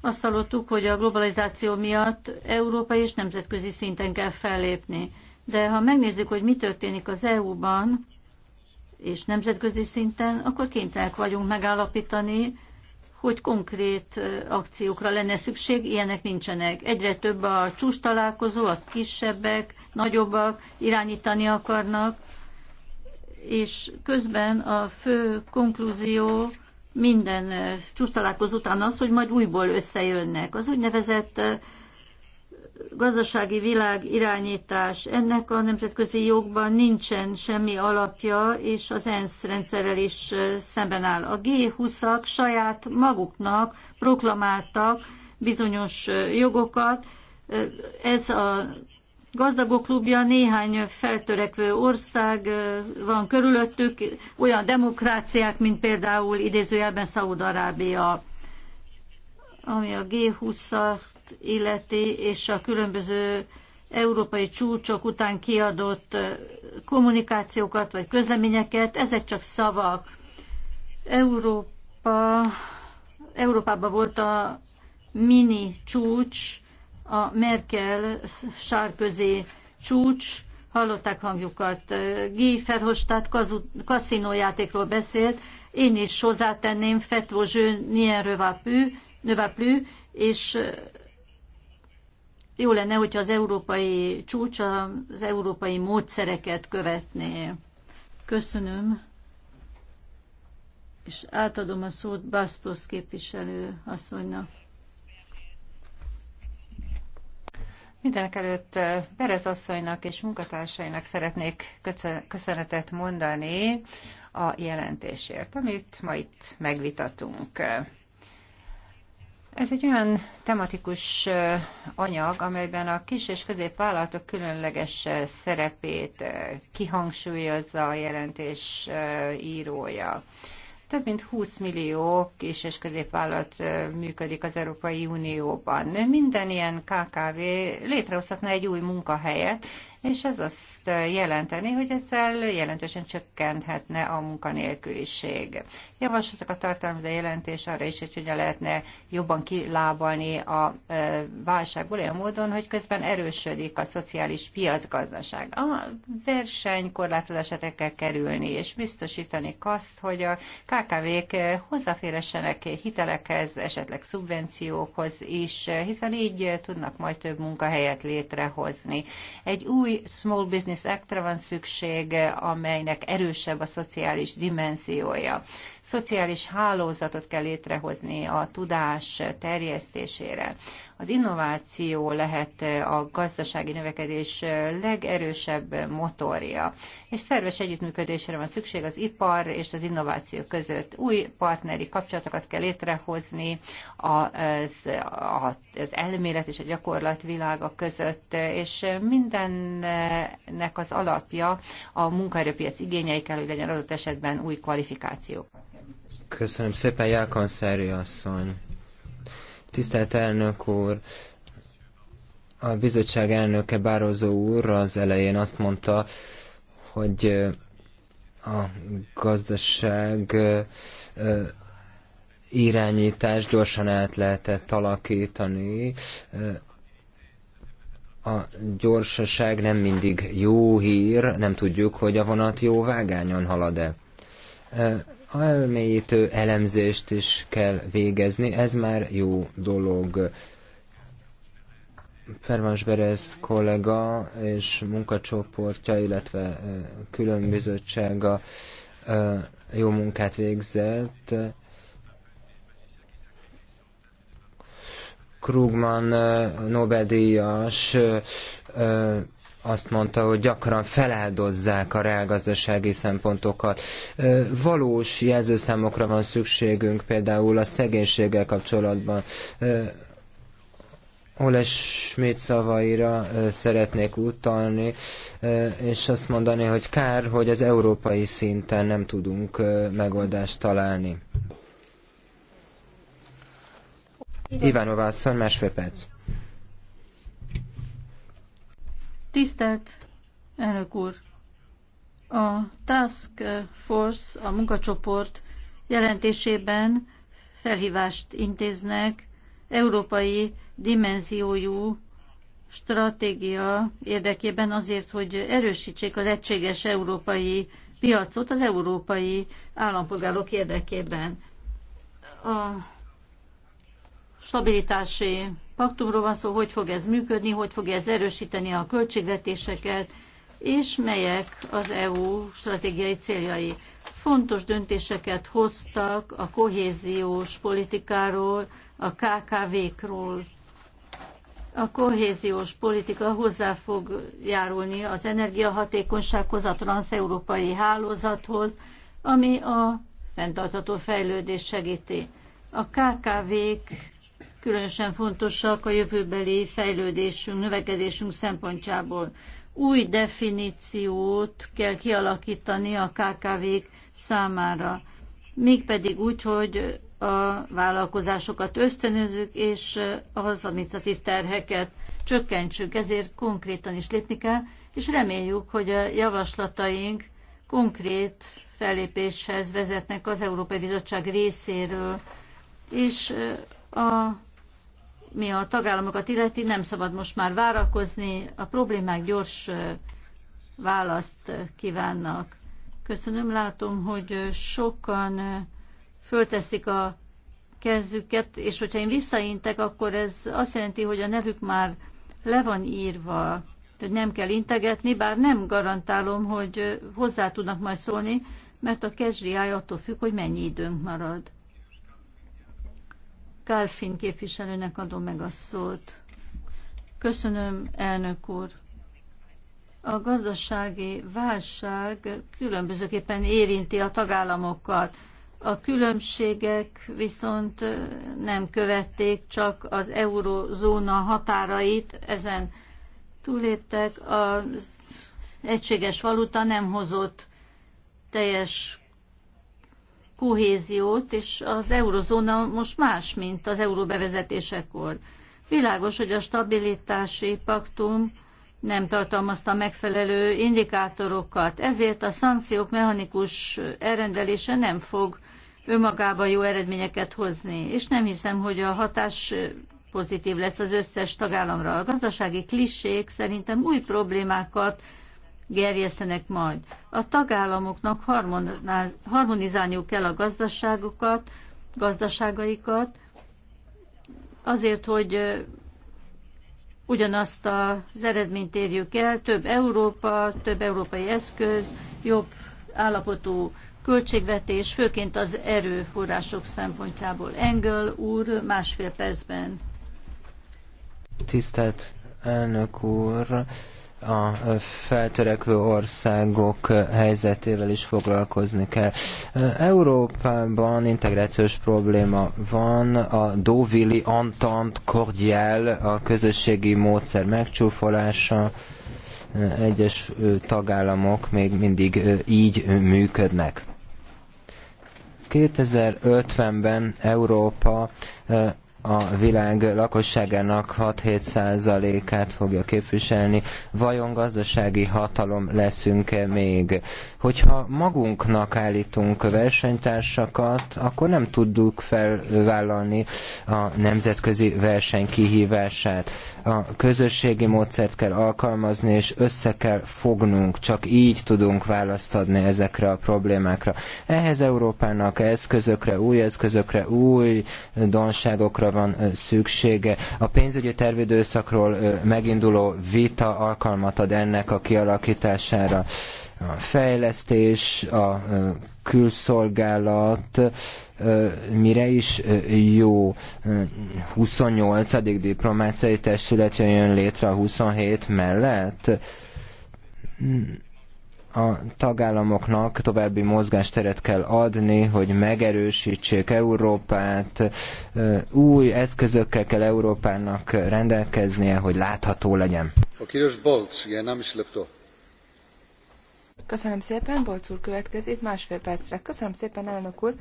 Azt hallottuk, hogy a globalizáció miatt európai és nemzetközi szinten kell fellépni. De ha megnézzük, hogy mi történik az EU-ban és nemzetközi szinten, akkor kénytelenek vagyunk megállapítani, hogy konkrét akciókra lenne szükség, ilyenek nincsenek. Egyre több a csúcs találkozó, a kisebbek, nagyobbak irányítani akarnak, és közben a fő konklúzió minden eh, csústalálkozó után az, hogy majd újból összejönnek. Az úgynevezett eh, gazdasági világ irányítás, ennek a nemzetközi jogban nincsen semmi alapja, és az ENSZ rendszerrel is eh, szemben áll. A G20-ak saját maguknak proklamáltak bizonyos jogokat, ez a gazdagok klubja, néhány feltörekvő ország van körülöttük, olyan demokráciák, mint például idézőjelben Szaúd-Arábia, ami a G20-at illeti, és a különböző európai csúcsok után kiadott kommunikációkat vagy közleményeket, ezek csak szavak. Európa, Európában volt a mini csúcs, a Merkel sárközé csúcs, hallották hangjukat, Guy Verhofstadt kaszinójátékról beszélt, én is hozzátenném Fetvo Zső Nien Rövaplű, és eh, jó lenne, hogyha az európai csúcs az európai módszereket követné. Köszönöm, és átadom a szót Bastos képviselő asszonynak. Mindenek előtt Perez asszonynak és munkatársainak szeretnék köszönetet mondani a jelentésért, amit ma itt megvitatunk. Ez egy olyan tematikus anyag, amelyben a kis és középvállalatok különleges szerepét kihangsúlyozza a jelentés írója. Több mint 20 millió kis és középvállalat működik az Európai Unióban. Minden ilyen KKV létrehozhatna egy új munkahelyet, és ez azt jelenteni, hogy ezzel jelentősen csökkenthetne a munkanélküliség. Javaslatok a tartalmazó jelentés arra is, hogy hogyan lehetne jobban kilábalni a válságból olyan módon, hogy közben erősödik a szociális piacgazdaság. A verseny korlátozását kell kerülni, és biztosítani azt, hogy a KKV-k hozzáférhessenek hitelekhez, esetleg szubvenciókhoz is, hiszen így tudnak majd több munkahelyet létrehozni. Egy új Small Business Act-ra van szükség, amelynek erősebb a szociális dimenziója. Szociális hálózatot kell létrehozni a tudás terjesztésére. Az innováció lehet a gazdasági növekedés legerősebb motorja, és szerves együttműködésre van szükség az ipar és az innováció között. Új partneri kapcsolatokat kell létrehozni az, az elmélet és a gyakorlat világa között, és mindennek az alapja a munkaerőpiac igényei kell, hogy legyen adott esetben új kvalifikáció. Köszönöm szépen, Jákon Szeri asszony. Tisztelt elnök úr, a bizottság elnöke Bározó úr az elején azt mondta, hogy a gazdaság irányítás gyorsan át lehetett alakítani. A gyorsaság nem mindig jó hír, nem tudjuk, hogy a vonat jó vágányon halad-e elmélyítő elemzést is kell végezni, ez már jó dolog. Pervans Berez kollega és munkacsoportja, illetve különbizottsága jó munkát végzett. Krugman Nobel-díjas azt mondta, hogy gyakran feláldozzák a reálgazdasági szempontokat. Valós jelzőszámokra van szükségünk például a szegénységgel kapcsolatban. Ole Schmidt szavaira szeretnék utalni, és azt mondani, hogy kár, hogy az európai szinten nem tudunk megoldást találni. Ivánova asszony, másfél perc. Tisztelt elnök úr! A Task Force, a munkacsoport jelentésében felhívást intéznek európai dimenziójú stratégia érdekében azért, hogy erősítsék az egységes európai piacot az európai állampolgárok érdekében. A stabilitási paktumról van szó, hogy fog ez működni, hogy fogja ez erősíteni a költségvetéseket, és melyek az EU stratégiai céljai. Fontos döntéseket hoztak a kohéziós politikáról, a KKV-król. A kohéziós politika hozzá fog járulni az energiahatékonysághoz, a transeurópai hálózathoz, ami a fenntartható fejlődés segíti. A KKV-k különösen fontosak a jövőbeli fejlődésünk, növekedésünk szempontjából. Új definíciót kell kialakítani a KKV-k számára, mégpedig úgy, hogy a vállalkozásokat ösztönözzük, és az administratív terheket csökkentsük, ezért konkrétan is lépni kell, és reméljük, hogy a javaslataink konkrét fellépéshez vezetnek az Európai Bizottság részéről, és a mi a tagállamokat illeti, nem szabad most már várakozni, a problémák gyors választ kívánnak. Köszönöm, látom, hogy sokan fölteszik a kezüket, és hogyha én visszaintek, akkor ez azt jelenti, hogy a nevük már le van írva, hogy nem kell integetni, bár nem garantálom, hogy hozzá tudnak majd szólni, mert a kezdiája attól függ, hogy mennyi időnk marad. Kálfin képviselőnek adom meg a szót. Köszönöm, elnök úr. A gazdasági válság különbözőképpen érinti a tagállamokat. A különbségek viszont nem követték csak az eurozóna határait, ezen túléptek. Az egységes valuta nem hozott teljes kohéziót, és az eurozóna most más, mint az euró bevezetésekor. Világos, hogy a stabilitási paktum nem tartalmazta megfelelő indikátorokat, ezért a szankciók mechanikus elrendelése nem fog önmagában jó eredményeket hozni, és nem hiszem, hogy a hatás pozitív lesz az összes tagállamra. A gazdasági klissék szerintem új problémákat gerjesztenek majd. A tagállamoknak harmonizálniuk kell a gazdaságokat, gazdaságaikat, azért, hogy ugyanazt az eredményt érjük el, több Európa, több európai eszköz, jobb állapotú költségvetés, főként az erőforrások szempontjából. Engel úr másfél percben. Tisztelt elnök úr, a feltörekvő országok helyzetével is foglalkozni kell. Európában integrációs probléma van, a Dovili Entente Cordiale, a közösségi módszer megcsúfolása, egyes tagállamok még mindig így működnek. 2050-ben Európa a világ lakosságának 6-7 százalékát fogja képviselni, vajon gazdasági hatalom leszünk-e még? Hogyha magunknak állítunk versenytársakat, akkor nem tudjuk felvállalni a nemzetközi verseny kihívását. A közösségi módszert kell alkalmazni, és össze kell fognunk, csak így tudunk választ adni ezekre a problémákra. Ehhez Európának eszközökre, új eszközökre, új donságokra, van szüksége. A pénzügyi tervidőszakról meginduló vita alkalmat ad ennek a kialakítására. A fejlesztés, a külszolgálat mire is jó 28. diplomáciai testület jön létre a 27 mellett? a tagállamoknak további mozgásteret kell adni, hogy megerősítsék Európát, új eszközökkel kell Európának rendelkeznie, hogy látható legyen. Köszönöm szépen, Bolc úr következik másfél percre. Köszönöm szépen, elnök úr.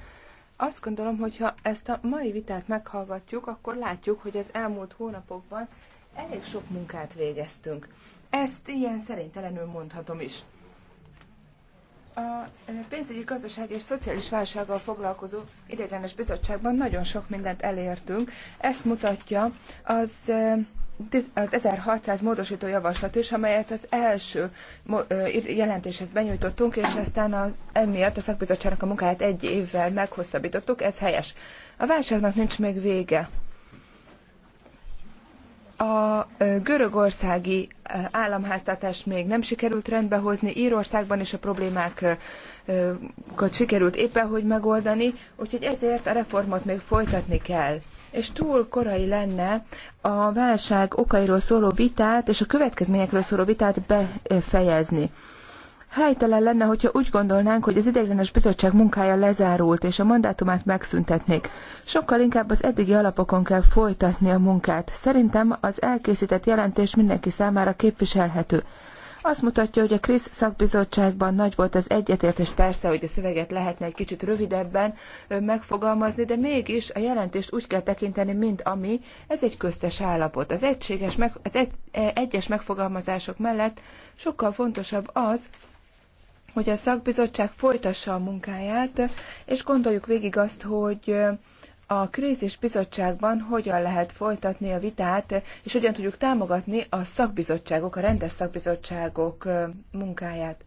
Azt gondolom, hogy ha ezt a mai vitát meghallgatjuk, akkor látjuk, hogy az elmúlt hónapokban elég sok munkát végeztünk. Ezt ilyen szerintelenül mondhatom is. A eh, pénzügyi, gazdasági és szociális válsággal foglalkozó ideiglenes bizottságban nagyon sok mindent elértünk. Ezt mutatja az eh, az 1600 módosító javaslat is, amelyet az első eh, jelentéshez benyújtottunk, és aztán a, emiatt a szakbizottságnak a munkáját egy évvel meghosszabbítottuk, ez helyes. A válságnak nincs még vége. A görögországi államháztatást még nem sikerült rendbe hozni, Írországban is a problémákat sikerült éppen hogy megoldani, úgyhogy ezért a reformot még folytatni kell. És túl korai lenne a válság okairól szóló vitát és a következményekről szóló vitát befejezni. Helytelen lenne, hogyha úgy gondolnánk, hogy az ideiglenes bizottság munkája lezárult, és a mandátumát megszüntetnék. Sokkal inkább az eddigi alapokon kell folytatni a munkát. Szerintem az elkészített jelentés mindenki számára képviselhető. Azt mutatja, hogy a Krisz szakbizottságban nagy volt az egyetértés, persze, hogy a szöveget lehetne egy kicsit rövidebben megfogalmazni, de mégis a jelentést úgy kell tekinteni, mint ami, ez egy köztes állapot. Az, egységes, az egy, e, egyes megfogalmazások mellett sokkal fontosabb az, hogy a szakbizottság folytassa a munkáját, és gondoljuk végig azt, hogy a krízis bizottságban hogyan lehet folytatni a vitát, és hogyan tudjuk támogatni a szakbizottságok, a rendes szakbizottságok munkáját.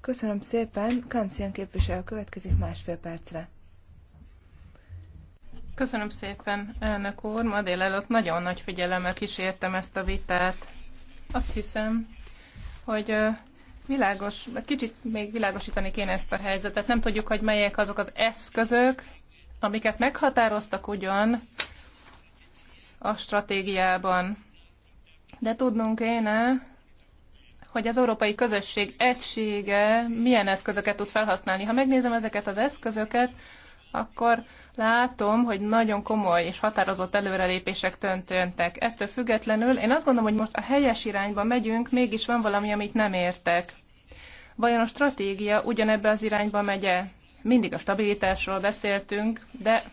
Köszönöm szépen, Kancian képviselő következik másfél percre. Köszönöm szépen, elnök úr. Ma délelőtt nagyon nagy figyelemmel kísértem ezt a vitát. Azt hiszem, hogy Világos, kicsit még világosítani kéne ezt a helyzetet. Nem tudjuk, hogy melyek azok az eszközök, amiket meghatároztak ugyan a stratégiában. De tudnunk kéne, hogy az európai közösség egysége milyen eszközöket tud felhasználni. Ha megnézem ezeket az eszközöket, akkor látom, hogy nagyon komoly és határozott előrelépések történtek. Ettől függetlenül én azt gondolom, hogy most a helyes irányba megyünk, mégis van valami, amit nem értek. Vajon a stratégia ugyanebbe az irányba megye? Mindig a stabilitásról beszéltünk, de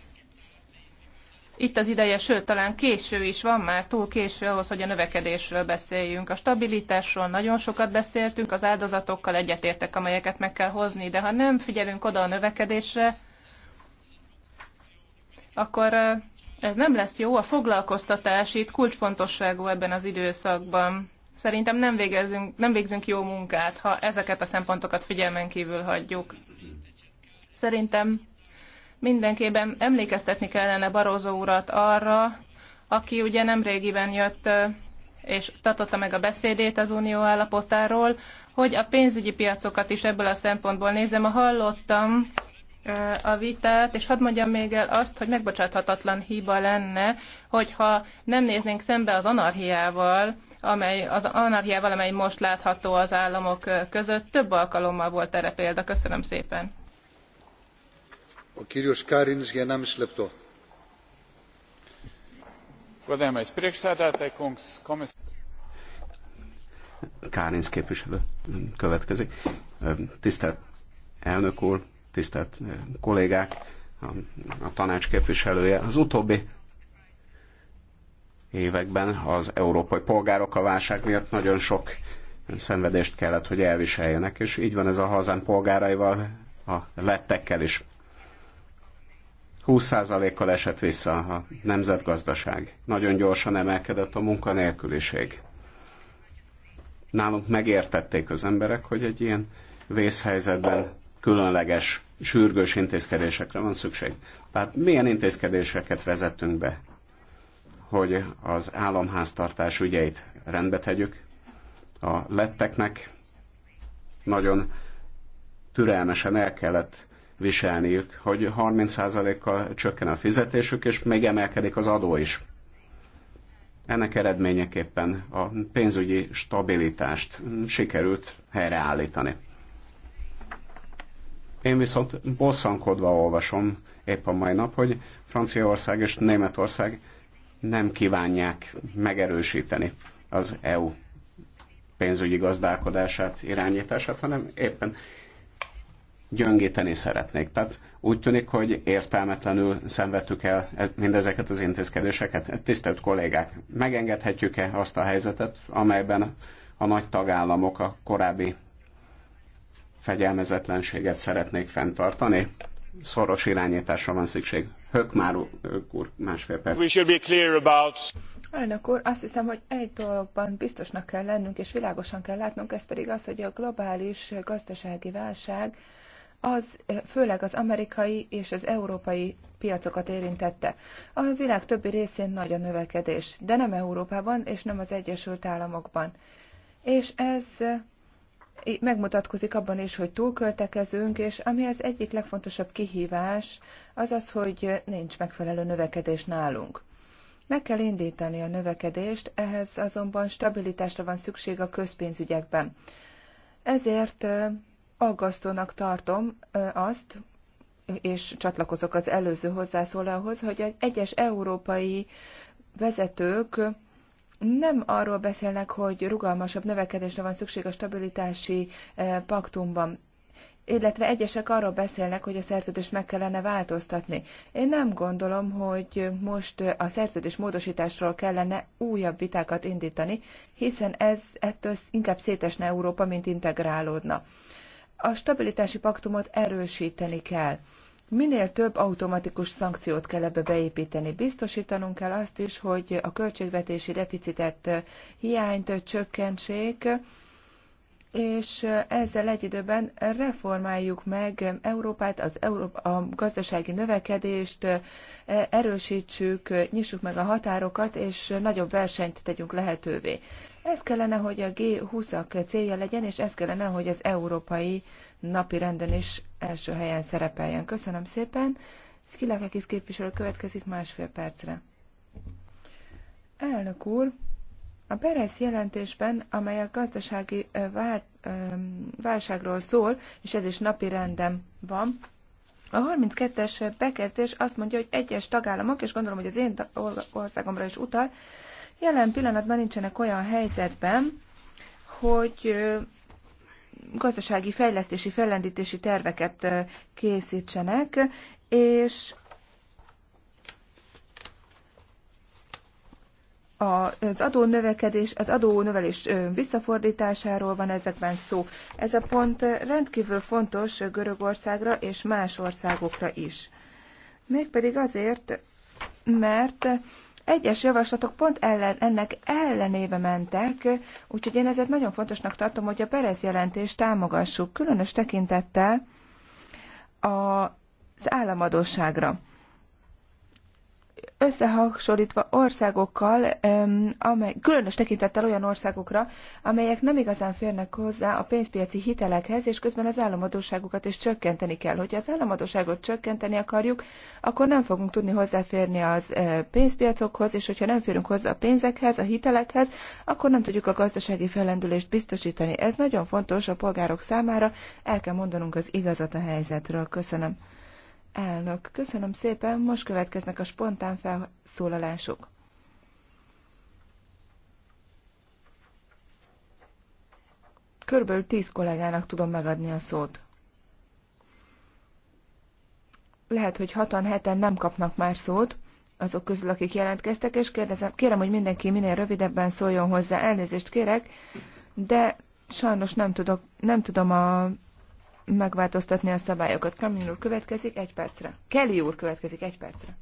itt az ideje, sőt, talán késő is van már, túl késő ahhoz, hogy a növekedésről beszéljünk. A stabilitásról nagyon sokat beszéltünk, az áldozatokkal egyetértek, amelyeket meg kell hozni, de ha nem figyelünk oda a növekedésre, akkor ez nem lesz jó. A foglalkoztatás itt kulcsfontosságú ebben az időszakban. Szerintem nem, végezünk, nem végzünk jó munkát, ha ezeket a szempontokat figyelmen kívül hagyjuk. Szerintem mindenképpen emlékeztetni kellene Barózó urat arra, aki ugye nem régiben jött és tartotta meg a beszédét az unió állapotáról, hogy a pénzügyi piacokat is ebből a szempontból nézem. Hallottam, a vitát, és hadd mondjam még el azt, hogy megbocsáthatatlan hiba lenne, hogyha nem néznénk szembe az anarhiával, amely, az anarhiával, amely most látható az államok között. Több alkalommal volt erre példa. Köszönöm szépen. A képviselő következik. Tisztelt elnök úr, tisztelt kollégák, a tanács képviselője. Az utóbbi években az európai polgárok a válság miatt nagyon sok szenvedést kellett, hogy elviseljenek, és így van ez a hazán polgáraival, a lettekkel is. 20%-kal esett vissza a nemzetgazdaság. Nagyon gyorsan emelkedett a munkanélküliség. Nálunk megértették az emberek, hogy egy ilyen vészhelyzetben különleges, sürgős intézkedésekre van szükség. Tehát milyen intézkedéseket vezettünk be, hogy az államháztartás ügyeit rendbe tegyük? A letteknek nagyon türelmesen el kellett viselniük, hogy 30%-kal csökken a fizetésük, és még emelkedik az adó is. Ennek eredményeképpen a pénzügyi stabilitást sikerült helyreállítani. Én viszont bosszankodva olvasom épp a mai nap, hogy Franciaország és Németország nem kívánják megerősíteni az EU pénzügyi gazdálkodását, irányítását, hanem éppen gyöngíteni szeretnék. Tehát úgy tűnik, hogy értelmetlenül szenvedtük el mindezeket az intézkedéseket. Tisztelt kollégák, megengedhetjük-e azt a helyzetet, amelyben a nagy tagállamok a korábbi fegyelmezetlenséget szeretnék fenntartani. Szoros irányításra van szükség. már úr, másfél perc. We should be clear about... Elnök úr, azt hiszem, hogy egy dologban biztosnak kell lennünk, és világosan kell látnunk, ez pedig az, hogy a globális gazdasági válság az főleg az amerikai és az európai piacokat érintette. A világ többi részén nagy a növekedés, de nem Európában és nem az Egyesült Államokban. És ez megmutatkozik abban is, hogy túlköltekezünk, és ami az egyik legfontosabb kihívás, az az, hogy nincs megfelelő növekedés nálunk. Meg kell indítani a növekedést, ehhez azonban stabilitásra van szükség a közpénzügyekben. Ezért aggasztónak tartom azt, és csatlakozok az előző hozzászólához, hogy egyes európai vezetők nem arról beszélnek, hogy rugalmasabb növekedésre van szükség a stabilitási eh, paktumban, illetve egyesek arról beszélnek, hogy a szerződést meg kellene változtatni. Én nem gondolom, hogy most eh, a szerződés módosításról kellene újabb vitákat indítani, hiszen ez ettől inkább szétesne Európa, mint integrálódna. A stabilitási paktumot erősíteni kell. Minél több automatikus szankciót kell ebbe beépíteni. Biztosítanunk kell azt is, hogy a költségvetési deficitet eh, hiányt csökkentsék, és eh, ezzel egy időben reformáljuk meg Európát, az Európa, a gazdasági növekedést, eh, erősítsük, nyissuk meg a határokat, és nagyobb versenyt tegyünk lehetővé. Ez kellene, hogy a G20-ak célja legyen, és ez kellene, hogy az európai napi renden is első helyen szerepeljen. Köszönöm szépen. Szkilakakis képviselő következik másfél percre. Elnök úr, a Perez jelentésben, amely a gazdasági vál, válságról szól, és ez is napi rendem van, a 32-es bekezdés azt mondja, hogy egyes tagállamok, és gondolom, hogy az én országomra is utal, jelen pillanatban nincsenek olyan helyzetben, hogy gazdasági fejlesztési, fellendítési terveket készítsenek, és az adó növekedés, az adó növelés visszafordításáról van ezekben szó. Ez a pont rendkívül fontos Görögországra és más országokra is. Mégpedig azért, mert egyes javaslatok pont ellen, ennek ellenébe mentek, úgyhogy én ezért nagyon fontosnak tartom, hogy a Perez jelentést támogassuk, különös tekintettel az államadóságra összehasonlítva országokkal, amely, különös tekintettel olyan országokra, amelyek nem igazán férnek hozzá a pénzpiaci hitelekhez, és közben az államadóságokat is csökkenteni kell. Hogyha az államadóságot csökkenteni akarjuk, akkor nem fogunk tudni hozzáférni az eh, pénzpiacokhoz, és hogyha nem férünk hozzá a pénzekhez, a hitelekhez, akkor nem tudjuk a gazdasági fellendülést biztosítani. Ez nagyon fontos a polgárok számára, el kell mondanunk az igazat a helyzetről. Köszönöm. Elnök, köszönöm szépen, most következnek a spontán felszólalások. Körülbelül tíz kollégának tudom megadni a szót. Lehet, hogy hatan heten nem kapnak már szót, azok közül, akik jelentkeztek, és kérdezem, kérem, hogy mindenki minél rövidebben szóljon hozzá, elnézést kérek, de sajnos nem, tudok, nem tudom a megváltoztatni a szabályokat. Kamil úr következik egy percre. Kelly úr következik egy percre.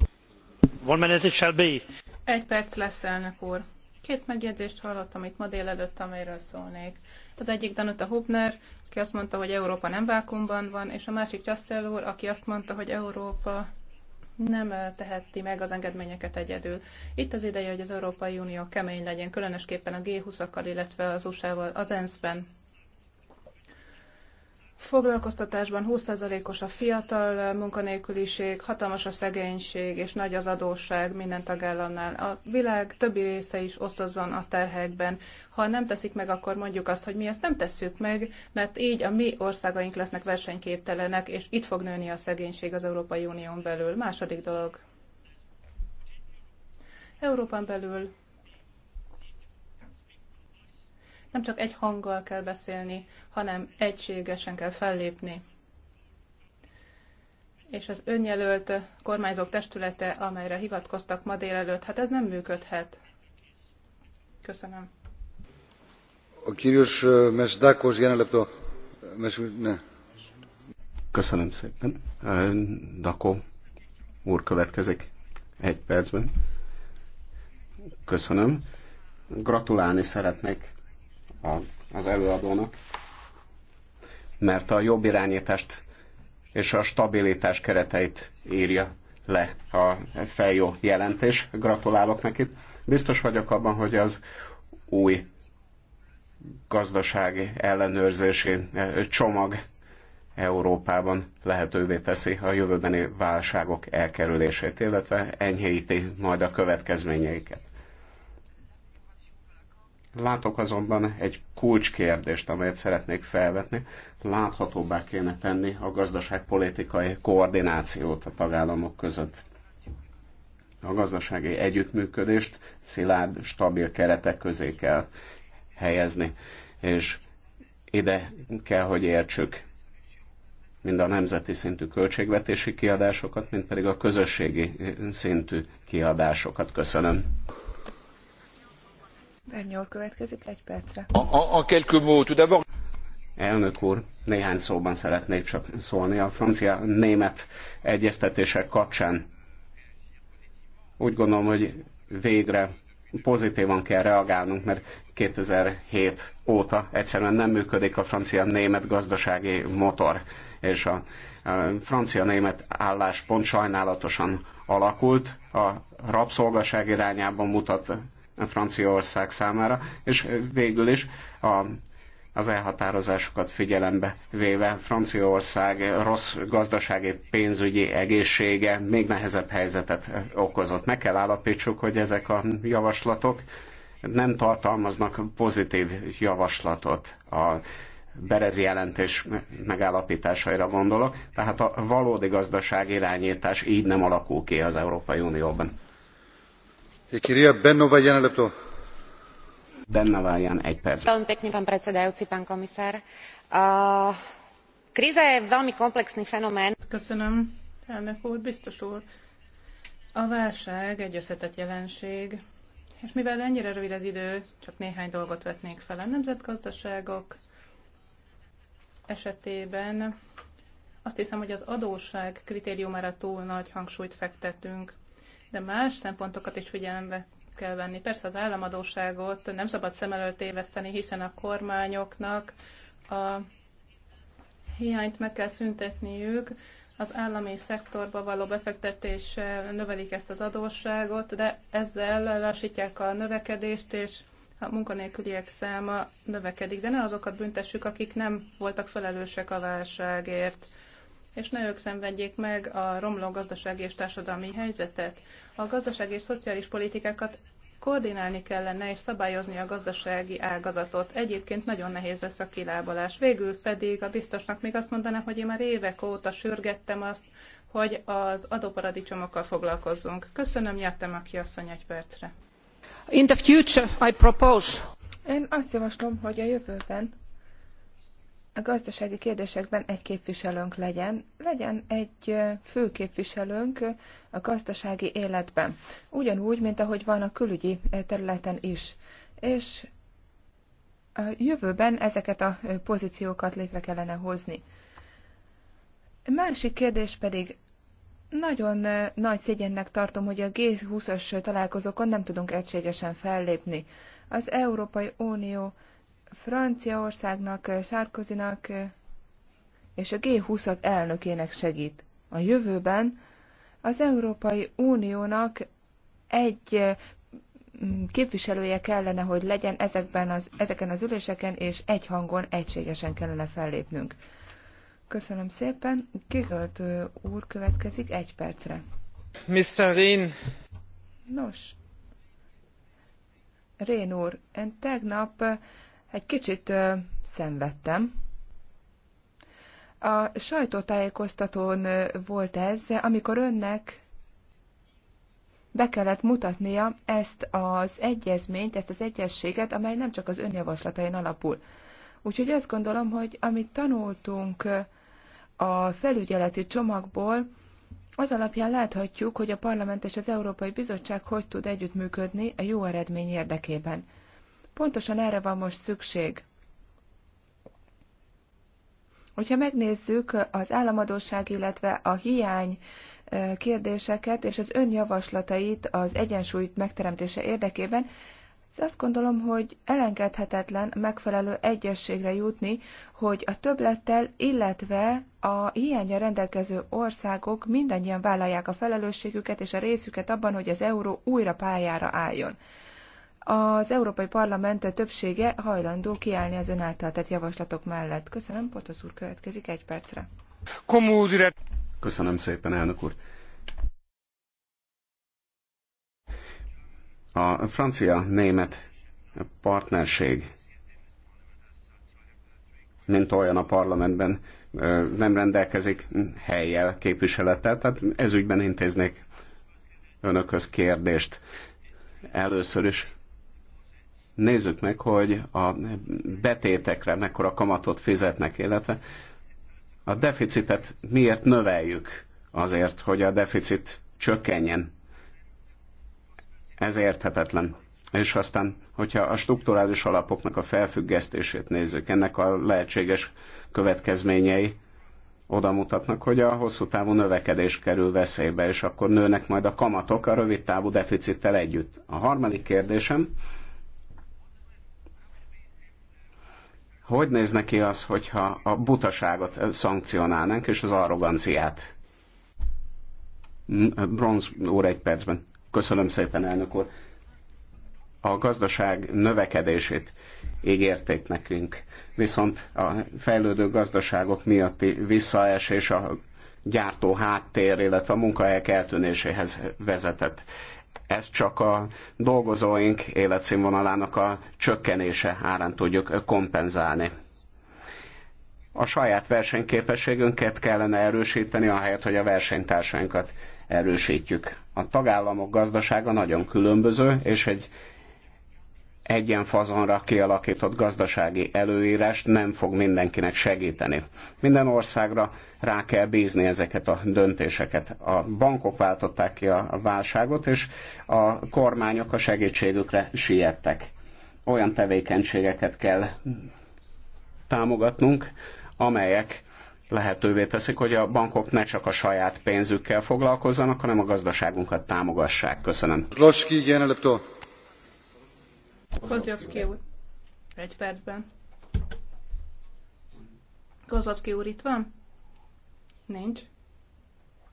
One minute it shall be. Egy perc lesz, elnök úr. Két megjegyzést hallottam itt ma délelőtt, amelyről szólnék. Az egyik Danuta Hubner, aki azt mondta, hogy Európa nem vákumban van, és a másik Chastel úr, aki azt mondta, hogy Európa nem teheti meg az engedményeket egyedül. Itt az ideje, hogy az Európai Unió kemény legyen, különösképpen a G20-akkal, illetve az USA-val, az ENSZ-ben foglalkoztatásban 20%-os a fiatal munkanélküliség, hatalmas a szegénység és nagy az adósság minden tagállamnál. A világ többi része is osztozzon a terhekben. Ha nem teszik meg, akkor mondjuk azt, hogy mi ezt nem tesszük meg, mert így a mi országaink lesznek versenyképtelenek, és itt fog nőni a szegénység az Európai Unión belül. Második dolog. Európán belül Nem csak egy hanggal kell beszélni, hanem egységesen kell fellépni. És az önjelölt kormányzók testülete, amelyre hivatkoztak ma délelőtt, hát ez nem működhet. Köszönöm. A kírius Mesdákos jelenlepő... Mes... Ne. Köszönöm szépen. Dako úr következik egy percben. Köszönöm. Gratulálni szeretnék a, az előadónak, mert a jobb irányítást és a stabilitás kereteit írja le a feljó jelentés. Gratulálok neki. Biztos vagyok abban, hogy az új gazdasági ellenőrzési eh, csomag Európában lehetővé teszi a jövőbeni válságok elkerülését, illetve enyhíti majd a következményeiket. Látok azonban egy kulcskérdést, amelyet szeretnék felvetni. Láthatóbbá kéne tenni a gazdaságpolitikai koordinációt a tagállamok között. A gazdasági együttműködést szilárd, stabil keretek közé kell helyezni, és ide kell, hogy értsük mind a nemzeti szintű költségvetési kiadásokat, mint pedig a közösségi szintű kiadásokat. Köszönöm következik egy percre. A, a, a quelques mots, tout d'abord. Elnök úr, néhány szóban szeretnék csak szólni a francia-német egyeztetések kapcsán. Úgy gondolom, hogy végre pozitívan kell reagálnunk, mert 2007 óta egyszerűen nem működik a francia-német gazdasági motor, és a, francia-német álláspont sajnálatosan alakult, a rabszolgaság irányában mutat Franciaország számára, és végül is a az elhatározásokat figyelembe véve Franciaország rossz gazdasági, pénzügyi egészsége még nehezebb helyzetet okozott. Meg kell állapítsuk, hogy ezek a javaslatok nem tartalmaznak pozitív javaslatot a Berezi jelentés megállapításaira gondolok, tehát a valódi gazdaság irányítás így nem alakul ki az Európai Unióban. Eh, kríza je veľmi komplexný fenomén. A válság egy összetett jelenség, és mivel ennyire rövid az idő, csak néhány dolgot vetnék fel a nemzetgazdaságok esetében. Azt hiszem, hogy az adósság kritériumára túl nagy hangsúlyt fektetünk de más szempontokat is figyelembe kell venni. Persze az államadóságot nem szabad szem előtt téveszteni, hiszen a kormányoknak a hiányt meg kell szüntetniük, az állami szektorba való befektetés növelik ezt az adósságot, de ezzel lassítják a növekedést, és a munkanélküliek száma növekedik. De ne azokat büntessük, akik nem voltak felelősek a válságért és ne ők szenvedjék meg a romló gazdasági és társadalmi helyzetet. A gazdasági és szociális politikákat koordinálni kellene és szabályozni a gazdasági ágazatot. Egyébként nagyon nehéz lesz a kilábalás. Végül pedig a biztosnak még azt mondanám, hogy én már évek óta sürgettem azt, hogy az adóparadicsomokkal foglalkozzunk. Köszönöm, jöttem aki asszony egy percre. In the future I propose. Én azt javaslom, hogy a jövőben a gazdasági kérdésekben egy képviselőnk legyen, legyen egy fő képviselőnk a gazdasági életben. Ugyanúgy, mint ahogy van a külügyi területen is. És a jövőben ezeket a pozíciókat létre kellene hozni. Másik kérdés pedig, nagyon nagy szégyennek tartom, hogy a G20-as találkozókon nem tudunk egységesen fellépni. Az Európai Unió Franciaországnak, Sárkozinak eh, és a G20-ak elnökének segít. A jövőben az Európai Uniónak egy eh, képviselője kellene, hogy legyen ezekben az, ezeken az üléseken, és egy hangon egységesen kellene fellépnünk. Köszönöm szépen. Gigolt eh, úr következik egy percre. Mr. Rén. Nos, Rén úr, én tegnap egy kicsit ö, szenvedtem. A sajtótájékoztatón volt ez, amikor önnek be kellett mutatnia ezt az egyezményt, ezt az egyességet, amely nem csak az önjavaslatain alapul. Úgyhogy azt gondolom, hogy amit tanultunk a felügyeleti csomagból, az alapján láthatjuk, hogy a parlament és az Európai Bizottság hogy tud együttműködni a jó eredmény érdekében. Pontosan erre van most szükség. Hogyha megnézzük az államadóság, illetve a hiány kérdéseket és az önjavaslatait az egyensúly megteremtése érdekében, azt gondolom, hogy elengedhetetlen megfelelő egyességre jutni, hogy a többlettel, illetve a hiánya rendelkező országok mindannyian vállalják a felelősségüket és a részüket abban, hogy az euró újra pályára álljon az Európai Parlament többsége hajlandó kiállni az ön által tett javaslatok mellett. Köszönöm, Potosz úr, következik egy percre. Köszönöm szépen, elnök úr. A francia-német partnerség, mint olyan a parlamentben, nem rendelkezik helyjel, képviselettel, tehát ezügyben intéznék önökhöz kérdést. Először is nézzük meg, hogy a betétekre mekkora kamatot fizetnek, illetve a deficitet miért növeljük azért, hogy a deficit csökkenjen. Ez érthetetlen. És aztán, hogyha a strukturális alapoknak a felfüggesztését nézzük, ennek a lehetséges következményei oda mutatnak, hogy a hosszú távú növekedés kerül veszélybe, és akkor nőnek majd a kamatok a rövid távú deficittel együtt. A harmadik kérdésem, Hogy néz neki az, hogyha a butaságot szankcionálnánk, és az arroganciát? Bronz úr egy percben. Köszönöm szépen, elnök úr. A gazdaság növekedését ígérték nekünk, viszont a fejlődő gazdaságok miatti visszaesés a gyártó háttér, illetve a munkahelyek eltűnéséhez vezetett ez csak a dolgozóink életszínvonalának a csökkenése árán tudjuk kompenzálni. A saját versenyképességünket kellene erősíteni, ahelyett, hogy a versenytársainkat erősítjük. A tagállamok gazdasága nagyon különböző, és egy ilyen fazonra kialakított gazdasági előírás nem fog mindenkinek segíteni. Minden országra rá kell bízni ezeket a döntéseket. A bankok váltották ki a válságot, és a kormányok a segítségükre siettek. Olyan tevékenységeket kell támogatnunk, amelyek lehetővé teszik, hogy a bankok ne csak a saját pénzükkel foglalkozzanak, hanem a gazdaságunkat támogassák. Köszönöm. Roski, Kozlovszki úr. Egy percben. Kozlovszki úr itt van? Nincs.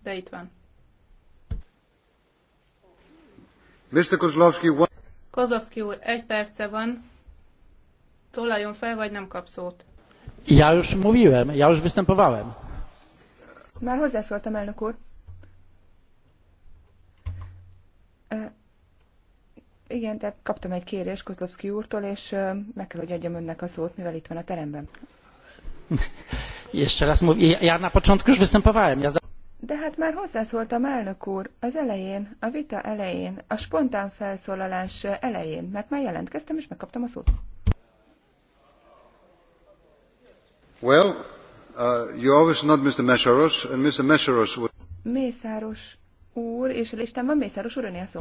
De itt van. Mr. Kozlovszki, what... Kozlovszki úr, egy perce van. Tolajon fel, vagy nem kap szót. Ja już mówiłem, ja już występowałem. Már hozzászóltam, elnök úr. Igen, tehát kaptam egy kérést Kozlovszki úrtól, és meg kell, hogy adjam önnek a szót, mivel itt van a teremben. És azt mondom, ja na początku już De hát már hozzászóltam, elnök úr, az elején, a vita elején, a spontán felszólalás elején, mert már jelentkeztem, és megkaptam a szót. Well, uh, you always not Mr. Mesaros, and Mr. Mesaros would... Mészáros úr, és a van Mészáros úr, a szó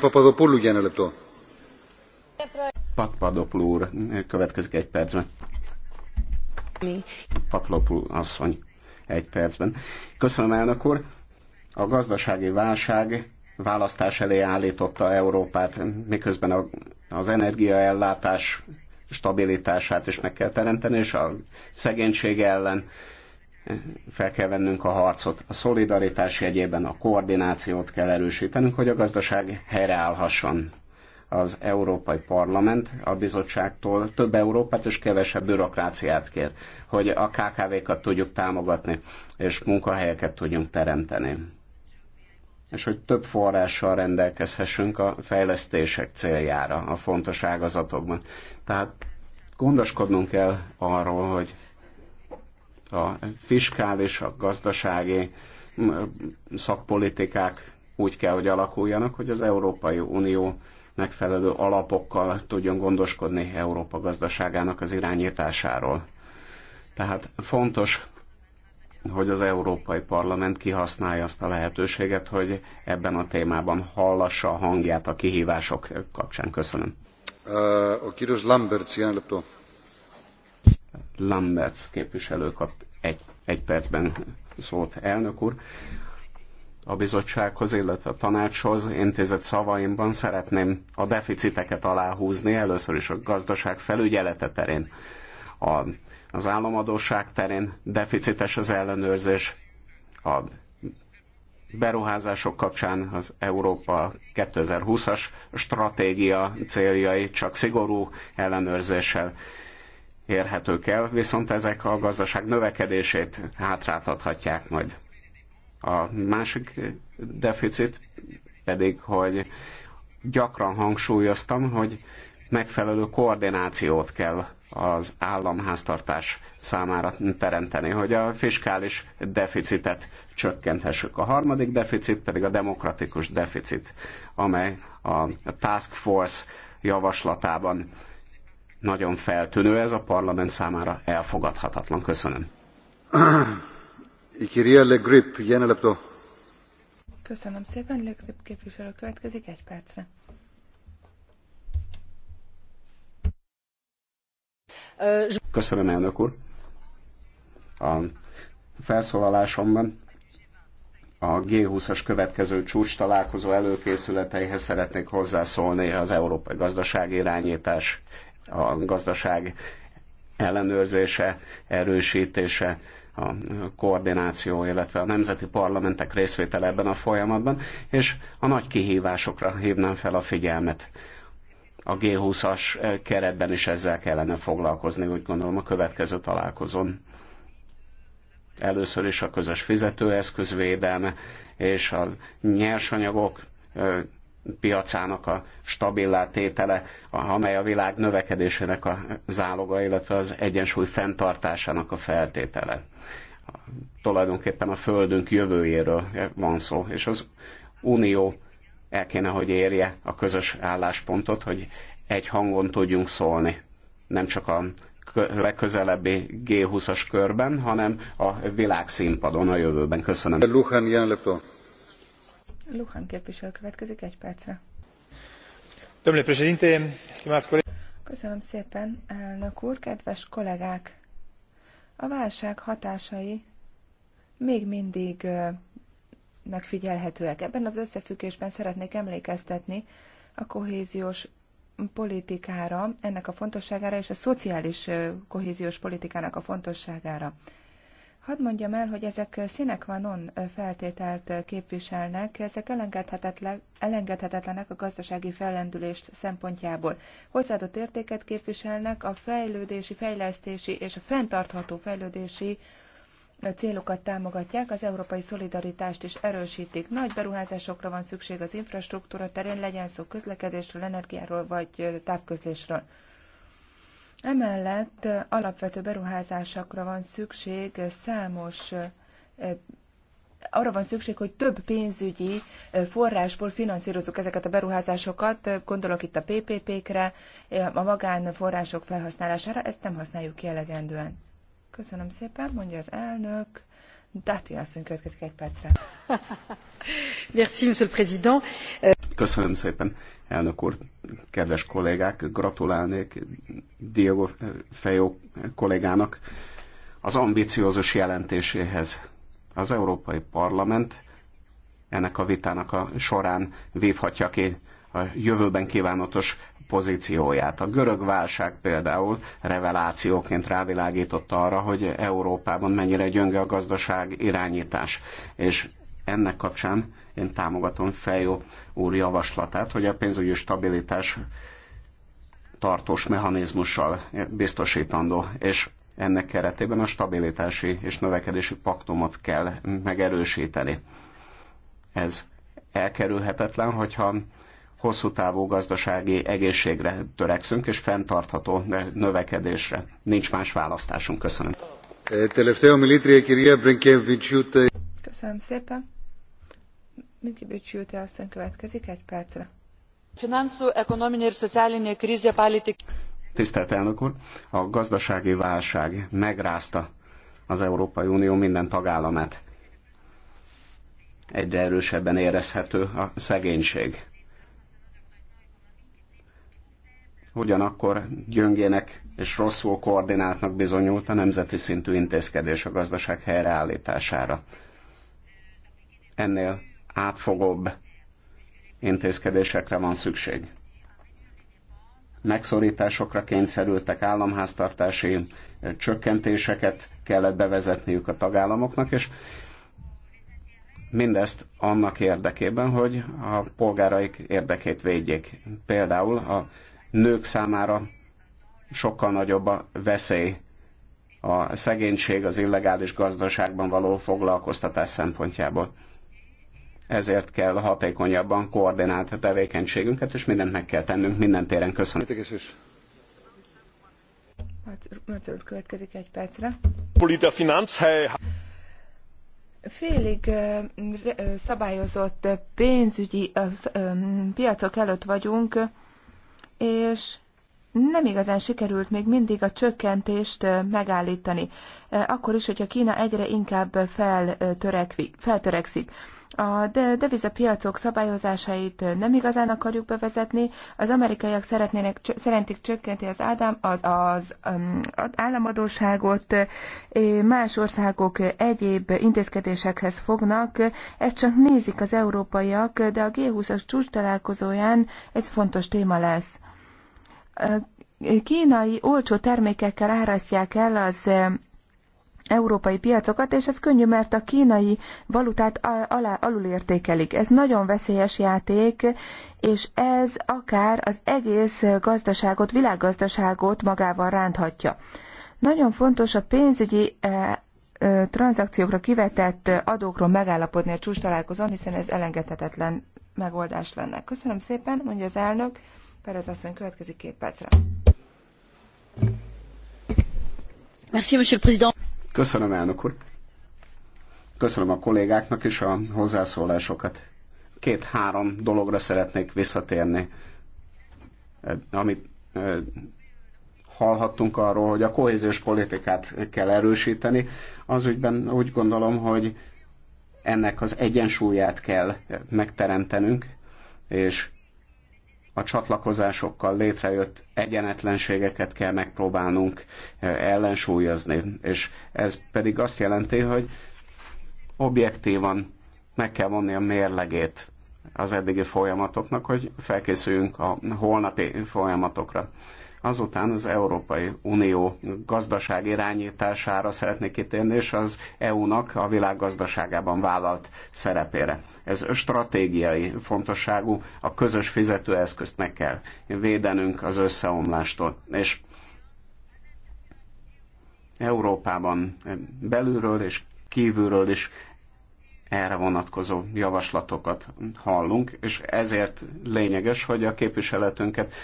Papadopoulou egy percben. asszony, egy percben. Köszönöm, elnök úr. A gazdasági válság választás elé állította Európát, miközben a, az energiaellátás stabilitását is meg kell teremteni, és a szegénység ellen fel kell vennünk a harcot. A szolidaritás jegyében a koordinációt kell erősítenünk, hogy a gazdaság helyreállhasson. Az Európai Parlament a bizottságtól több Európát és kevesebb bürokráciát kér, hogy a KKV-kat tudjuk támogatni, és munkahelyeket tudjunk teremteni. És hogy több forrással rendelkezhessünk a fejlesztések céljára a fontos ágazatokban. Tehát gondoskodnunk kell arról, hogy a fiskális, a gazdasági szakpolitikák úgy kell, hogy alakuljanak, hogy az Európai Unió megfelelő alapokkal tudjon gondoskodni Európa gazdaságának az irányításáról. Tehát fontos, hogy az Európai Parlament kihasználja azt a lehetőséget, hogy ebben a témában hallassa a hangját a kihívások kapcsán. Köszönöm. Uh, a Lambert, színen, Lamberts képviselő kap egy, egy percben szót elnök úr. A bizottsághoz, illetve a tanácshoz intézett szavaimban szeretném a deficiteket aláhúzni, először is a gazdaság felügyelete terén, a, az államadóság terén deficites az ellenőrzés, a beruházások kapcsán az Európa 2020-as stratégia céljai csak szigorú ellenőrzéssel érhetők el, viszont ezek a gazdaság növekedését hátráltathatják majd. A másik deficit pedig, hogy gyakran hangsúlyoztam, hogy megfelelő koordinációt kell az államháztartás számára teremteni, hogy a fiskális deficitet csökkenthessük. A harmadik deficit pedig a demokratikus deficit, amely a Task Force javaslatában nagyon feltűnő, ez a parlament számára elfogadhatatlan. Köszönöm. Köszönöm szépen, Le Grip képviselő következik egy percre. Köszönöm, elnök úr. A felszólalásomban a G20-as következő csúcs találkozó előkészületeihez szeretnék hozzászólni az európai gazdaságirányítás a gazdaság ellenőrzése, erősítése, a koordináció, illetve a nemzeti parlamentek részvétele ebben a folyamatban, és a nagy kihívásokra hívnám fel a figyelmet. A G20-as keretben is ezzel kellene foglalkozni, úgy gondolom a következő találkozón. Először is a közös fizetőeszköz védelme és a nyersanyagok piacának a stabilá tétele, amely a világ növekedésének a záloga, illetve az egyensúly fenntartásának a feltétele. Tulajdonképpen a Földünk jövőjéről van szó, és az Unió el kéne, hogy érje a közös álláspontot, hogy egy hangon tudjunk szólni. Nem csak a legközelebbi G20-as körben, hanem a világszínpadon a jövőben. Köszönöm. Luhan, Luhan képviselő következik egy percre. Domnule președinte, stimați colegi. Köszönöm szépen, elnök úr, kedves kollégák! A válság hatásai még mindig megfigyelhetőek. Ebben az összefüggésben szeretnék emlékeztetni a kohéziós politikára, ennek a fontosságára és a szociális kohéziós politikának a fontosságára. Hadd mondjam el, hogy ezek színek van non feltételt képviselnek, ezek elengedhetetlenek a gazdasági fellendülés szempontjából. Hozzáadott értéket képviselnek a fejlődési, fejlesztési és a fenntartható fejlődési célokat támogatják, az európai szolidaritást is erősítik. Nagy beruházásokra van szükség az infrastruktúra terén, legyen szó közlekedésről, energiáról vagy távközlésről. Emellett alapvető beruházásokra van szükség számos arra van szükség, hogy több pénzügyi forrásból finanszírozunk ezeket a beruházásokat, gondolok itt a PPP-kre, a magánforrások felhasználására, ezt nem használjuk ki elegendően. Köszönöm szépen, mondja az elnök asszony következik egy percre. Merci, monsieur le président. Köszönöm szépen, elnök úr, kedves kollégák, gratulálnék Diego Fejó kollégának az ambiciózus jelentéséhez. Az Európai Parlament ennek a vitának a során vívhatja ki a jövőben kívánatos pozícióját. A görög válság például revelációként rávilágította arra, hogy Európában mennyire gyönge a gazdaság irányítás. És ennek kapcsán én támogatom Fejó úr javaslatát, hogy a pénzügyi stabilitás tartós mechanizmussal biztosítandó, és ennek keretében a stabilitási és növekedési paktumot kell megerősíteni. Ez elkerülhetetlen, hogyha hosszú távú gazdasági egészségre törekszünk, és fenntartható növekedésre. Nincs más választásunk. Köszönöm. Köszönöm szépen. Minkibics Júte asszony következik egy percre. Finansų, ekonominė ir socialinė krizė Tisztelt elnök úr, a gazdasági válság megrázta az Európai Unió minden tagállamát. Egyre erősebben érezhető a szegénység ugyanakkor gyöngének és rosszul koordináltnak bizonyult a nemzeti szintű intézkedés a gazdaság helyreállítására. Ennél átfogóbb intézkedésekre van szükség. Megszorításokra kényszerültek, államháztartási eh, csökkentéseket kellett bevezetniük a tagállamoknak, és mindezt annak érdekében, hogy a polgáraik érdekét védjék. Például a nők számára sokkal nagyobb a veszély a szegénység az illegális gazdaságban való foglalkoztatás szempontjából. Ezért kell hatékonyabban koordinált a tevékenységünket, és mindent meg kell tennünk minden téren. Köszönöm. Matur következik egy percre. Polita félig szabályozott pénzügyi piacok előtt vagyunk, és nem igazán sikerült még mindig a csökkentést megállítani, akkor is, hogyha Kína egyre inkább feltörekszik. A devizapiacok szabályozásait nem igazán akarjuk bevezetni, az amerikaiak szeretnének, szeretnék csökkenti az, áldám, az, az, az államadóságot, más országok egyéb intézkedésekhez fognak, ezt csak nézik az európaiak, de a G20-as csúcs találkozóján ez fontos téma lesz kínai olcsó termékekkel árasztják el az eh, európai piacokat, és ez könnyű, mert a kínai valutát alá, alulértékelik. Ez nagyon veszélyes játék, és ez akár az egész gazdaságot, világgazdaságot magával ránthatja. Nagyon fontos a pénzügyi eh, eh, tranzakciókra kivetett adókról megállapodni a csúcs találkozón, hiszen ez elengedhetetlen megoldás lenne. Köszönöm szépen, mondja az elnök. Perez asszony következik két percre. Merci, monsieur le président. Köszönöm, elnök úr. Köszönöm a kollégáknak is a hozzászólásokat. Két-három dologra szeretnék visszatérni, eh, amit eh, hallhattunk arról, hogy a kohéziós politikát kell erősíteni. Az ügyben úgy gondolom, hogy ennek az egyensúlyát kell megteremtenünk, és a csatlakozásokkal létrejött egyenetlenségeket kell megpróbálnunk eh, ellensúlyozni. És ez pedig azt jelenti, hogy objektívan meg kell vonni a mérlegét az eddigi folyamatoknak, hogy felkészüljünk a holnapi folyamatokra. Azután az Európai Unió gazdaság irányítására szeretnék kitérni, és az EU-nak a világ gazdaságában vállalt szerepére. Ez stratégiai fontosságú, a közös fizetőeszközt meg kell védenünk az összeomlástól. És Európában belülről és kívülről is erre vonatkozó javaslatokat hallunk, és ezért lényeges, hogy a képviseletünket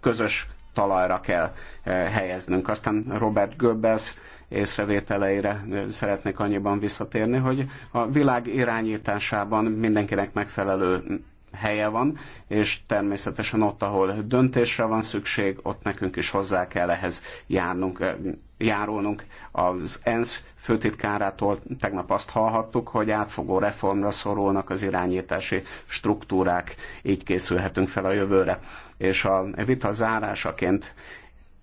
közös talajra kell eh, helyeznünk. Aztán Robert Goebbels észrevételeire eh, szeretnék annyiban visszatérni, hogy a világ irányításában mindenkinek megfelelő helye van, és természetesen ott, ahol döntésre van szükség, ott nekünk is hozzá kell ehhez járnunk. Eh, járulnunk. Az ENSZ főtitkárától tegnap azt hallhattuk, hogy átfogó reformra szorulnak az irányítási struktúrák, így készülhetünk fel a jövőre. És a vita zárásaként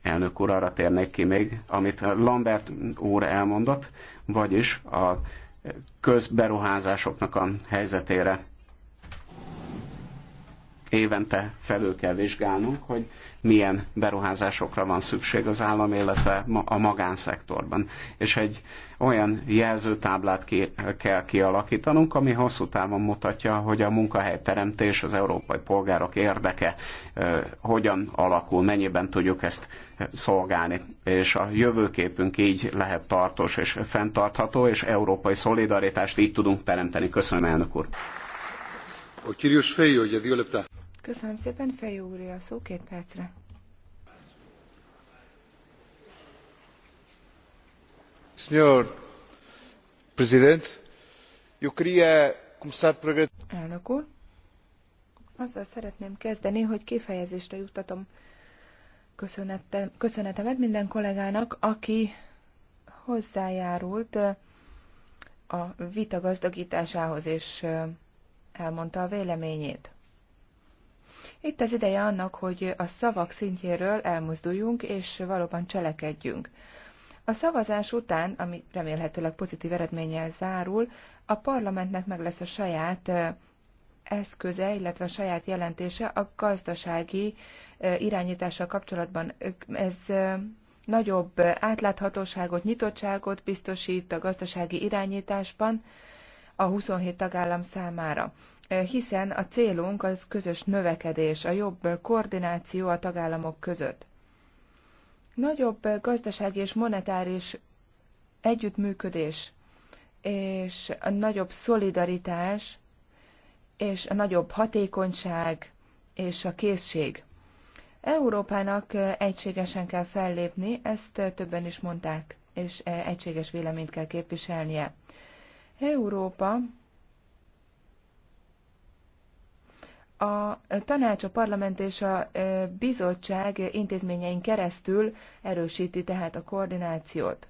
elnök úr arra térnék ki még, amit Lambert úr elmondott, vagyis a közberuházásoknak a helyzetére évente felül kell vizsgálnunk, hogy milyen beruházásokra van szükség az állam, illetve a magánszektorban. És egy olyan jelzőtáblát ki, kell kialakítanunk, ami hosszú távon mutatja, hogy a munkahelyteremtés az európai polgárok érdeke hogyan alakul, mennyiben tudjuk ezt szolgálni. És a jövőképünk így lehet tartós és fenntartható, és európai szolidaritást így tudunk teremteni. Köszönöm, elnök úr! A Kirius Fejó, ugye, Köszönöm szépen, Fejó úr, a szó két percre. Senhor Presidente, eu queria começar por agradecer. Elnök úr, azzal szeretném kezdeni, hogy kifejezésre juttatom köszönetem, köszönetemet minden kollégának, aki hozzájárult a vita gazdagításához és elmondta a véleményét. Itt az ideje annak, hogy a szavak szintjéről elmozduljunk és valóban cselekedjünk. A szavazás után, ami remélhetőleg pozitív eredménnyel zárul, a parlamentnek meg lesz a saját eszköze, illetve a saját jelentése a gazdasági irányítással kapcsolatban. Ez nagyobb átláthatóságot, nyitottságot biztosít a gazdasági irányításban a 27 tagállam számára hiszen a célunk az közös növekedés, a jobb koordináció a tagállamok között. Nagyobb gazdasági és monetáris együttműködés és a nagyobb szolidaritás és a nagyobb hatékonyság és a készség. Európának egységesen kell fellépni, ezt többen is mondták, és egységes véleményt kell képviselnie. Európa a tanács, a parlament és a bizottság intézményein keresztül erősíti tehát a koordinációt.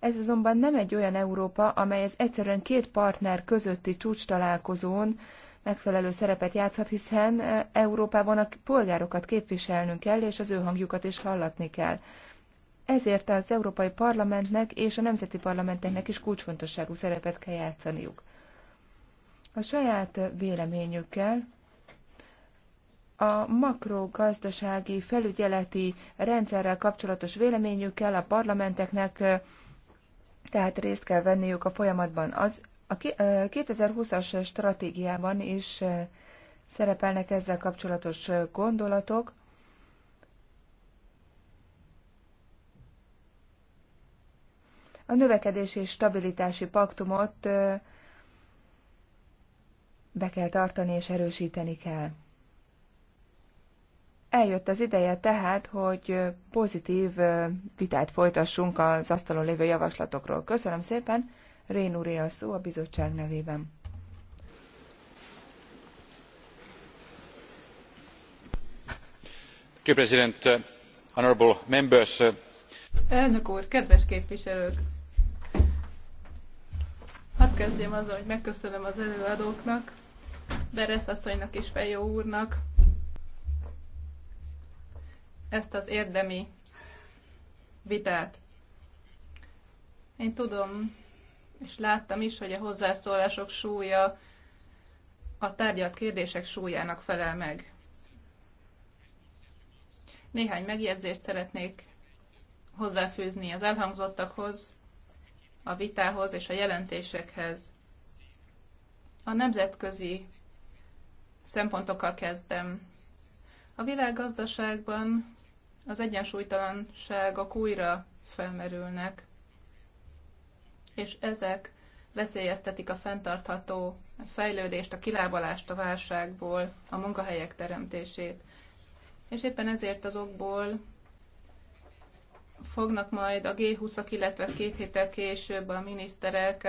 Ez azonban nem egy olyan Európa, amely az egyszerűen két partner közötti csúcs találkozón megfelelő szerepet játszhat, hiszen Európában a polgárokat képviselnünk kell, és az ő hangjukat is hallatni kell. Ezért az Európai Parlamentnek és a nemzeti parlamenteknek is kulcsfontosságú szerepet kell játszaniuk a saját véleményükkel a makrogazdasági felügyeleti rendszerrel kapcsolatos véleményükkel a parlamenteknek tehát részt kell venniük a folyamatban. Az a 2020-as stratégiában is szerepelnek ezzel kapcsolatos gondolatok. A növekedési és stabilitási paktumot be kell tartani és erősíteni kell. Eljött az ideje tehát, hogy pozitív vitát folytassunk az asztalon lévő javaslatokról. Köszönöm szépen, Rén úré a szó a bizottság nevében. Uh, elnök úr kedves képviselők! hadd kezdjem azzal hogy megköszönöm az előadóknak Beresz asszonynak és Fejó úrnak ezt az érdemi vitát. Én tudom, és láttam is, hogy a hozzászólások súlya a tárgyalt kérdések súlyának felel meg. Néhány megjegyzést szeretnék hozzáfűzni az elhangzottakhoz, a vitához és a jelentésekhez. A nemzetközi szempontokkal kezdem. A világgazdaságban az egyensúlytalanságok újra felmerülnek, és ezek veszélyeztetik a fenntartható fejlődést, a kilábalást a válságból, a munkahelyek teremtését. És éppen ezért az okból fognak majd a G20-ak, illetve két héttel később a miniszterek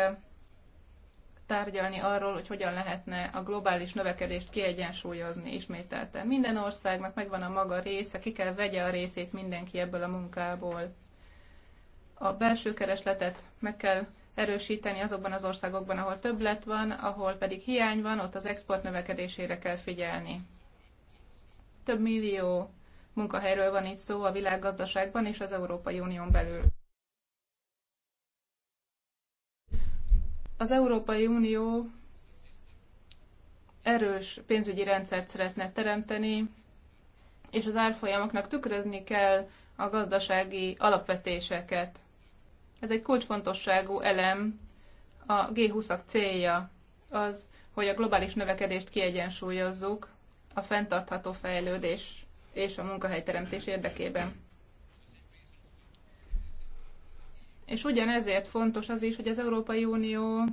tárgyalni arról, hogy hogyan lehetne a globális növekedést kiegyensúlyozni ismételten. Minden országnak megvan a maga része, ki kell vegye a részét mindenki ebből a munkából. A belső keresletet meg kell erősíteni azokban az országokban, ahol többlet van, ahol pedig hiány van, ott az export növekedésére kell figyelni. Több millió munkahelyről van itt szó a világgazdaságban és az Európai Unión belül. Az Európai Unió erős pénzügyi rendszert szeretne teremteni, és az árfolyamoknak tükrözni kell a gazdasági alapvetéseket. Ez egy kulcsfontosságú elem, a G20-ak célja az, hogy a globális növekedést kiegyensúlyozzuk a fenntartható fejlődés és a munkahelyteremtés érdekében. És ugyanezért fontos az is, hogy az Európai Unió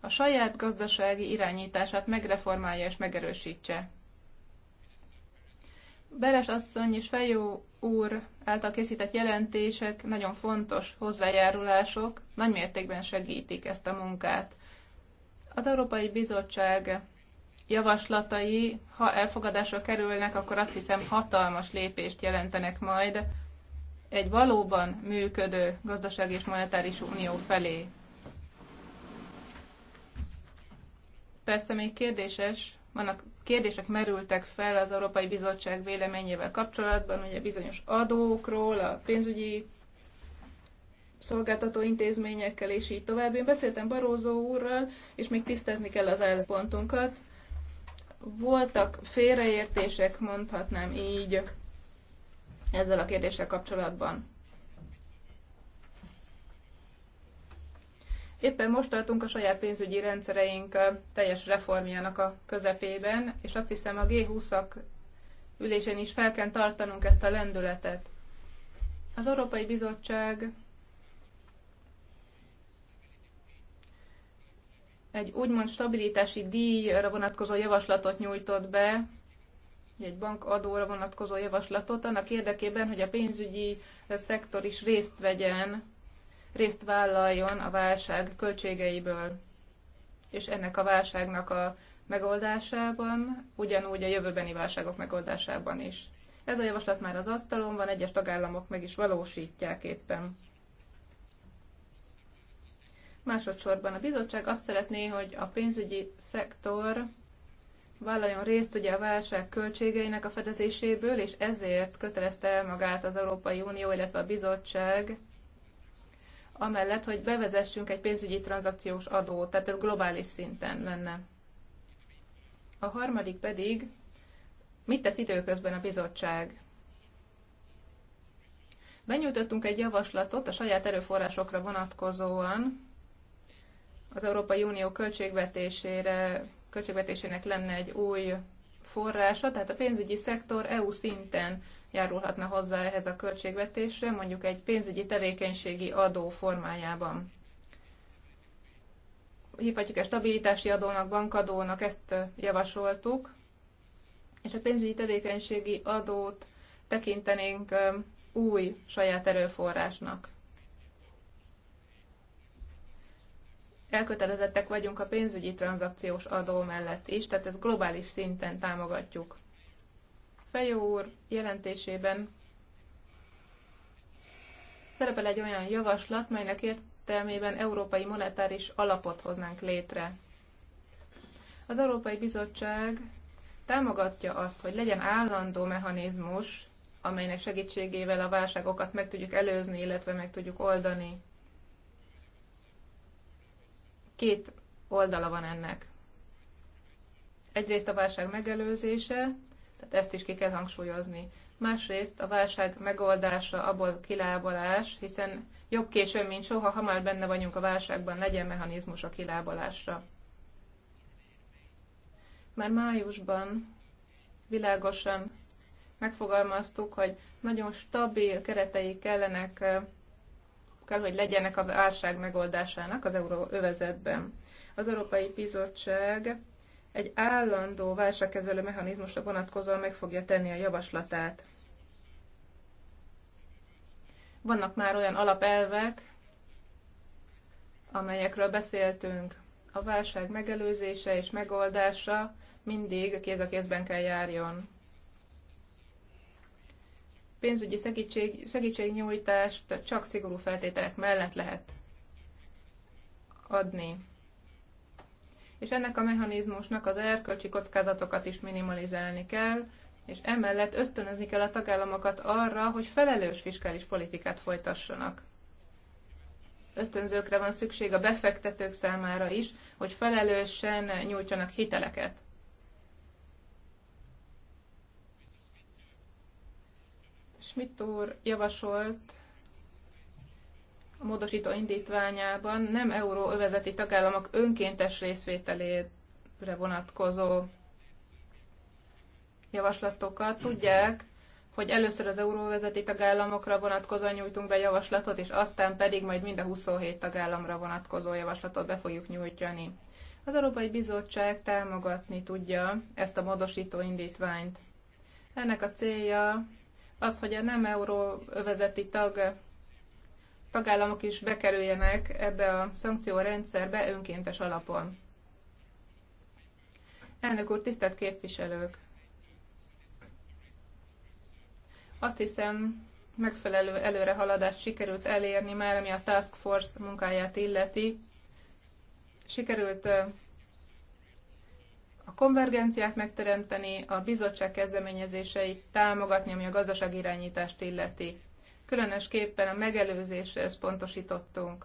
a saját gazdasági irányítását megreformálja és megerősítse. Beres asszony és Fejó úr által készített jelentések nagyon fontos hozzájárulások, nagy mértékben segítik ezt a munkát. Az Európai Bizottság javaslatai, ha elfogadásra kerülnek, akkor azt hiszem hatalmas lépést jelentenek majd egy valóban működő gazdasági és monetáris unió felé. Persze még kérdéses, vannak kérdések merültek fel az Európai Bizottság véleményével kapcsolatban, ugye bizonyos adókról, a pénzügyi szolgáltató intézményekkel, és így tovább. Én beszéltem Barózó úrral, és még tisztázni kell az állapontunkat. Voltak félreértések, mondhatnám így, ezzel a kérdéssel kapcsolatban. Éppen most tartunk a saját pénzügyi rendszereink teljes reformjának a közepében, és azt hiszem a G20-ak ülésén is fel kell tartanunk ezt a lendületet. Az Európai Bizottság egy úgymond stabilitási díjra vonatkozó javaslatot nyújtott be, egy bankadóra vonatkozó javaslatot annak érdekében, hogy a pénzügyi szektor is részt vegyen, részt vállaljon a válság költségeiből, és ennek a válságnak a megoldásában, ugyanúgy a jövőbeni válságok megoldásában is. Ez a javaslat már az asztalon van, egyes tagállamok meg is valósítják éppen. Másodszorban a bizottság azt szeretné, hogy a pénzügyi szektor vállaljon részt ugye a válság költségeinek a fedezéséből, és ezért kötelezte el magát az Európai Unió, illetve a bizottság amellett, hogy bevezessünk egy pénzügyi tranzakciós adót, tehát ez globális szinten lenne. A harmadik pedig, mit tesz időközben a bizottság? Benyújtottunk egy javaslatot a saját erőforrásokra vonatkozóan, az Európai Unió költségvetésére költségvetésének lenne egy új forrása, tehát a pénzügyi szektor EU szinten járulhatna hozzá ehhez a költségvetésre, mondjuk egy pénzügyi tevékenységi adó formájában. Hívhatjuk ezt stabilitási adónak, bankadónak, ezt javasoltuk, és a pénzügyi tevékenységi adót tekintenénk új saját erőforrásnak. elkötelezettek vagyunk a pénzügyi tranzakciós adó mellett is, tehát ezt globális szinten támogatjuk. Fejó úr jelentésében szerepel egy olyan javaslat, melynek értelmében európai monetáris alapot hoznánk létre. Az Európai Bizottság támogatja azt, hogy legyen állandó mechanizmus, amelynek segítségével a válságokat meg tudjuk előzni, illetve meg tudjuk oldani. Két oldala van ennek. Egyrészt a válság megelőzése, tehát ezt is ki kell hangsúlyozni. Másrészt a válság megoldása, abból kilábalás, hiszen jobb későn, mint soha, ha már benne vagyunk a válságban, legyen mechanizmus a kilábalásra. Már májusban világosan megfogalmaztuk, hogy nagyon stabil keretei kellenek kell, hogy legyenek a válság megoldásának az euróövezetben. Az Európai Bizottság egy állandó válságkezelő mechanizmusra vonatkozóan meg fogja tenni a javaslatát. Vannak már olyan alapelvek, amelyekről beszéltünk. A válság megelőzése és megoldása mindig kéz a kézben kell járjon pénzügyi segítség, segítségnyújtást csak szigorú feltételek mellett lehet adni. És ennek a mechanizmusnak az erkölcsi kockázatokat is minimalizálni kell, és emellett ösztönözni kell a tagállamokat arra, hogy felelős fiskális politikát folytassanak. Ösztönzőkre van szükség a befektetők számára is, hogy felelősen nyújtsanak hiteleket. Schmidt úr javasolt a módosító indítványában nem euróövezeti tagállamok önkéntes részvételére vonatkozó javaslatokat. Tudják, hogy először az euróvezeti tagállamokra vonatkozóan nyújtunk be javaslatot, és aztán pedig majd mind a 27 tagállamra vonatkozó javaslatot be fogjuk nyújtani. Az Európai Bizottság támogatni tudja ezt a módosító indítványt. Ennek a célja az, hogy a nem euróvezeti tag tagállamok is bekerüljenek ebbe a szankciórendszerbe önkéntes alapon. Elnök úr, tisztelt képviselők! Azt hiszem, megfelelő előrehaladást sikerült elérni már, ami a Task Force munkáját illeti. Sikerült a konvergenciát megteremteni, a bizottság kezdeményezéseit támogatni, ami a irányítást illeti. Különösképpen a megelőzésre összpontosítottunk.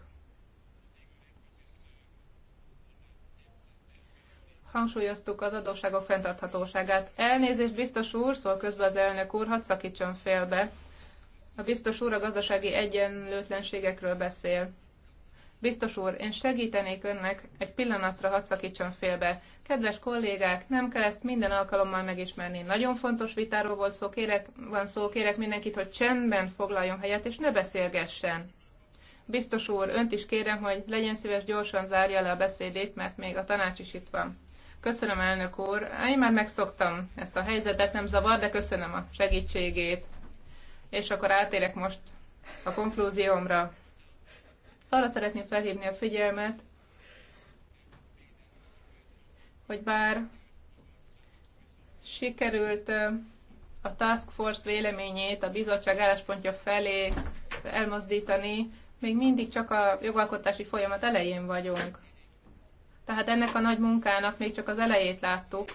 hangsúlyoztuk az adósságok fenntarthatóságát. Elnézést, biztos úr, szól közben az elnök úr, hadd szakítson félbe. A biztos úr a gazdasági egyenlőtlenségekről beszél. Biztos úr, én segítenék önnek, egy pillanatra hadd szakítson félbe. Kedves kollégák, nem kell ezt minden alkalommal megismerni. Nagyon fontos vitáról volt szó, kérek, van szó, kérek mindenkit, hogy csendben foglaljon helyet, és ne beszélgessen. Biztos úr, önt is kérem, hogy legyen szíves gyorsan zárja le a beszédét, mert még a tanács is itt van. Köszönöm, elnök úr. Én már megszoktam ezt a helyzetet, nem zavar, de köszönöm a segítségét. És akkor átérek most a konklúziómra. Arra szeretném felhívni a figyelmet, hogy bár sikerült a Task Force véleményét a bizottság álláspontja felé elmozdítani, még mindig csak a jogalkotási folyamat elején vagyunk. Tehát ennek a nagy munkának még csak az elejét láttuk.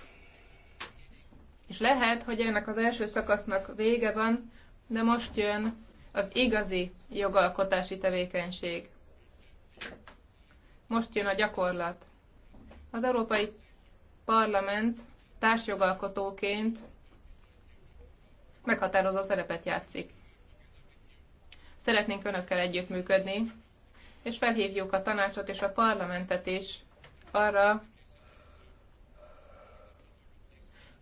És lehet, hogy ennek az első szakasznak vége van, de most jön az igazi jogalkotási tevékenység. Most jön a gyakorlat. Az Európai Parlament társjogalkotóként meghatározó szerepet játszik. Szeretnénk Önökkel együttműködni, és felhívjuk a tanácsot és a parlamentet is arra,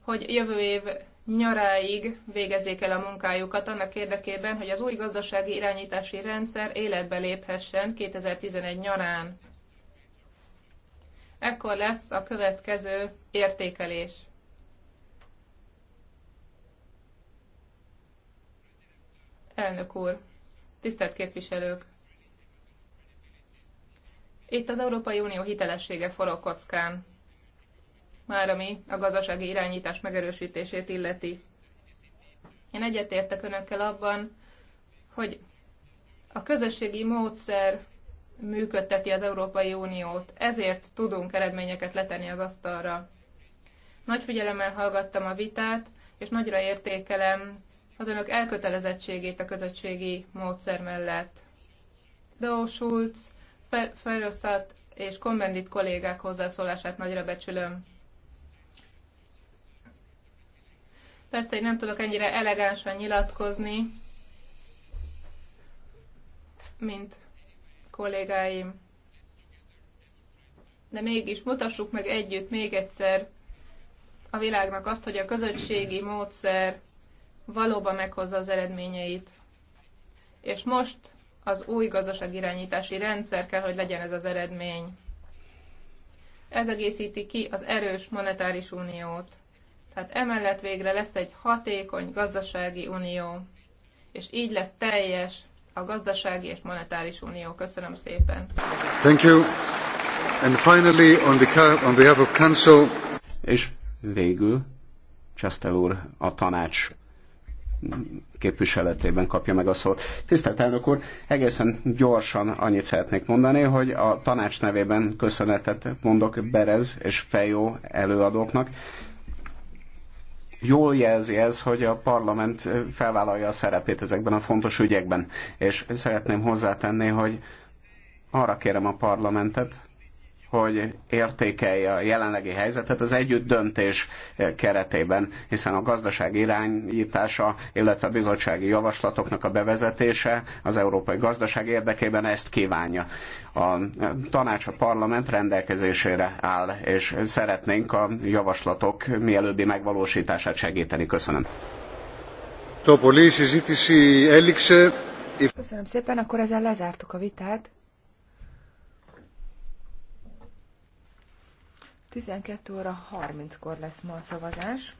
hogy jövő év nyaráig végezzék el a munkájukat annak érdekében, hogy az új gazdasági irányítási rendszer életbe léphessen 2011 nyarán. Ekkor lesz a következő értékelés. Elnök úr, tisztelt képviselők! Itt az Európai Unió hitelessége forog kockán, már ami a gazdasági irányítás megerősítését illeti. Én egyetértek önökkel abban, hogy a közösségi módszer működteti az Európai Uniót. Ezért tudunk eredményeket letenni az asztalra. Nagy figyelemmel hallgattam a vitát, és nagyra értékelem az önök elkötelezettségét a közösségi módszer mellett. Deo Schulz, Ferrostat és Kommendit kollégák hozzászólását nagyra becsülöm. Persze, hogy nem tudok ennyire elegánsan nyilatkozni, mint kollégáim. De mégis mutassuk meg együtt még egyszer a világnak azt, hogy a közösségi módszer valóban meghozza az eredményeit. És most az új gazdaságirányítási rendszer kell, hogy legyen ez az eredmény. Ez egészíti ki az erős monetáris uniót. Tehát emellett végre lesz egy hatékony gazdasági unió, és így lesz teljes a gazdasági és monetáris unió. Köszönöm szépen. Thank you. And finally, on, the, on behalf of Council... És végül Csasztel úr a tanács képviseletében kapja meg a szót. Tisztelt elnök úr, egészen gyorsan annyit szeretnék mondani, hogy a tanács nevében köszönetet mondok Berez és Fejó előadóknak jól jelzi ez, hogy a parlament felvállalja a szerepét ezekben a fontos ügyekben. És szeretném hozzátenni, hogy arra kérem a parlamentet, hogy értékelje a jelenlegi helyzetet az együtt döntés eh, keretében, hiszen a gazdaság irányítása, illetve a bizottsági javaslatoknak a bevezetése az európai gazdaság érdekében ezt kívánja. A eh, tanács a parlament rendelkezésére áll, és szeretnénk a javaslatok mielőbbi megvalósítását segíteni. Köszönöm. Köszönöm szépen, akkor ezzel lezártuk a vitát. 12 óra 30-kor lesz ma a szavazás.